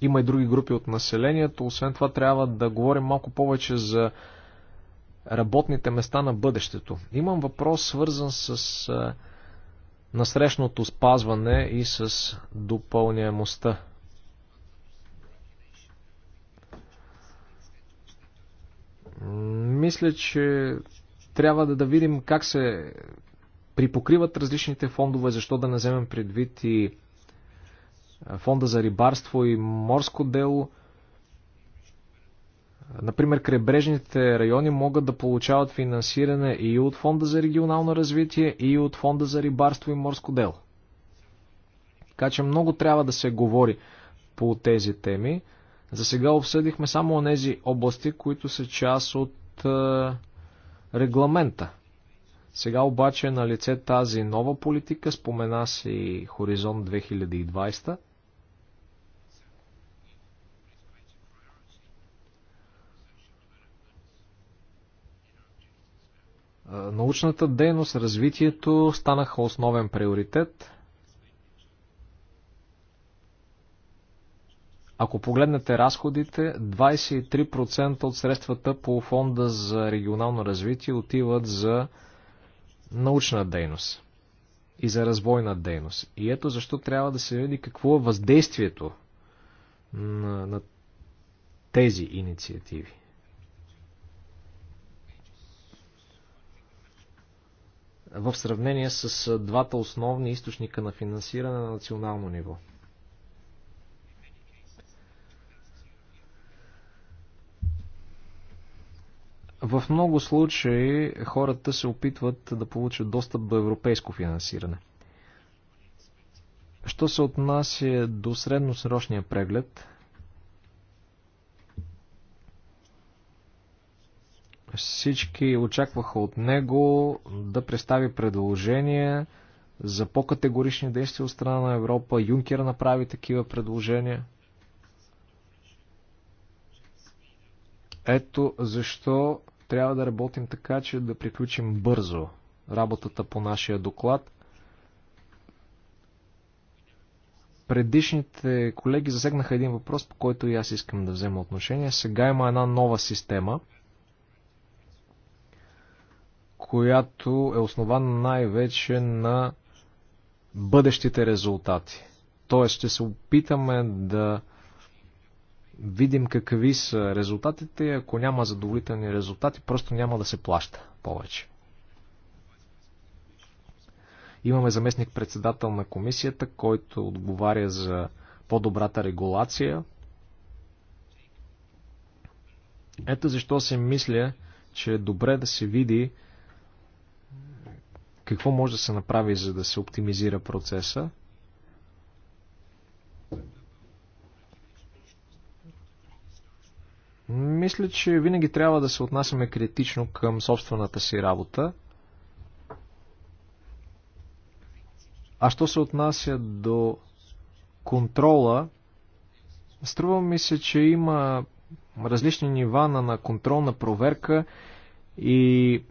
Има и други групи от населението. Освен това трябва да говорим малко повече за работните места на бъдещето. Имам въпрос свързан с е, на срещното спазване и с допълняемостта. Мисля, че трябва да, да видим как се припокриват различните фондове, защо да не вземем предвид и фонда за рибарство и морско дело – Например, крайбрежните райони могат да получават финансиране и от Фонда за регионално развитие, и от Фонда за рибарство и морско дело. Така че много трябва да се говори по тези теми. За сега обсъдихме само тези области, които са част от е, регламента. Сега обаче е на лице тази нова политика, спомена си Хоризонт 2020. научната дейност, развитието станаха основен приоритет. Ако погледнете разходите, 23% от средствата по фонда за регионално развитие отиват за научна дейност и за развойна дейност. И ето защо трябва да се види какво е въздействието на, на тези инициативи. в сравнение с двата основни източника на финансиране на национално ниво. В много случаи хората се опитват да получат достъп до европейско финансиране. Що се отнася до средносрочния преглед, Всички очакваха от него да представи предложения за по-категорични действия от страна на Европа. Юнкер направи такива предложения. Ето защо трябва да работим така, че да приключим бързо работата по нашия доклад. Предишните колеги засегнаха един въпрос, по който и аз искам да взема отношение. Сега има една нова система – която е основана най-вече на бъдещите резултати. Тоест, ще се опитаме да видим какви са резултатите ако няма задоволителни резултати, просто няма да се плаща повече. Имаме заместник председател на комисията, който отговаря за по-добрата регулация. Ето защо се мисля, че е добре да се види какво може да се направи, за да се оптимизира процеса? Мисля, че винаги трябва да се отнасяме критично към собствената си работа. А що се отнася до контрола, струва ми се, че има различни нива на, на контролна проверка и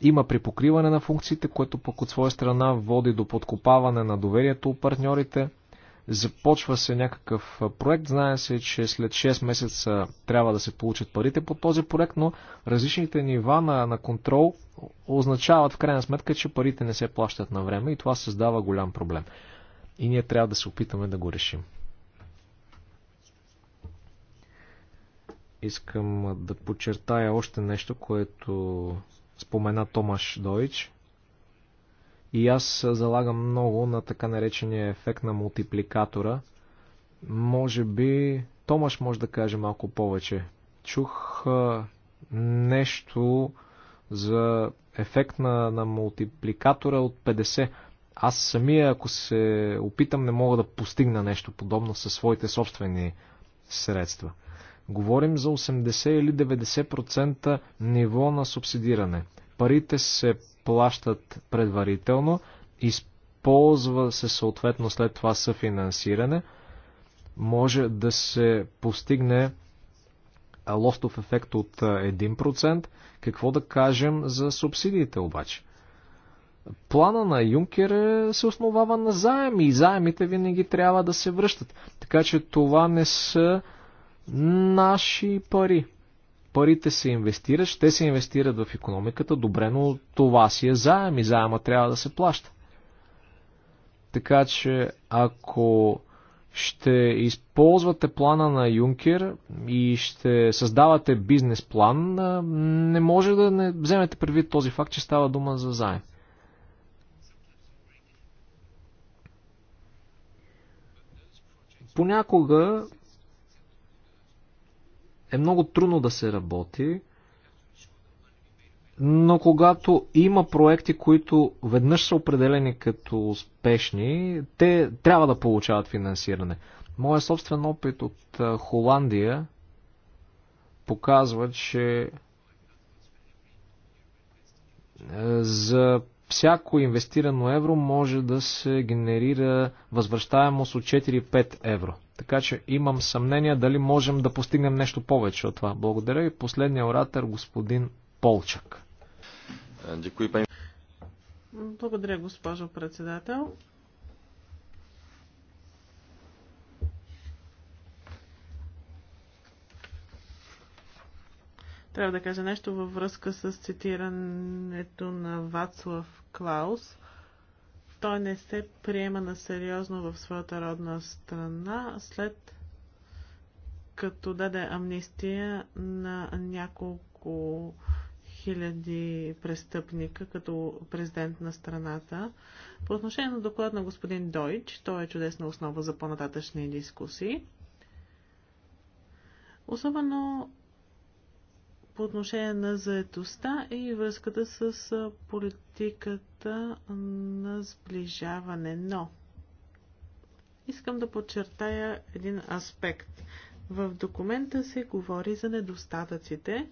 има припокриване на функциите, което пък от своя страна води до подкопаване на доверието у партньорите. Започва се някакъв проект, знае се, че след 6 месеца трябва да се получат парите по този проект, но различните нива на, на контрол означават в крайна сметка, че парите не се плащат на време и това създава голям проблем. И ние трябва да се опитаме да го решим. Искам да подчертая още нещо, което спомена Томаш Дойч. И аз залагам много на така наречения ефект на мултипликатора. Може би Томаш може да каже малко повече. Чух а, нещо за ефект на, на мултипликатора от 50. Аз самия, ако се опитам, не мога да постигна нещо подобно със своите собствени средства. Говорим за 80 или 90% ниво на субсидиране. Парите се плащат предварително, използва се съответно след това съфинансиране. Може да се постигне лостов ефект от 1%. Какво да кажем за субсидиите обаче? Плана на Юнкер е, се основава на заеми и заемите винаги трябва да се връщат. Така че това не са наши пари. Парите се инвестират, ще се инвестират в економиката, добре, но това си е заем и заема трябва да се плаща. Така че, ако ще използвате плана на Юнкер и ще създавате бизнес план, не може да не вземете предвид този факт, че става дума за заем. Понякога е много трудно да се работи, но когато има проекти, които веднъж са определени като успешни, те трябва да получават финансиране. Моя собствен опит от Холандия показва, че за всяко инвестирано евро може да се генерира възвръщаемост от 4-5 евро. Така че имам съмнение дали можем да постигнем нещо повече от това. Благодаря и последния оратор, господин Полчак. Благодаря, госпожо председател. Трябва да кажа нещо във връзка с цитирането на Вацлав Клаус той не се приема на сериозно в своята родна страна, след като даде амнистия на няколко хиляди престъпника като президент на страната. По отношение на доклад на господин Дойч, той е чудесна основа за по-нататъчни дискусии. Особено по отношение на заетостта и връзката с политиката на сближаване. Но искам да подчертая един аспект. В документа се говори за недостатъците,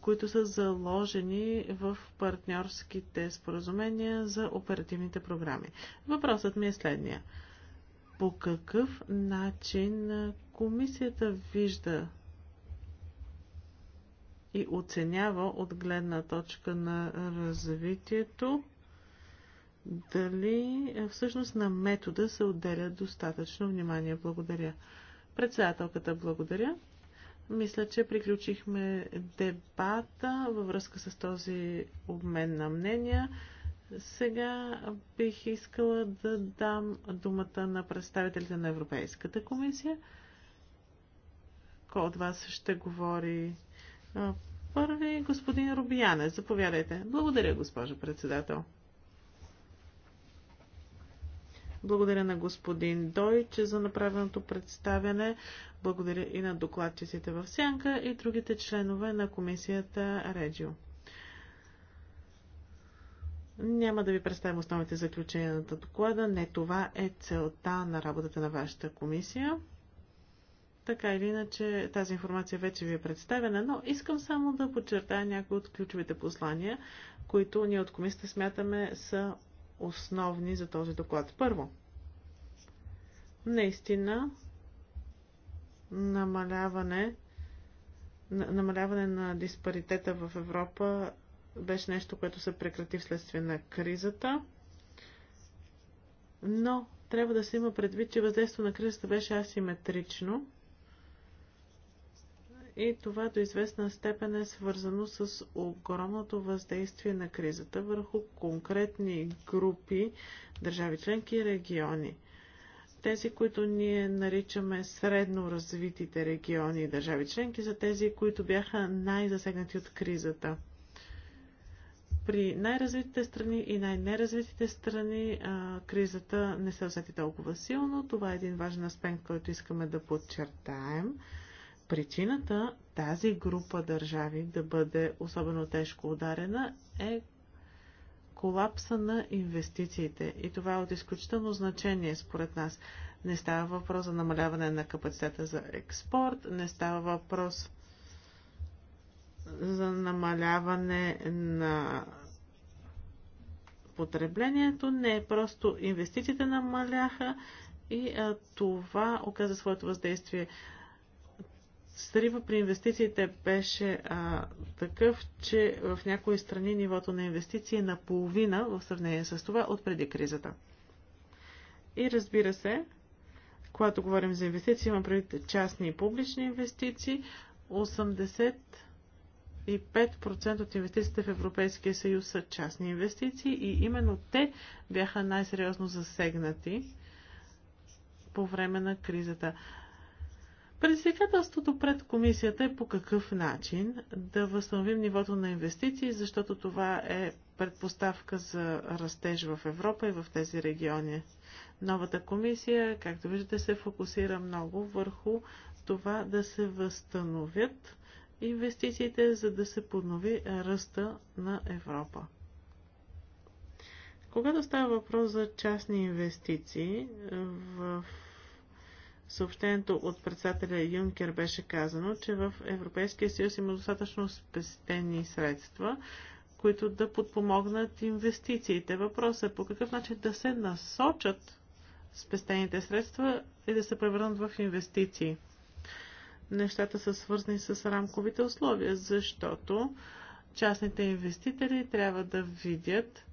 които са заложени в партньорските споразумения за оперативните програми. Въпросът ми е следния. По какъв начин комисията вижда и оценява от гледна точка на развитието дали е, всъщност на метода се отделя достатъчно внимание. Благодаря. Председателката, благодаря. Мисля, че приключихме дебата във връзка с този обмен на мнения. Сега бих искала да дам думата на представителите на Европейската комисия. Кой от вас ще говори Първи господин Рубияне, заповядайте. Благодаря, госпожо председател. Благодаря на господин Дойч за направеното представяне. Благодаря и на докладчиците в Сянка и другите членове на комисията Реджио. Няма да ви представим основните заключения на доклада. Не това е целта на работата на вашата комисия. Така или иначе тази информация вече ви е представена, но искам само да подчертая някои от ключовите послания, които ние от комисията смятаме са основни за този доклад. Първо, наистина намаляване, намаляване на диспаритета в Европа беше нещо, което се прекрати вследствие на кризата. Но трябва да се има предвид, че въздействието на кризата беше асиметрично. И това до известна степен е свързано с огромното въздействие на кризата върху конкретни групи държави членки и региони. Тези, които ние наричаме средно развитите региони и държави членки, са тези, които бяха най-засегнати от кризата. При най-развитите страни и най-неразвитите страни а, кризата не се усети толкова силно. Това е един важен аспект, който искаме да подчертаем. Причината тази група държави да бъде особено тежко ударена е колапса на инвестициите. И това е от изключително значение според нас. Не става въпрос за намаляване на капацитета за експорт, не става въпрос за намаляване на потреблението, не, просто инвестициите намаляха и а, това оказа своето въздействие Срива при инвестициите беше а, такъв, че в някои страни нивото на инвестиции е наполовина в сравнение с това от преди кризата. И разбира се, когато говорим за инвестиции, има преди частни и публични инвестиции. 85% от инвестициите в Европейския съюз са частни инвестиции и именно те бяха най-сериозно засегнати по време на кризата. Предизвикателството пред комисията е по какъв начин да възстановим нивото на инвестиции, защото това е предпоставка за растеж в Европа и в тези региони. Новата комисия, както виждате, се фокусира много върху това да се възстановят инвестициите, за да се поднови ръста на Европа. Когато става въпрос за частни инвестиции в съобщението от председателя Юнкер беше казано, че в Европейския съюз има достатъчно спестени средства, които да подпомогнат инвестициите. Въпросът е по какъв начин да се насочат спестените средства и да се превърнат в инвестиции. Нещата са свързани с рамковите условия, защото частните инвеститори трябва да видят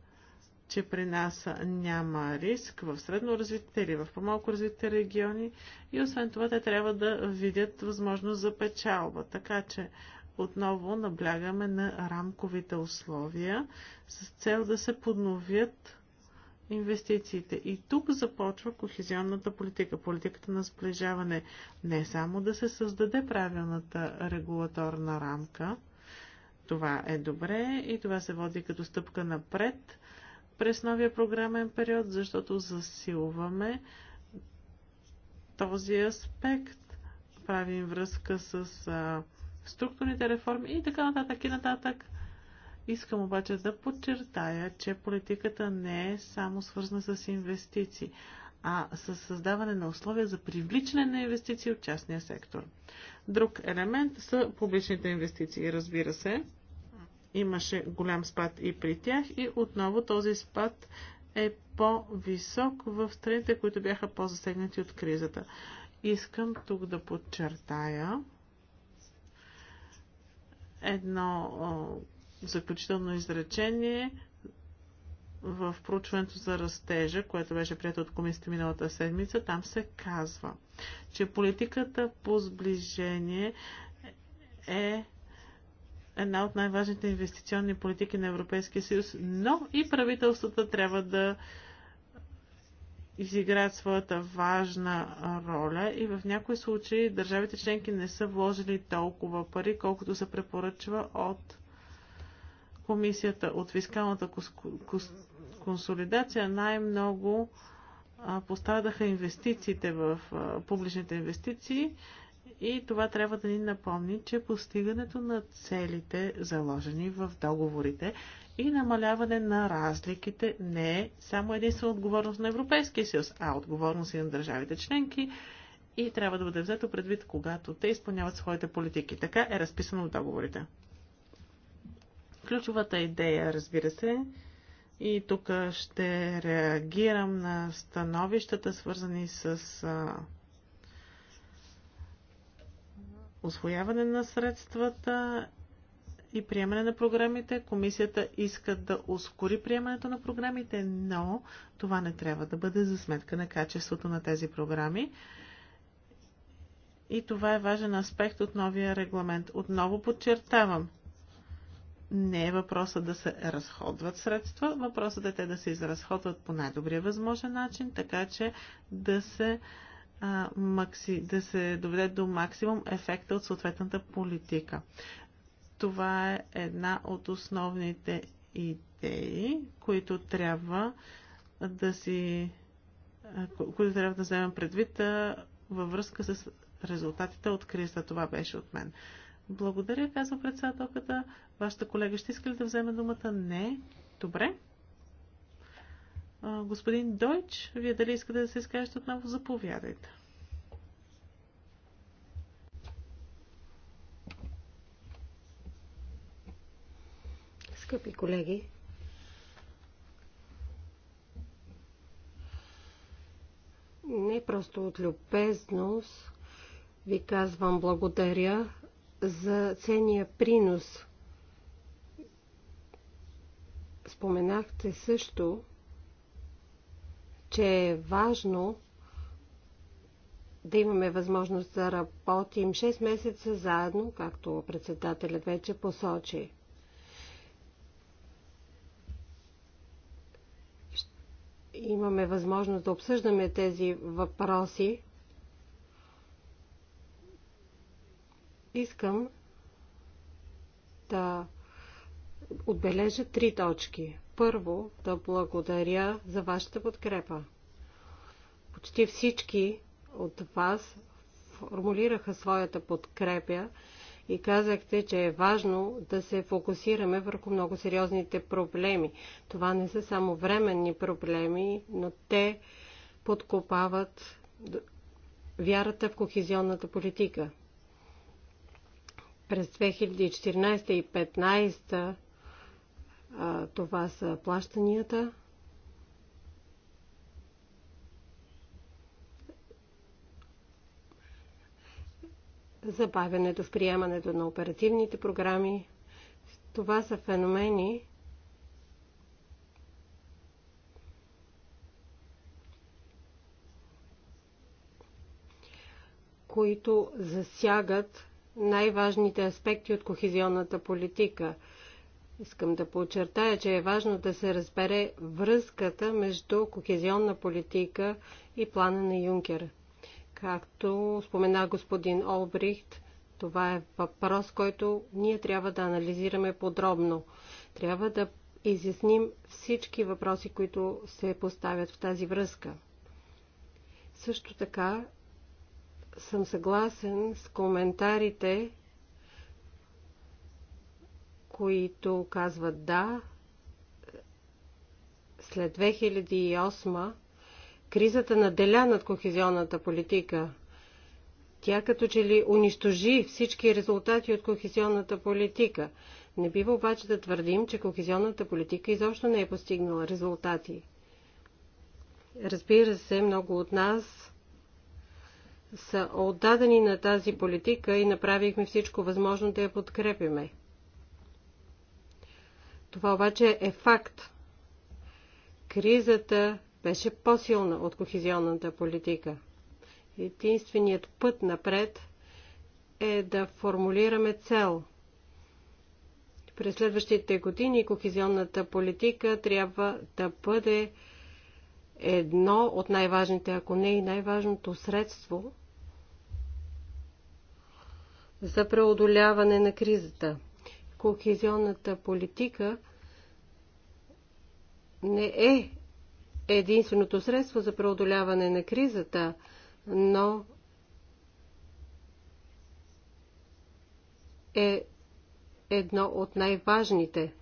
че при нас няма риск в средно развитите или в по-малко развитите региони и освен това те трябва да видят възможност за печалба. Така че отново наблягаме на рамковите условия с цел да се подновят инвестициите. И тук започва кохезионната политика, политиката на сближаване. Не само да се създаде правилната регулаторна рамка, това е добре и това се води като стъпка напред през новия програмен период, защото засилваме този аспект, правим връзка с а, структурните реформи и така нататък и нататък. Искам обаче да подчертая, че политиката не е само свързана с инвестиции, а с създаване на условия за привличане на инвестиции от частния сектор. Друг елемент са публичните инвестиции, разбира се имаше голям спад и при тях и отново този спад е по-висок в страните, които бяха по-засегнати от кризата. Искам тук да подчертая едно о, заключително изречение в проучването за растежа, което беше прието от комисията миналата седмица. Там се казва, че политиката по сближение е една от най-важните инвестиционни политики на Европейския съюз, но и правителствата трябва да изиграят своята важна роля и в някои случаи държавите членки не са вложили толкова пари, колкото се препоръчва от комисията, от фискалната консолидация. Най-много пострадаха инвестициите в публичните инвестиции и това трябва да ни напомни, че постигането на целите, заложени в договорите и намаляване на разликите не е само единствено отговорност на Европейския съюз, а отговорност и на държавите членки и трябва да бъде взето предвид, когато те изпълняват своите политики. Така е разписано в договорите. Ключовата идея, разбира се, и тук ще реагирам на становищата, свързани с освояване на средствата и приемане на програмите. Комисията иска да ускори приемането на програмите, но това не трябва да бъде за сметка на качеството на тези програми. И това е важен аспект от новия регламент. Отново подчертавам, не е въпросът да се разходват средства, въпросът е те да се изразходват по най-добрия възможен начин, така че да се а, а, макси, да се доведе до максимум ефекта от съответната политика. Това е една от основните идеи, които трябва да си които трябва да вземем предвид във връзка с резултатите от кризата. Това беше от мен. Благодаря, казва председателката. Вашата колега ще иска ли да вземе думата? Не. Добре. Господин Дойч, вие дали искате да се изкажете отново? Заповядайте. Скъпи колеги, не просто от любезност ви казвам благодаря за ценния принос. Споменахте също, че е важно да имаме възможност да работим 6 месеца заедно, както председателят вече посочи. Имаме възможност да обсъждаме тези въпроси. Искам да отбележа три точки – първо да благодаря за вашата подкрепа. Почти всички от вас формулираха своята подкрепя и казахте, че е важно да се фокусираме върху много сериозните проблеми. Това не са само временни проблеми, но те подкопават вярата в кохезионната политика. През 2014 и 2015 това са плащанията. Забавянето в приемането на оперативните програми. Това са феномени, които засягат най-важните аспекти от кохезионната политика – Искам да подчертая, че е важно да се разбере връзката между кохезионна политика и плана на Юнкер. Както спомена господин Олбрихт, това е въпрос, който ние трябва да анализираме подробно. Трябва да изясним всички въпроси, които се поставят в тази връзка. Също така съм съгласен с коментарите които казват да. След 2008 кризата наделя над кохезионната политика. Тя като че ли унищожи всички резултати от кохезионната политика. Не бива обаче да твърдим, че кохезионната политика изобщо не е постигнала резултати. Разбира се, много от нас са отдадени на тази политика и направихме всичко възможно да я подкрепиме. Това обаче е факт. Кризата беше по-силна от кохизионната политика. Единственият път напред е да формулираме цел. През следващите години кохизионната политика трябва да бъде едно от най-важните, ако не и най-важното средство за преодоляване на кризата. Кохизионната политика не е единственото средство за преодоляване на кризата, но е едно от най-важните.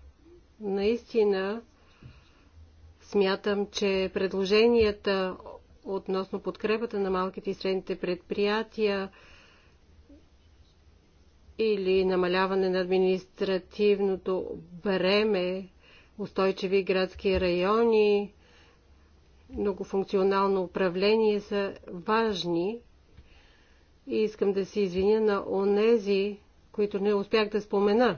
Наистина смятам, че предложенията относно подкрепата на малките и средните предприятия или намаляване на административното бреме устойчиви градски райони, многофункционално управление са важни и искам да се извиня на онези, които не успях да спомена.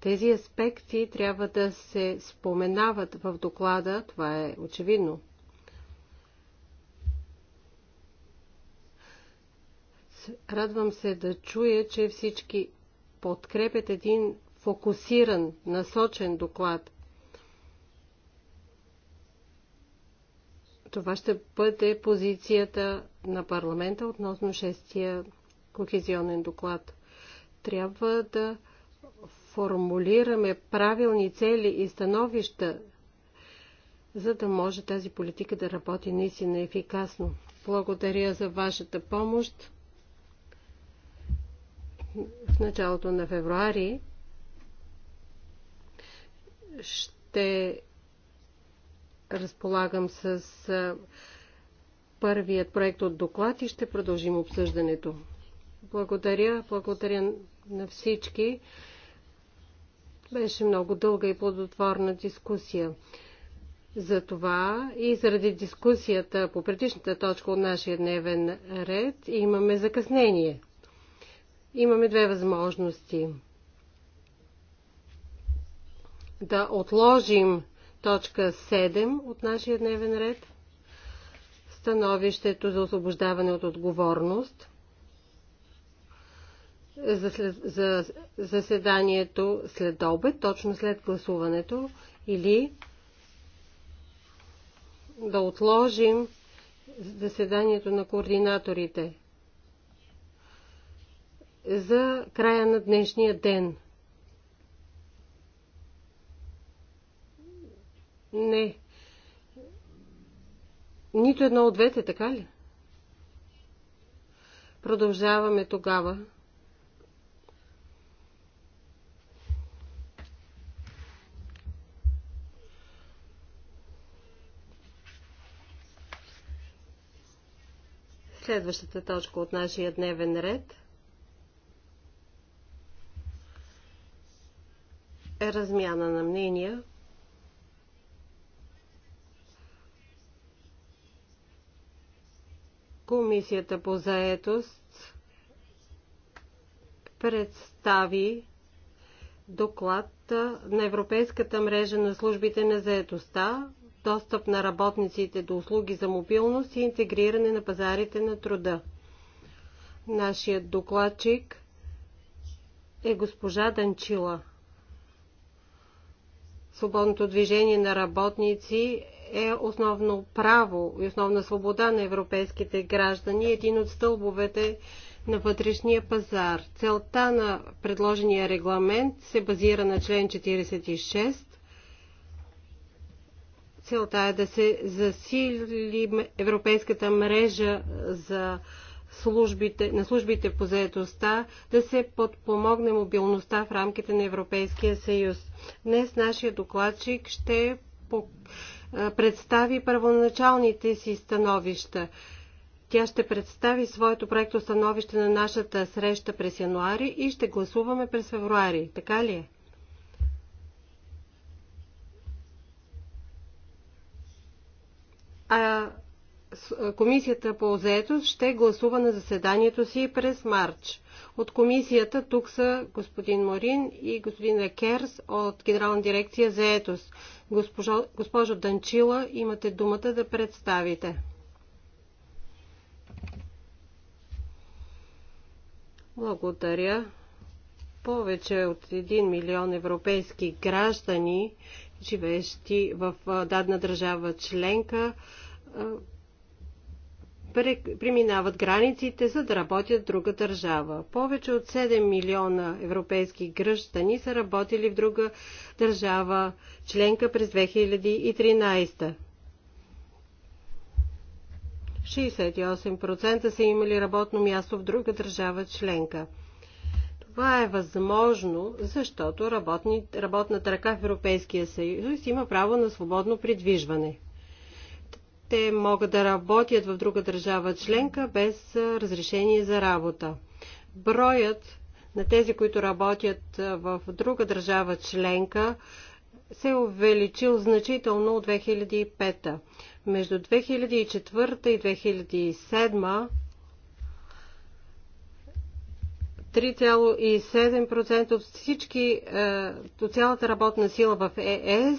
Тези аспекти трябва да се споменават в доклада, това е очевидно. Радвам се да чуя, че всички подкрепят един фокусиран, насочен доклад. Това ще бъде позицията на парламента относно шестия кохезионен доклад. Трябва да формулираме правилни цели и становища, за да може тази политика да работи наистина ефикасно. Благодаря за вашата помощ. В началото на февруари ще разполагам с първият проект от доклад и ще продължим обсъждането. Благодаря, благодаря на всички. Беше много дълга и плодотворна дискусия. За това и заради дискусията по предишната точка от нашия дневен ред имаме закъснение. Имаме две възможности. Да отложим точка 7 от нашия дневен ред. Становището за освобождаване от отговорност за, за заседанието след обед, точно след гласуването, или да отложим заседанието на координаторите за края на днешния ден. Не. Нито едно от двете, така ли? Продължаваме тогава. Следващата точка от нашия дневен ред е размяна на мнения Комисията по заетост представи доклад на Европейската мрежа на службите на заетостта, достъп на работниците до услуги за мобилност и интегриране на пазарите на труда. Нашият докладчик е госпожа Данчила. Свободното движение на работници е основно право и основна свобода на европейските граждани, един от стълбовете на вътрешния пазар. Целта на предложения регламент се базира на член 46. Целта е да се засили европейската мрежа за службите, на службите по заедостта, да се подпомогне мобилността в рамките на Европейския съюз. Днес нашия докладчик ще, представи първоначалните си становища. Тя ще представи своето проекто становище на нашата среща през януари и ще гласуваме през февруари. Така ли е? А Комисията по заетост ще гласува на заседанието си през марч. От комисията тук са господин Морин и господин Екерс от Генерална дирекция за етос. Госпожо, госпожо Данчила, имате думата да представите. Благодаря. Повече от 1 милион европейски граждани, живеещи в дадна държава членка, преминават границите, за да работят в друга държава. Повече от 7 милиона европейски гръщани са работили в друга държава членка през 2013. 68% са имали работно място в друга държава членка. Това е възможно, защото работни, работната ръка в Европейския съюз има право на свободно придвижване те могат да работят в друга държава членка без разрешение за работа. Броят на тези, които работят в друга държава членка, се е увеличил значително от 2005. Между 2004 и 2007 3,7% от всички, е, от цялата работна сила в ЕС е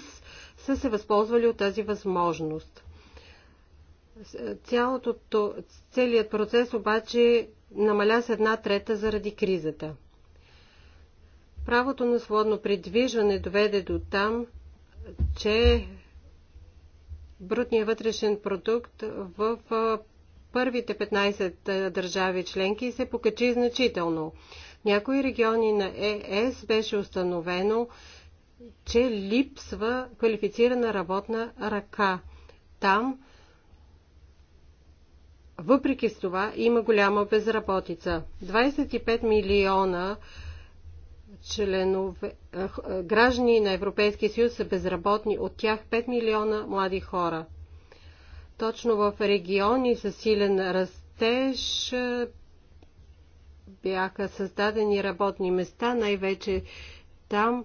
са се възползвали от тази възможност. Цялото, целият процес обаче намаля с една трета заради кризата. Правото на свободно придвижване доведе до там, че брутният вътрешен продукт в първите 15 държави членки се покачи значително. В Някои региони на ЕС беше установено, че липсва квалифицирана работна ръка. Там въпреки с това има голяма безработица. 25 милиона членове, граждани на Европейския съюз са безработни, от тях 5 милиона млади хора. Точно в региони с силен растеж бяха създадени работни места, най-вече там,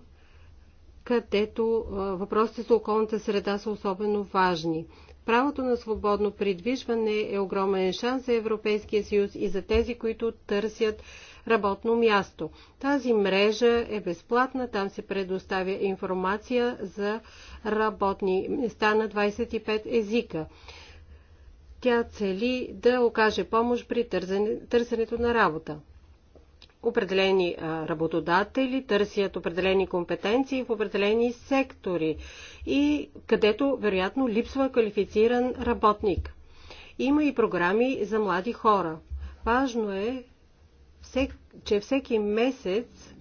където въпросите за околната среда са особено важни. Правото на свободно придвижване е огромен шанс за Европейския съюз и за тези, които търсят работно място. Тази мрежа е безплатна, там се предоставя информация за работни места на 25 езика. Тя цели да окаже помощ при търсенето на работа. Определени работодатели търсят определени компетенции в определени сектори и където вероятно липсва квалифициран работник. Има и програми за млади хора. Важно е, че всеки месец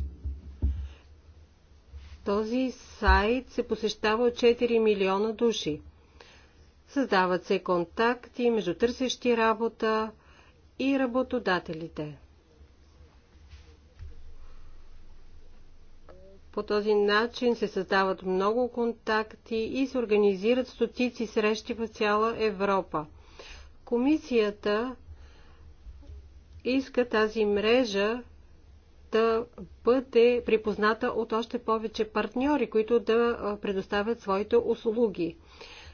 този сайт се посещава от 4 милиона души. Създават се контакти между търсещи работа и работодателите. По този начин се създават много контакти и се организират стотици срещи в цяла Европа. Комисията иска тази мрежа да бъде припозната от още повече партньори, които да предоставят своите услуги.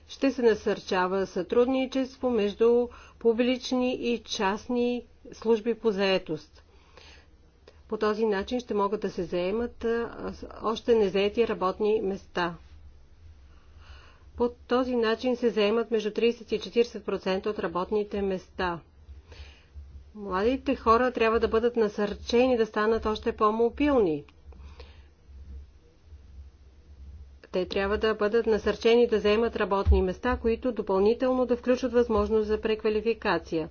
Ще се насърчава сътрудничество между публични и частни служби по заетост. По този начин ще могат да се заемат още незаети работни места. По този начин се заемат между 30 и 40% от работните места. Младите хора трябва да бъдат насърчени да станат още по-мобилни. Те трябва да бъдат насърчени да заемат работни места, които допълнително да включат възможност за преквалификация.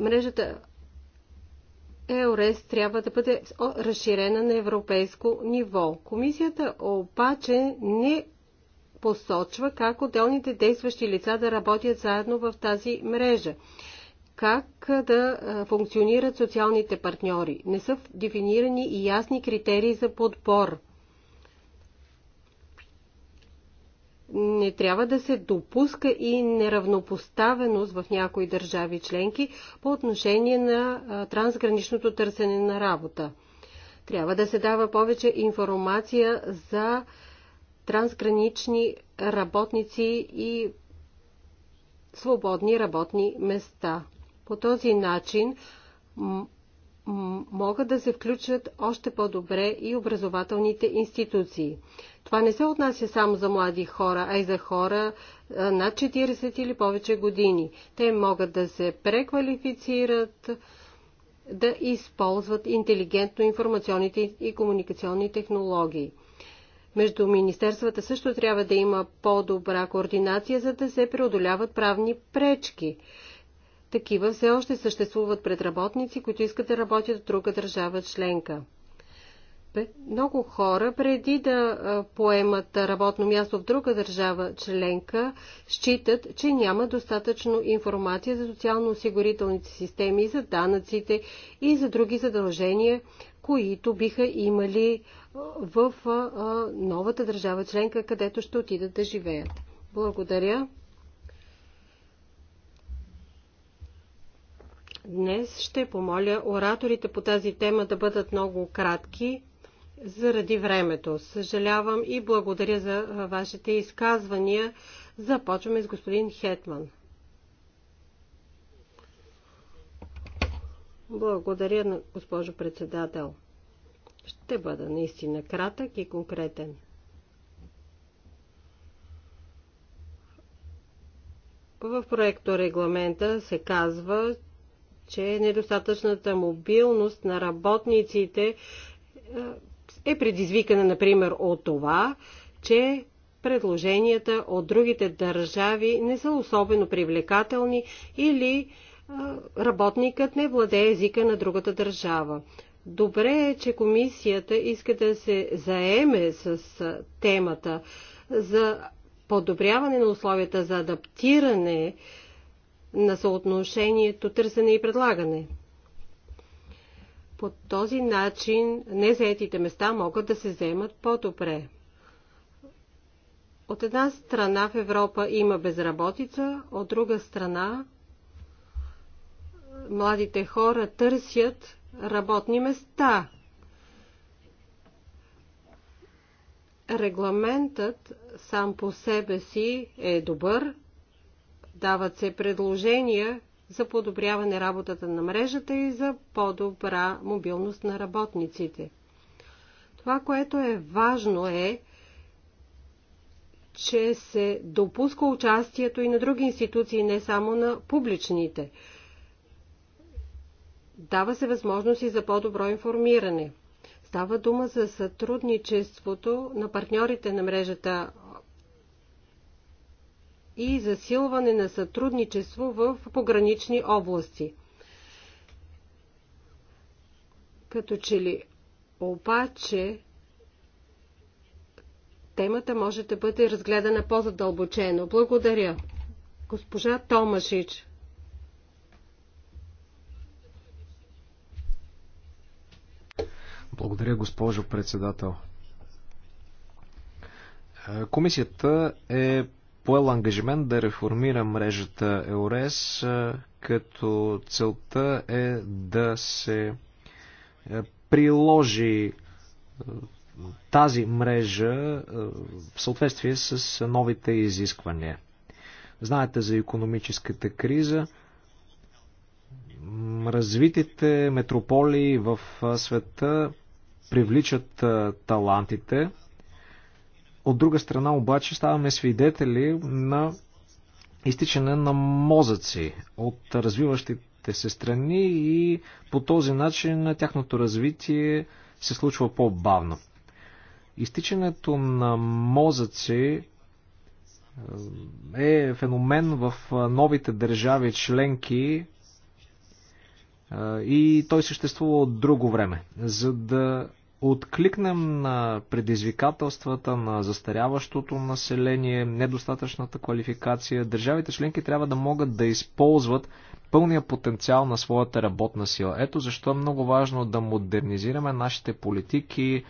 Мрежата ЕОРЕС трябва да бъде разширена на европейско ниво. Комисията обаче не посочва как отделните действащи лица да работят заедно в тази мрежа. Как да функционират социалните партньори? Не са дефинирани и ясни критерии за подбор. не трябва да се допуска и неравнопоставеност в някои държави членки по отношение на трансграничното търсене на работа. Трябва да се дава повече информация за трансгранични работници и свободни работни места. По този начин могат да се включат още по-добре и образователните институции. Това не се отнася само за млади хора, а и за хора над 40 или повече години. Те могат да се преквалифицират, да използват интелигентно информационните и комуникационни технологии. Между министерствата също трябва да има по-добра координация, за да се преодоляват правни пречки. Такива все още съществуват пред работници, които искат да работят в друга държава членка. Много хора, преди да поемат работно място в друга държава членка, считат, че няма достатъчно информация за социално-осигурителните системи, за данъците и за други задължения, които биха имали в новата държава членка, където ще отидат да живеят. Благодаря. Днес ще помоля ораторите по тази тема да бъдат много кратки, заради времето. Съжалявам и благодаря за вашите изказвания. Започваме с господин Хетман. Благодаря, госпожо председател. Ще бъда наистина кратък и конкретен. В проекто регламента се казва, че недостатъчната мобилност на работниците е предизвикана, например, от това, че предложенията от другите държави не са особено привлекателни или работникът не владее езика на другата държава. Добре е, че комисията иска да се заеме с темата за подобряване на условията за адаптиране на съотношението търсене и предлагане. По този начин незаетите места могат да се вземат по-добре. От една страна в Европа има безработица, от друга страна младите хора търсят работни места. Регламентът сам по себе си е добър, дават се предложения, за подобряване работата на мрежата и за по-добра мобилност на работниците. Това, което е важно е, че се допуска участието и на други институции, не само на публичните. Дава се възможност и за по-добро информиране. Става дума за сътрудничеството на партньорите на мрежата и засилване на сътрудничество в погранични области. Като че ли обаче темата може да бъде разгледана по-задълбочено. Благодаря. Госпожа Томашич. Благодаря, госпожо председател. Е, комисията е поел ангажимент да реформира мрежата ЕОРЕС, като целта е да се приложи тази мрежа в съответствие с новите изисквания. Знаете за економическата криза. Развитите метрополии в света привличат талантите, от друга страна обаче ставаме свидетели на изтичане на мозъци от развиващите се страни и по този начин тяхното развитие се случва по-бавно. Изтичането на мозъци е, е феномен в новите държави членки и той съществува от друго време. За да откликнем на предизвикателствата на застаряващото население, недостатъчната квалификация, държавите членки трябва да могат да използват пълния потенциал на своята работна сила. Ето защо е много важно да модернизираме нашите политики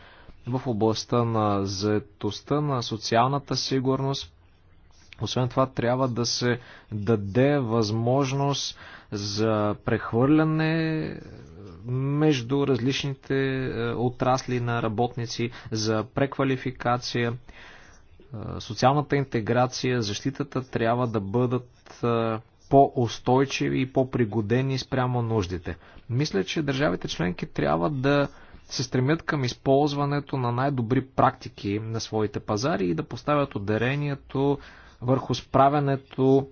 в областта на заетостта, на социалната сигурност. Освен това, трябва да се даде възможност за прехвърляне между различните е, отрасли на работници за преквалификация, е, социалната интеграция, защитата трябва да бъдат е, по-устойчиви и по-пригодени спрямо нуждите. Мисля, че държавите членки трябва да се стремят към използването на най-добри практики на своите пазари и да поставят ударението върху справянето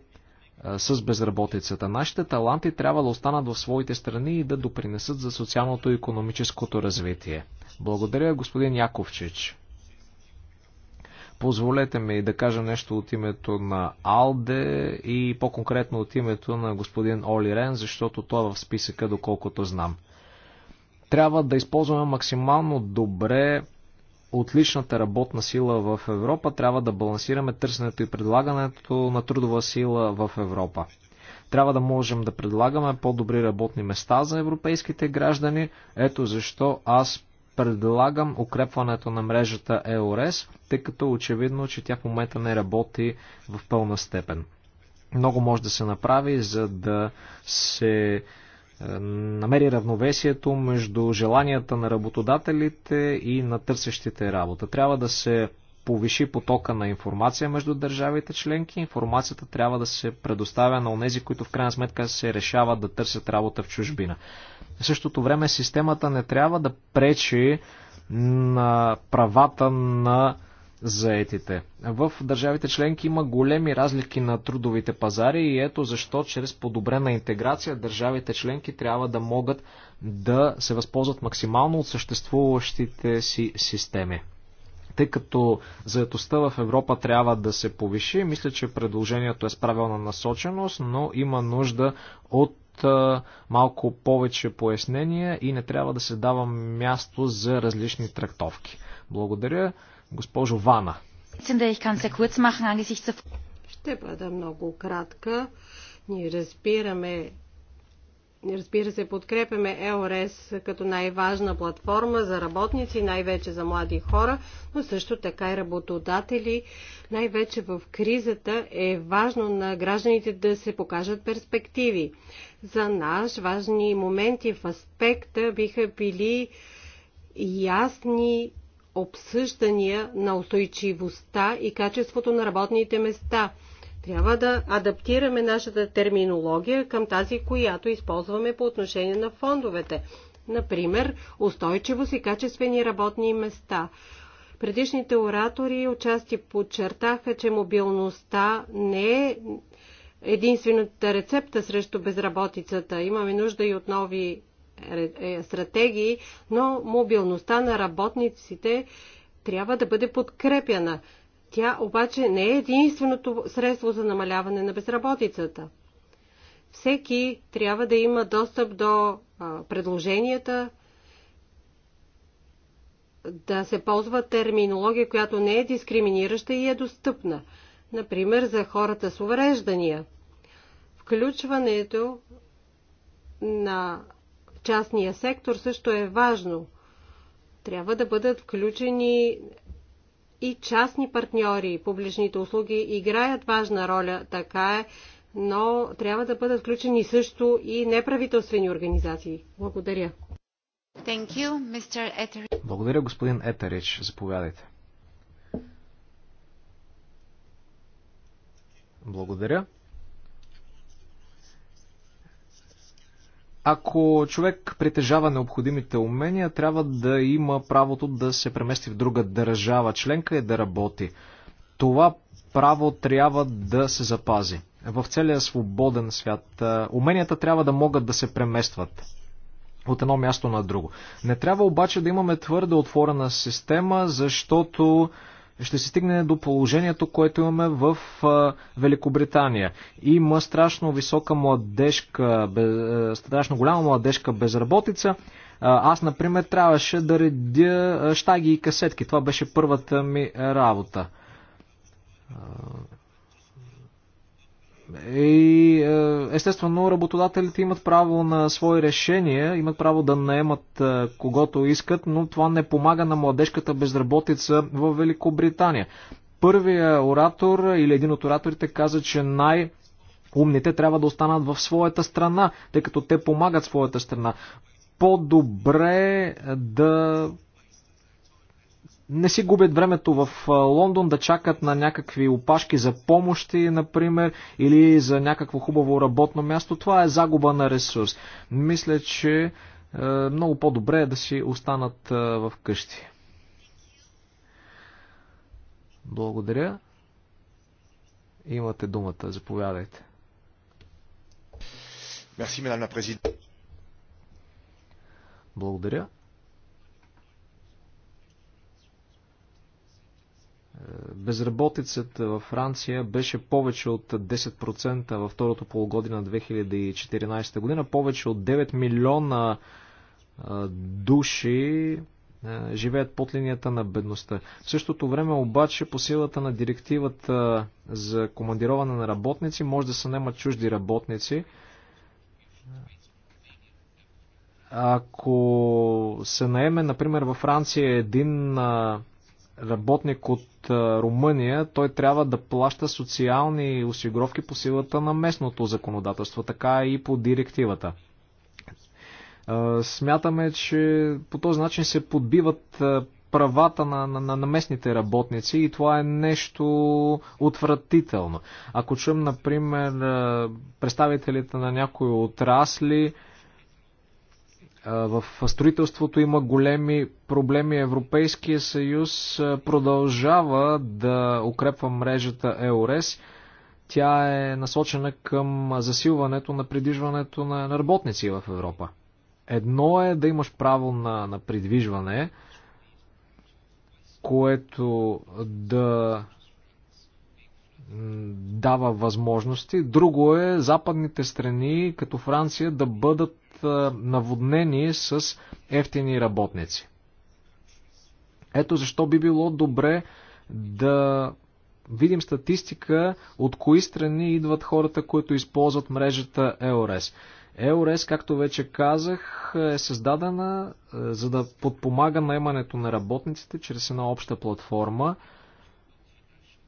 с безработицата. Нашите таланти трябва да останат в своите страни и да допринесат за социалното и економическото развитие. Благодаря, господин Яковчич. Позволете ми да кажа нещо от името на Алде и по-конкретно от името на господин Оли Рен, защото той е в списъка, доколкото знам. Трябва да използваме максимално добре отличната работна сила в Европа, трябва да балансираме търсенето и предлагането на трудова сила в Европа. Трябва да можем да предлагаме по-добри работни места за европейските граждани. Ето защо аз предлагам укрепването на мрежата EORES, тъй като очевидно, че тя в момента не работи в пълна степен. Много може да се направи, за да се е, намери равновесието между желанията на работодателите и на търсещите работа. Трябва да се повиши потока на информация между държавите членки. Информацията трябва да се предоставя на онези, които в крайна сметка се решават да търсят работа в чужбина. В същото време системата не трябва да пречи на правата на заетите. В държавите членки има големи разлики на трудовите пазари и ето защо чрез подобрена интеграция държавите членки трябва да могат да се възползват максимално от съществуващите си системи. Тъй като заетостта в Европа трябва да се повиши, мисля, че предложението е с правилна насоченост, но има нужда от малко повече пояснения и не трябва да се дава място за различни трактовки. Благодаря. Госпожо Вана. Ще бъда много кратка. Ние разбираме Разбира се, подкрепяме ЕОРЕС като най-важна платформа за работници, най-вече за млади хора, но също така и работодатели. Най-вече в кризата е важно на гражданите да се покажат перспективи. За нас важни моменти в аспекта биха били ясни обсъждания на устойчивостта и качеството на работните места. Трябва да адаптираме нашата терминология към тази, която използваме по отношение на фондовете. Например, устойчивост и качествени работни места. Предишните оратори отчасти подчертаха, че мобилността не е единствената рецепта срещу безработицата. Имаме нужда и от нови е, стратегии, но мобилността на работниците трябва да бъде подкрепяна. Тя обаче не е единственото средство за намаляване на безработицата. Всеки трябва да има достъп до предложенията, да се ползва терминология, която не е дискриминираща и е достъпна. Например, за хората с увреждания. Включването на частния сектор също е важно. Трябва да бъдат включени и частни партньори. Публичните услуги играят важна роля, така е, но трябва да бъдат включени също и неправителствени организации. Благодаря. Thank you, Mr. Благодаря, господин Етерич. Заповядайте. Благодаря. Ако човек притежава необходимите умения, трябва да има правото да се премести в друга държава членка и да работи. Това право трябва да се запази. В целия свободен свят уменията трябва да могат да се преместват от едно място на друго. Не трябва обаче да имаме твърде отворена система, защото ще се стигне до положението, което имаме в Великобритания. Има страшно висока младежка, е, страшно голяма младежка безработица. Аз, например, трябваше да редя щаги и касетки. Това беше първата ми работа. Е, и е, естествено работодателите имат право на свои решения, имат право да наемат е, когото искат, но това не помага на младежката безработица в Великобритания. Първият оратор или един от ораторите каза, че най- Умните трябва да останат в своята страна, тъй като те помагат своята страна. По-добре да не си губят времето в Лондон да чакат на някакви опашки за помощи, например, или за някакво хубаво работно място. Това е загуба на ресурс. Мисля, че е, много по-добре е да си останат е, в къщи. Благодаря. Имате думата. Заповядайте. Благодаря. Безработицата във Франция беше повече от 10% във второто полугодие на 2014 година. Повече от 9 милиона души живеят под линията на бедността. В същото време обаче по силата на директивата за командироване на работници може да се немат чужди работници. Ако се наеме, например, във Франция един работник от Румъния, той трябва да плаща социални осигуровки по силата на местното законодателство, така и по директивата. Смятаме, че по този начин се подбиват правата на, на, на местните работници и това е нещо отвратително. Ако чуем, например, представителите на някои отрасли, в строителството има големи проблеми. Европейския съюз продължава да укрепва мрежата ЕОРЕС. Тя е насочена към засилването на придвижването на работници в Европа. Едно е да имаш право на, на придвижване, което да дава възможности. Друго е западните страни, като Франция, да бъдат наводнени с ефтини работници. Ето защо би било добре да видим статистика от кои страни идват хората, които използват мрежата EORES. EORES, както вече казах, е създадена е, за да подпомага наемането на работниците чрез една обща платформа,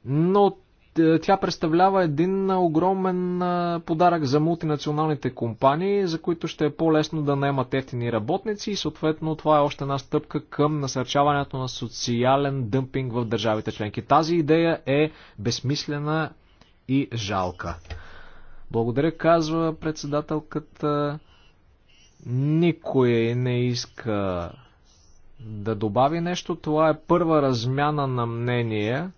но е, тя представлява един огромен е, подарък за мултинационалните компании, за които ще е по-лесно да наемат ефтини работници и съответно това е още една стъпка към насърчаването на социален дъмпинг в държавите членки. Тази идея е безсмислена и жалка. Благодаря, казва председателката. Никой не иска да добави нещо. Това е първа размяна на мнения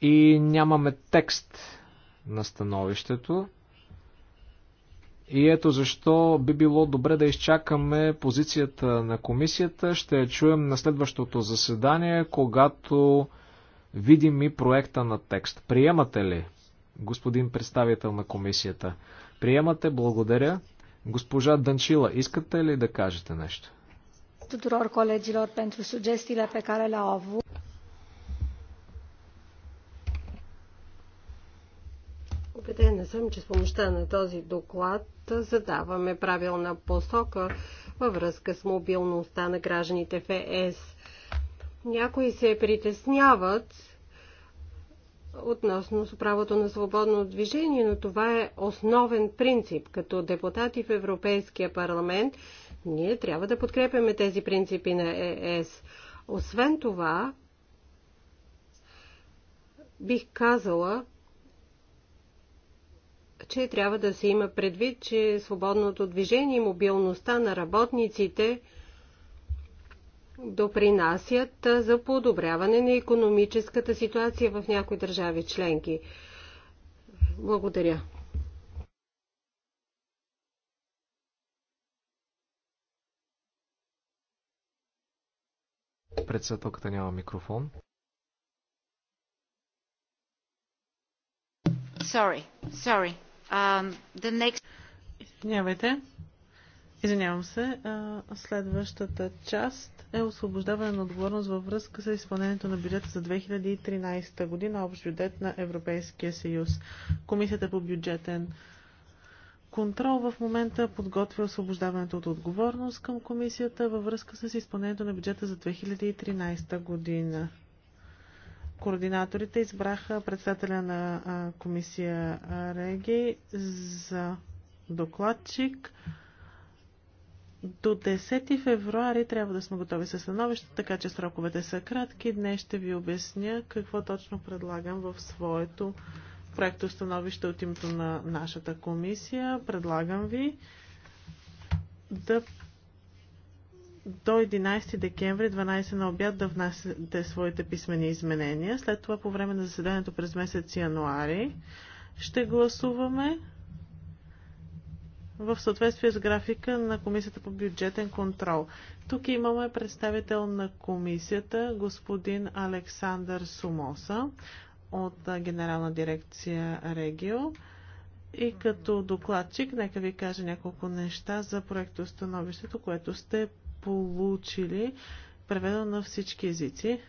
и нямаме текст на становището. И ето защо би било добре да изчакаме позицията на комисията. Ще я чуем на следващото заседание, когато видим и проекта на текст. Приемате ли, господин представител на комисията? Приемате, благодаря. Госпожа Данчила, искате ли да кажете нещо? Убедена съм, че с помощта на този доклад задаваме правилна посока във връзка с мобилността на гражданите в ЕС. Някои се притесняват относно правото на свободно движение, но това е основен принцип. Като депутати в Европейския парламент, ние трябва да подкрепяме тези принципи на ЕС. Освен това, бих казала, че трябва да се има предвид, че свободното движение и мобилността на работниците допринасят за подобряване на економическата ситуация в някои държави членки. Благодаря. Председателката няма микрофон. Sorry, sorry. Um, Извинявайте. Извинявам се. Следващата част е освобождаване на отговорност във връзка с изпълнението на бюджета за 2013 година, общ бюджет на Европейския съюз. Комисията по бюджетен контрол в момента подготвя освобождаването от отговорност към комисията във връзка с изпълнението на бюджета за 2013 година координаторите избраха председателя на комисия Реги за докладчик. До 10 февруари трябва да сме готови с становище, така че сроковете са кратки. Днес ще ви обясня какво точно предлагам в своето проекто становище от името на нашата комисия. Предлагам ви да до 11 декември 12 на обяд да внасяте своите писмени изменения. След това по време на заседанието през месец януари ще гласуваме в съответствие с графика на Комисията по бюджетен контрол. Тук имаме представител на комисията, господин Александър Сумоса от Генерална дирекция Регио. И като докладчик, нека ви кажа няколко неща за становището, което сте получили преведено на всички езици.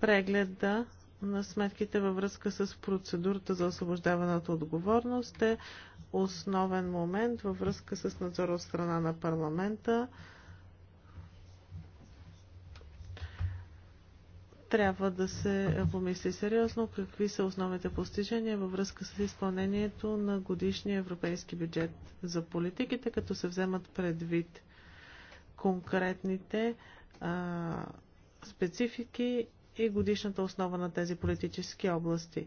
Прегледа на сметките във връзка с процедурата за от отговорност е основен момент във връзка с надзора от страна на парламента трябва да се помисли сериозно какви са основните постижения във връзка с изпълнението на годишния европейски бюджет за политиките, като се вземат предвид конкретните а, специфики и годишната основа на тези политически области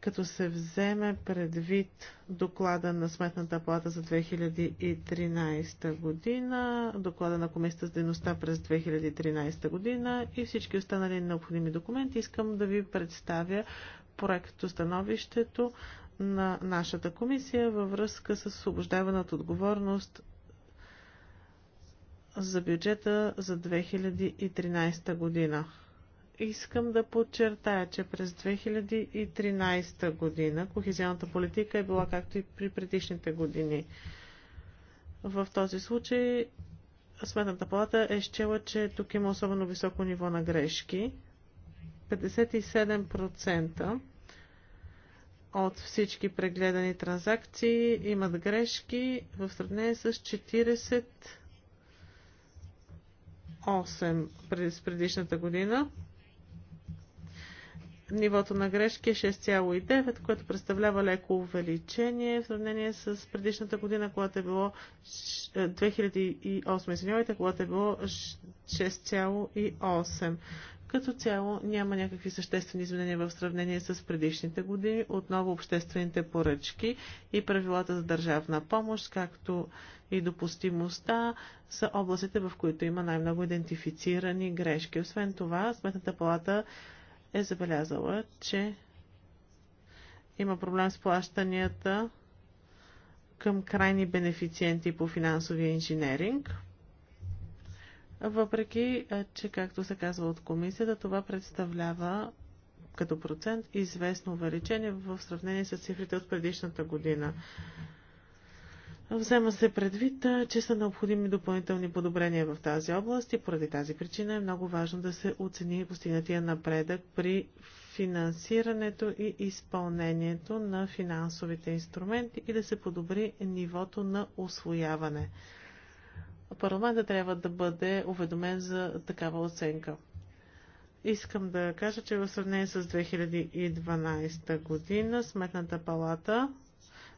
като се вземе предвид доклада на Сметната плата за 2013 година, доклада на Комисията за дейността през 2013 година и всички останали необходими документи, искам да ви представя проекто становището на нашата комисия във връзка с освобождаване от отговорност за бюджета за 2013 година искам да подчертая, че през 2013 година кохезионната политика е била както и при предишните години. В този случай Сметната палата е счела, че тук има особено високо ниво на грешки. 57% от всички прегледани транзакции имат грешки в сравнение с 40 през предишната година. Нивото на грешки е 6,9, което представлява леко увеличение в сравнение с предишната година, когато е било 2008, е, извинявайте, когато е било 6,8. Като цяло няма някакви съществени изменения в сравнение с предишните години. Отново обществените поръчки и правилата за държавна помощ, както и допустимостта са областите, в които има най-много идентифицирани грешки. Освен това, Сметната палата е забелязала, че има проблем с плащанията към крайни бенефициенти по финансовия инженеринг. Въпреки, е, че, както се казва от комисията, това представлява като процент известно увеличение в сравнение с цифрите от предишната година. Взема се предвид, че са необходими допълнителни подобрения в тази област и поради тази причина е много важно да се оцени постигнатия напредък при финансирането и изпълнението на финансовите инструменти и да се подобри нивото на освояване. Парламентът трябва да бъде уведомен за такава оценка. Искам да кажа, че в сравнение с 2012 година Сметната палата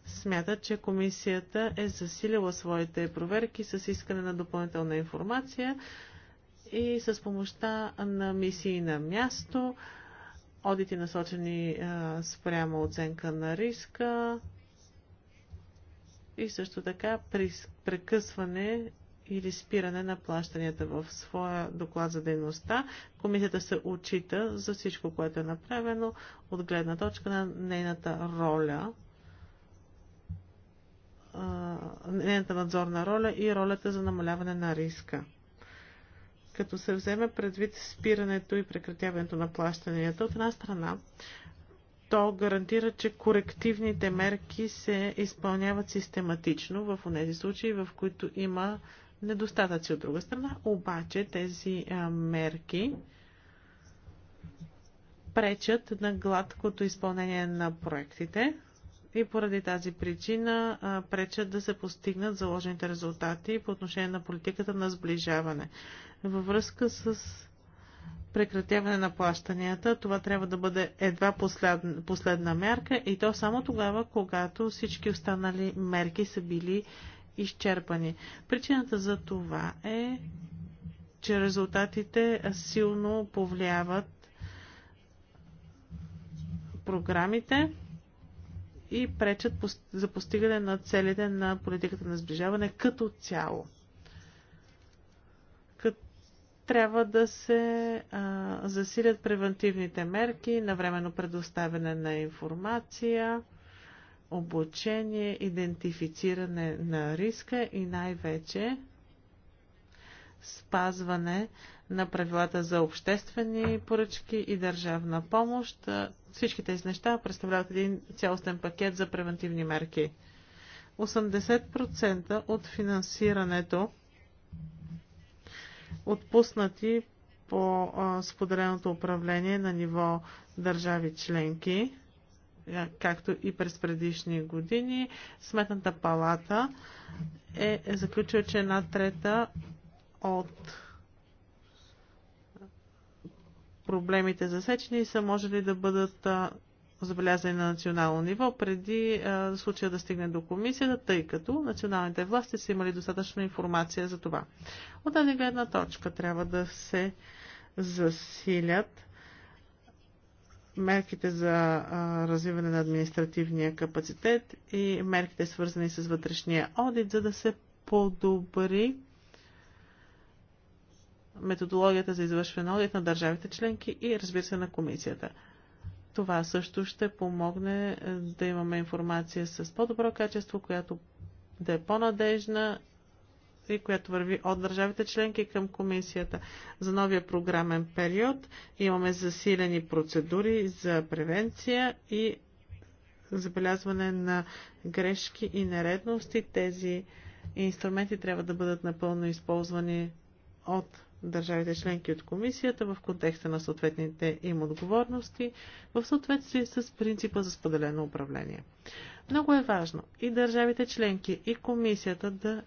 смятат, че комисията е засилила своите проверки с искане на допълнителна информация и с помощта на мисии на място, одити насочени спрямо оценка на риска и също така при прекъсване или спиране на плащанията в своя доклад за дейността. Комисията се отчита за всичко, което е направено от гледна точка на нейната роля нейната надзорна роля и ролята за намаляване на риска. Като се вземе предвид спирането и прекратяването на плащанията, от една страна, то гарантира, че корективните мерки се изпълняват систематично в тези случаи, в които има недостатъци от друга страна. Обаче тези а, мерки пречат на гладкото изпълнение на проектите, и поради тази причина пречат да се постигнат заложените резултати по отношение на политиката на сближаване. Във връзка с прекратяване на плащанията, това трябва да бъде едва последна, последна мярка и то само тогава, когато всички останали мерки са били изчерпани. Причината за това е, че резултатите силно повлияват програмите и пречат за постигане на целите на политиката на сближаване като цяло. Трябва да се а, засилят превентивните мерки, навременно предоставяне на информация, обучение, идентифициране на риска и най-вече спазване на правилата за обществени поръчки и държавна помощ, всички тези неща представляват един цялостен пакет за превентивни мерки. 80% от финансирането отпуснати по споделеното управление на ниво държави членки, както и през предишни години. Сметната палата е, е заключила, че една трета от проблемите засечени и са можели да бъдат забелязани на национално ниво, преди случая да стигне до комисията, тъй като националните власти са имали достатъчно информация за това. От тази гледна точка трябва да се засилят мерките за а, развиване на административния капацитет и мерките свързани с вътрешния одит, за да се подобри методологията за извършване на одит на държавите членки и разбира се на комисията. Това също ще помогне е, да имаме информация с по-добро качество, която да е по-надежна и която върви от държавите членки към комисията. За новия програмен период имаме засилени процедури за превенция и забелязване на грешки и нередности. Тези инструменти трябва да бъдат напълно използвани от държавите членки от комисията в контекста на съответните им отговорности в съответствие с принципа за споделено управление. Много е важно и държавите членки и комисията да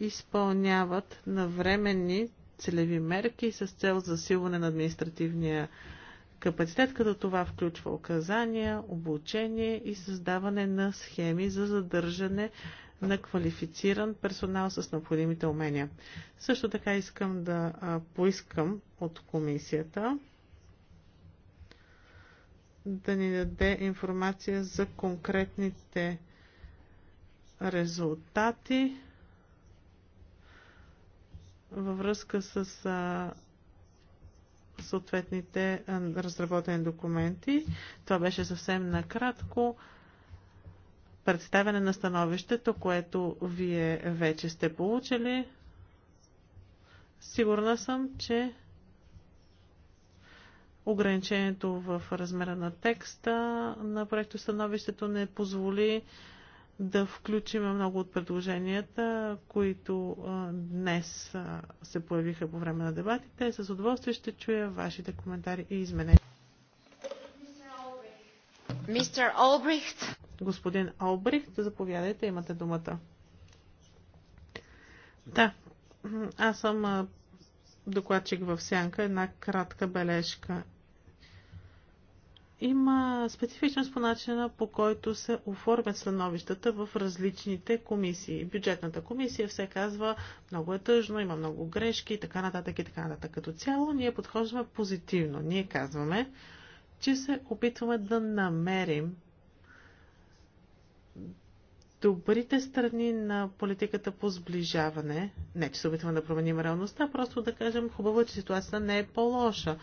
изпълняват навременни целеви мерки с цел засилване на административния капацитет, като това включва указания, обучение и създаване на схеми за задържане на квалифициран персонал с необходимите умения. Също така искам да поискам от комисията да ни даде информация за конкретните резултати във връзка с съответните разработени документи. Това беше съвсем накратко представяне на становището, което вие вече сте получили. Сигурна съм, че ограничението в размера на текста на проекто становището не позволи да включим много от предложенията, които днес се появиха по време на дебатите. С удоволствие ще чуя вашите коментари и изменения. Мистер Олбрихт. Господин Олбрихт, заповядайте, имате думата. Да, аз съм докладчик в сянка. Една кратка бележка. Има специфичност по начина, по който се оформят становищата в различните комисии. Бюджетната комисия все казва, много е тъжно, има много грешки и така нататък и така нататък. Като цяло ние подхождаме позитивно. Ние казваме, че се опитваме да намерим добрите страни на политиката по сближаване. Не, че се опитваме да променим реалността, просто да кажем хубаво, е, че ситуацията не е по-лоша.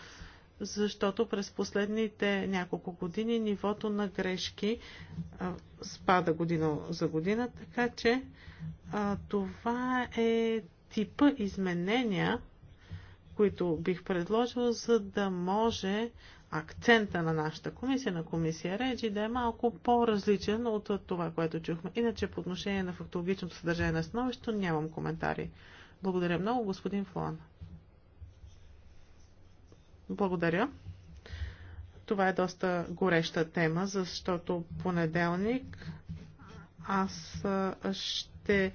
Защото през последните няколко години нивото на грешки а, спада година за година, така че а, това е типа изменения, които бих предложил, за да може акцента на нашата комисия, на комисия Реджи, да е малко по-различен от това, което чухме. Иначе по отношение на фактологичното съдържание на становището нямам коментари. Благодаря много, господин Флан. Благодаря. Това е доста гореща тема, защото понеделник аз ще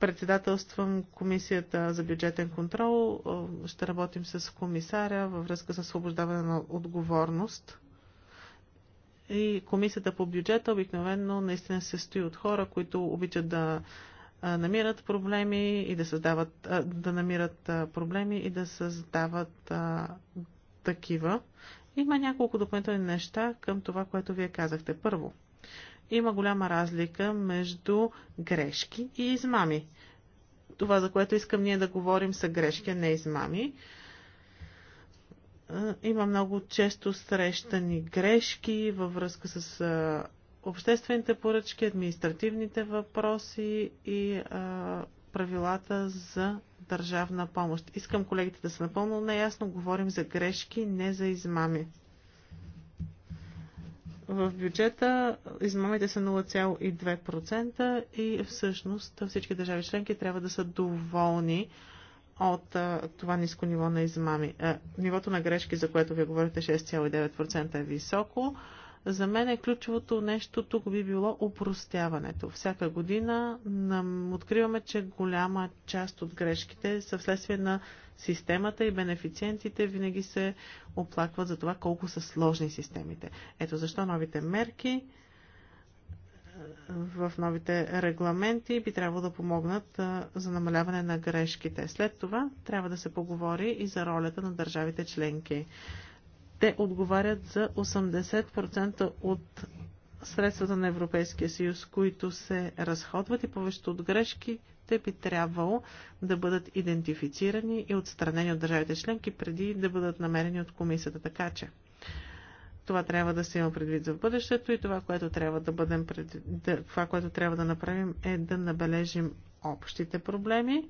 председателствам Комисията за бюджетен контрол. Ще работим с комисаря във връзка с освобождаване на отговорност. И комисията по бюджета обикновено наистина се стои от хора, които обичат да намират проблеми и да създават, да намират проблеми и да създават а, такива. Има няколко допълнителни неща към това, което вие казахте. Първо, има голяма разлика между грешки и измами. Това, за което искам ние да говорим, са грешки, а не измами. Има много често срещани грешки във връзка с обществените поръчки, административните въпроси и правилата за държавна помощ. Искам колегите да са напълно неясно. говорим за грешки, не за измами в бюджета измамите са 0,2% и всъщност всички държави членки трябва да са доволни от а, това ниско ниво на измами. А, нивото на грешки, за което ви говорите, 6,9% е високо. За мен е ключовото нещо тук би било упростяването. Всяка година нам откриваме, че голяма част от грешките са вследствие на системата и бенефициентите винаги се оплакват за това колко са сложни системите. Ето защо новите мерки е, в новите регламенти би трябвало да помогнат е, за намаляване на грешките. След това трябва да се поговори и за ролята на държавите членки. Те отговарят за 80% от средствата на Европейския съюз, които се разходват и повечето от грешки ще би трябвало да бъдат идентифицирани и отстранени от държавите членки преди да бъдат намерени от комисията. Така че това трябва да се има предвид за бъдещето и това, което трябва да, бъдем пред... да, това, което трябва да направим е да набележим общите проблеми,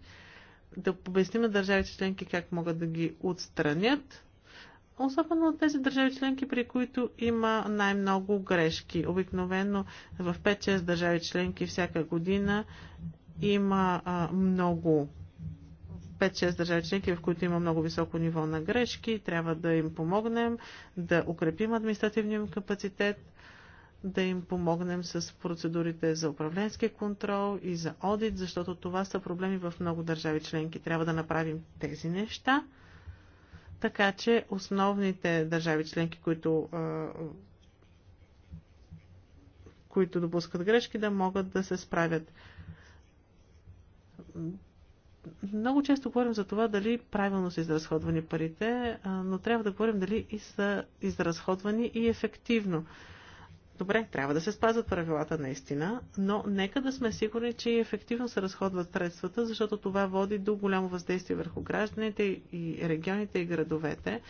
да обясним на държавите членки как могат да ги отстранят, особено от тези държави членки, при които има най-много грешки. Обикновено в 5-6 държави членки всяка година има много 5-6 държави членки, в които има много високо ниво на грешки. Трябва да им помогнем да укрепим административния им капацитет, да им помогнем с процедурите за управленски контрол и за одит, защото това са проблеми в много държави членки. Трябва да направим тези неща, така че основните държави членки, които които допускат грешки, да могат да се справят много често говорим за това дали правилно са изразходвани парите, но трябва да говорим дали и са изразходвани и ефективно. Добре, трябва да се спазват правилата наистина, но нека да сме сигурни, че ефективно се разходват средствата, защото това води до голямо въздействие върху гражданите и регионите и градовете,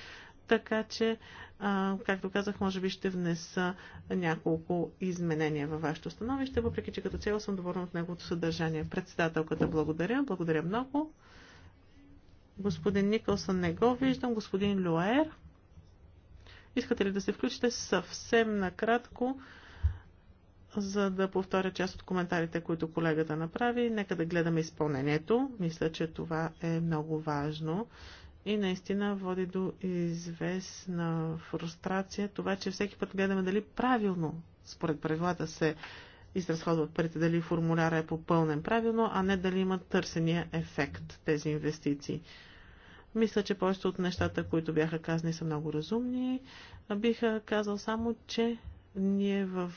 така че, а, както казах, може би ще внеса няколко изменения във вашето становище, въпреки че като цяло съм доволна от неговото съдържание. Председателката благодаря, благодаря много. Господин Никълсън не го виждам, господин Люаер. Искате ли да се включите съвсем накратко, за да повторя част от коментарите, които колегата направи? Нека да гледаме изпълнението. Мисля, че това е много важно и наистина води до известна фрустрация това, че всеки път гледаме дали правилно според правилата се изразходват парите, дали формуляра е попълнен правилно, а не дали има търсения ефект тези инвестиции. Мисля, че повечето от нещата, които бяха казани, са много разумни. Биха казал само, че ние в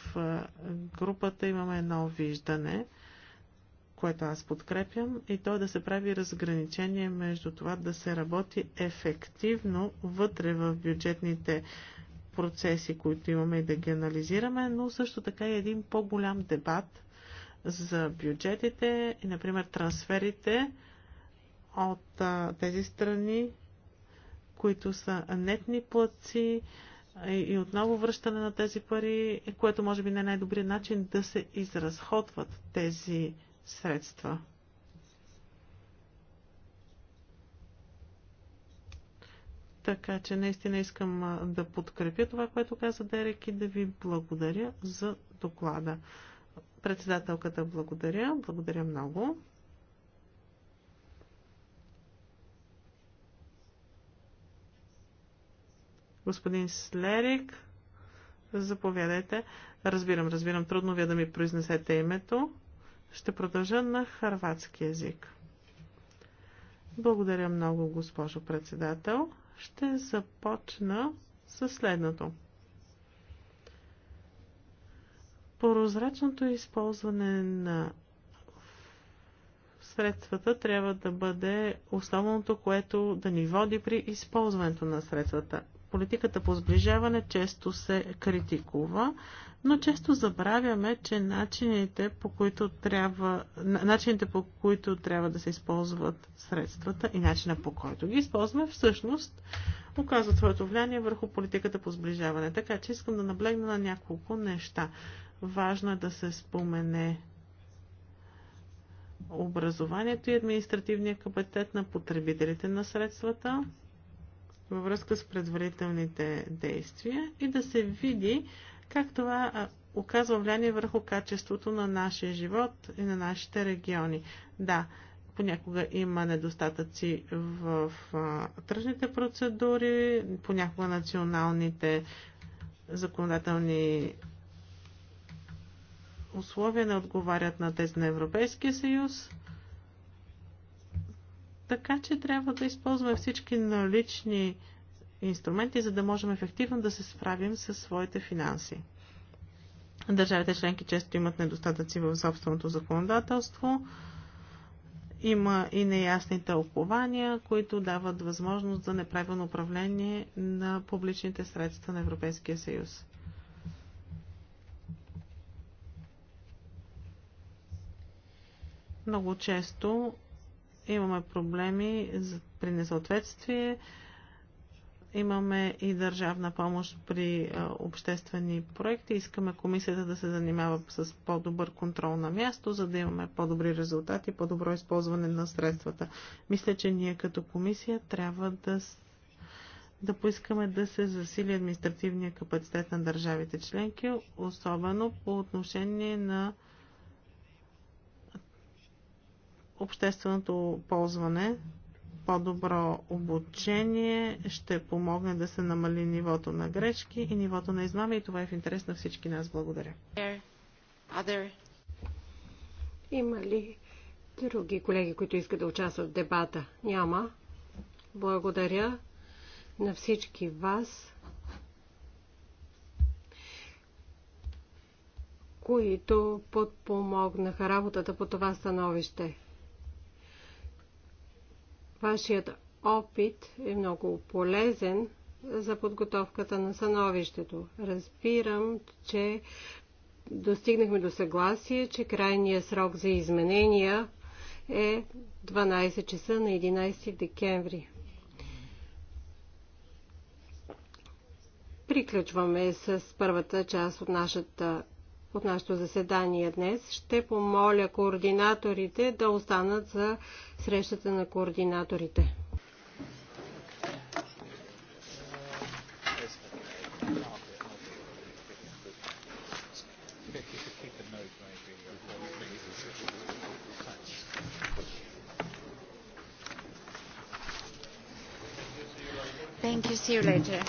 групата имаме едно виждане – което аз подкрепям, и то е да се прави разграничение между това да се работи ефективно вътре в бюджетните процеси, които имаме и да ги анализираме, но също така и един по-голям дебат за бюджетите и, например, трансферите от а, тези страни, които са нетни платци и, и отново връщане на тези пари, което може би не е най-добрият начин да се изразходват тези средства. Така че наистина искам да подкрепя това, което каза Дерек и да ви благодаря за доклада. Председателката благодаря. Благодаря много. Господин Слерик, заповядайте. Разбирам, разбирам. Трудно вие да ми произнесете името. Ще продължа на харватски язик. Благодаря много, госпожо председател. Ще започна с следното. Прозрачното използване на средствата трябва да бъде основното, което да ни води при използването на средствата политиката по сближаване често се критикува, но често забравяме, че начините по които трябва, начините по които трябва да се използват средствата и начина по който ги използваме, всъщност оказват своето влияние върху политиката по сближаване. Така че искам да наблегна на няколко неща. Важно е да се спомене образованието и административния капацитет на потребителите на средствата във връзка с предварителните действия и да се види как това оказва влияние върху качеството на нашия живот и на нашите региони. Да, понякога има недостатъци в тръжните процедури, понякога националните законодателни условия не отговарят на тези на Европейския съюз. Така че трябва да използваме всички налични инструменти, за да можем ефективно да се справим с своите финанси. Държавите членки често имат недостатъци в собственото законодателство. Има и неясни тълкования, които дават възможност за неправилно управление на публичните средства на Европейския съюз. Много често имаме проблеми при несъответствие, имаме и държавна помощ при обществени проекти, искаме комисията да се занимава с по-добър контрол на място, за да имаме по-добри резултати, по-добро използване на средствата. Мисля, че ние като комисия трябва да да поискаме да се засили административния капацитет на държавите членки, особено по отношение на общественото ползване, по-добро обучение ще помогне да се намали нивото на грешки и нивото на измами и това е в интерес на всички нас. Благодаря. Има ли други колеги, които искат да участват в дебата? Няма. Благодаря на всички вас, които подпомогнаха работата по това становище. Вашият опит е много полезен за подготовката на становището. Разбирам, че достигнахме до съгласие, че крайният срок за изменения е 12 часа на 11 декември. Приключваме с първата част от нашата от нашето заседание днес. Ще помоля координаторите да останат за срещата на координаторите. Thank you. See you later.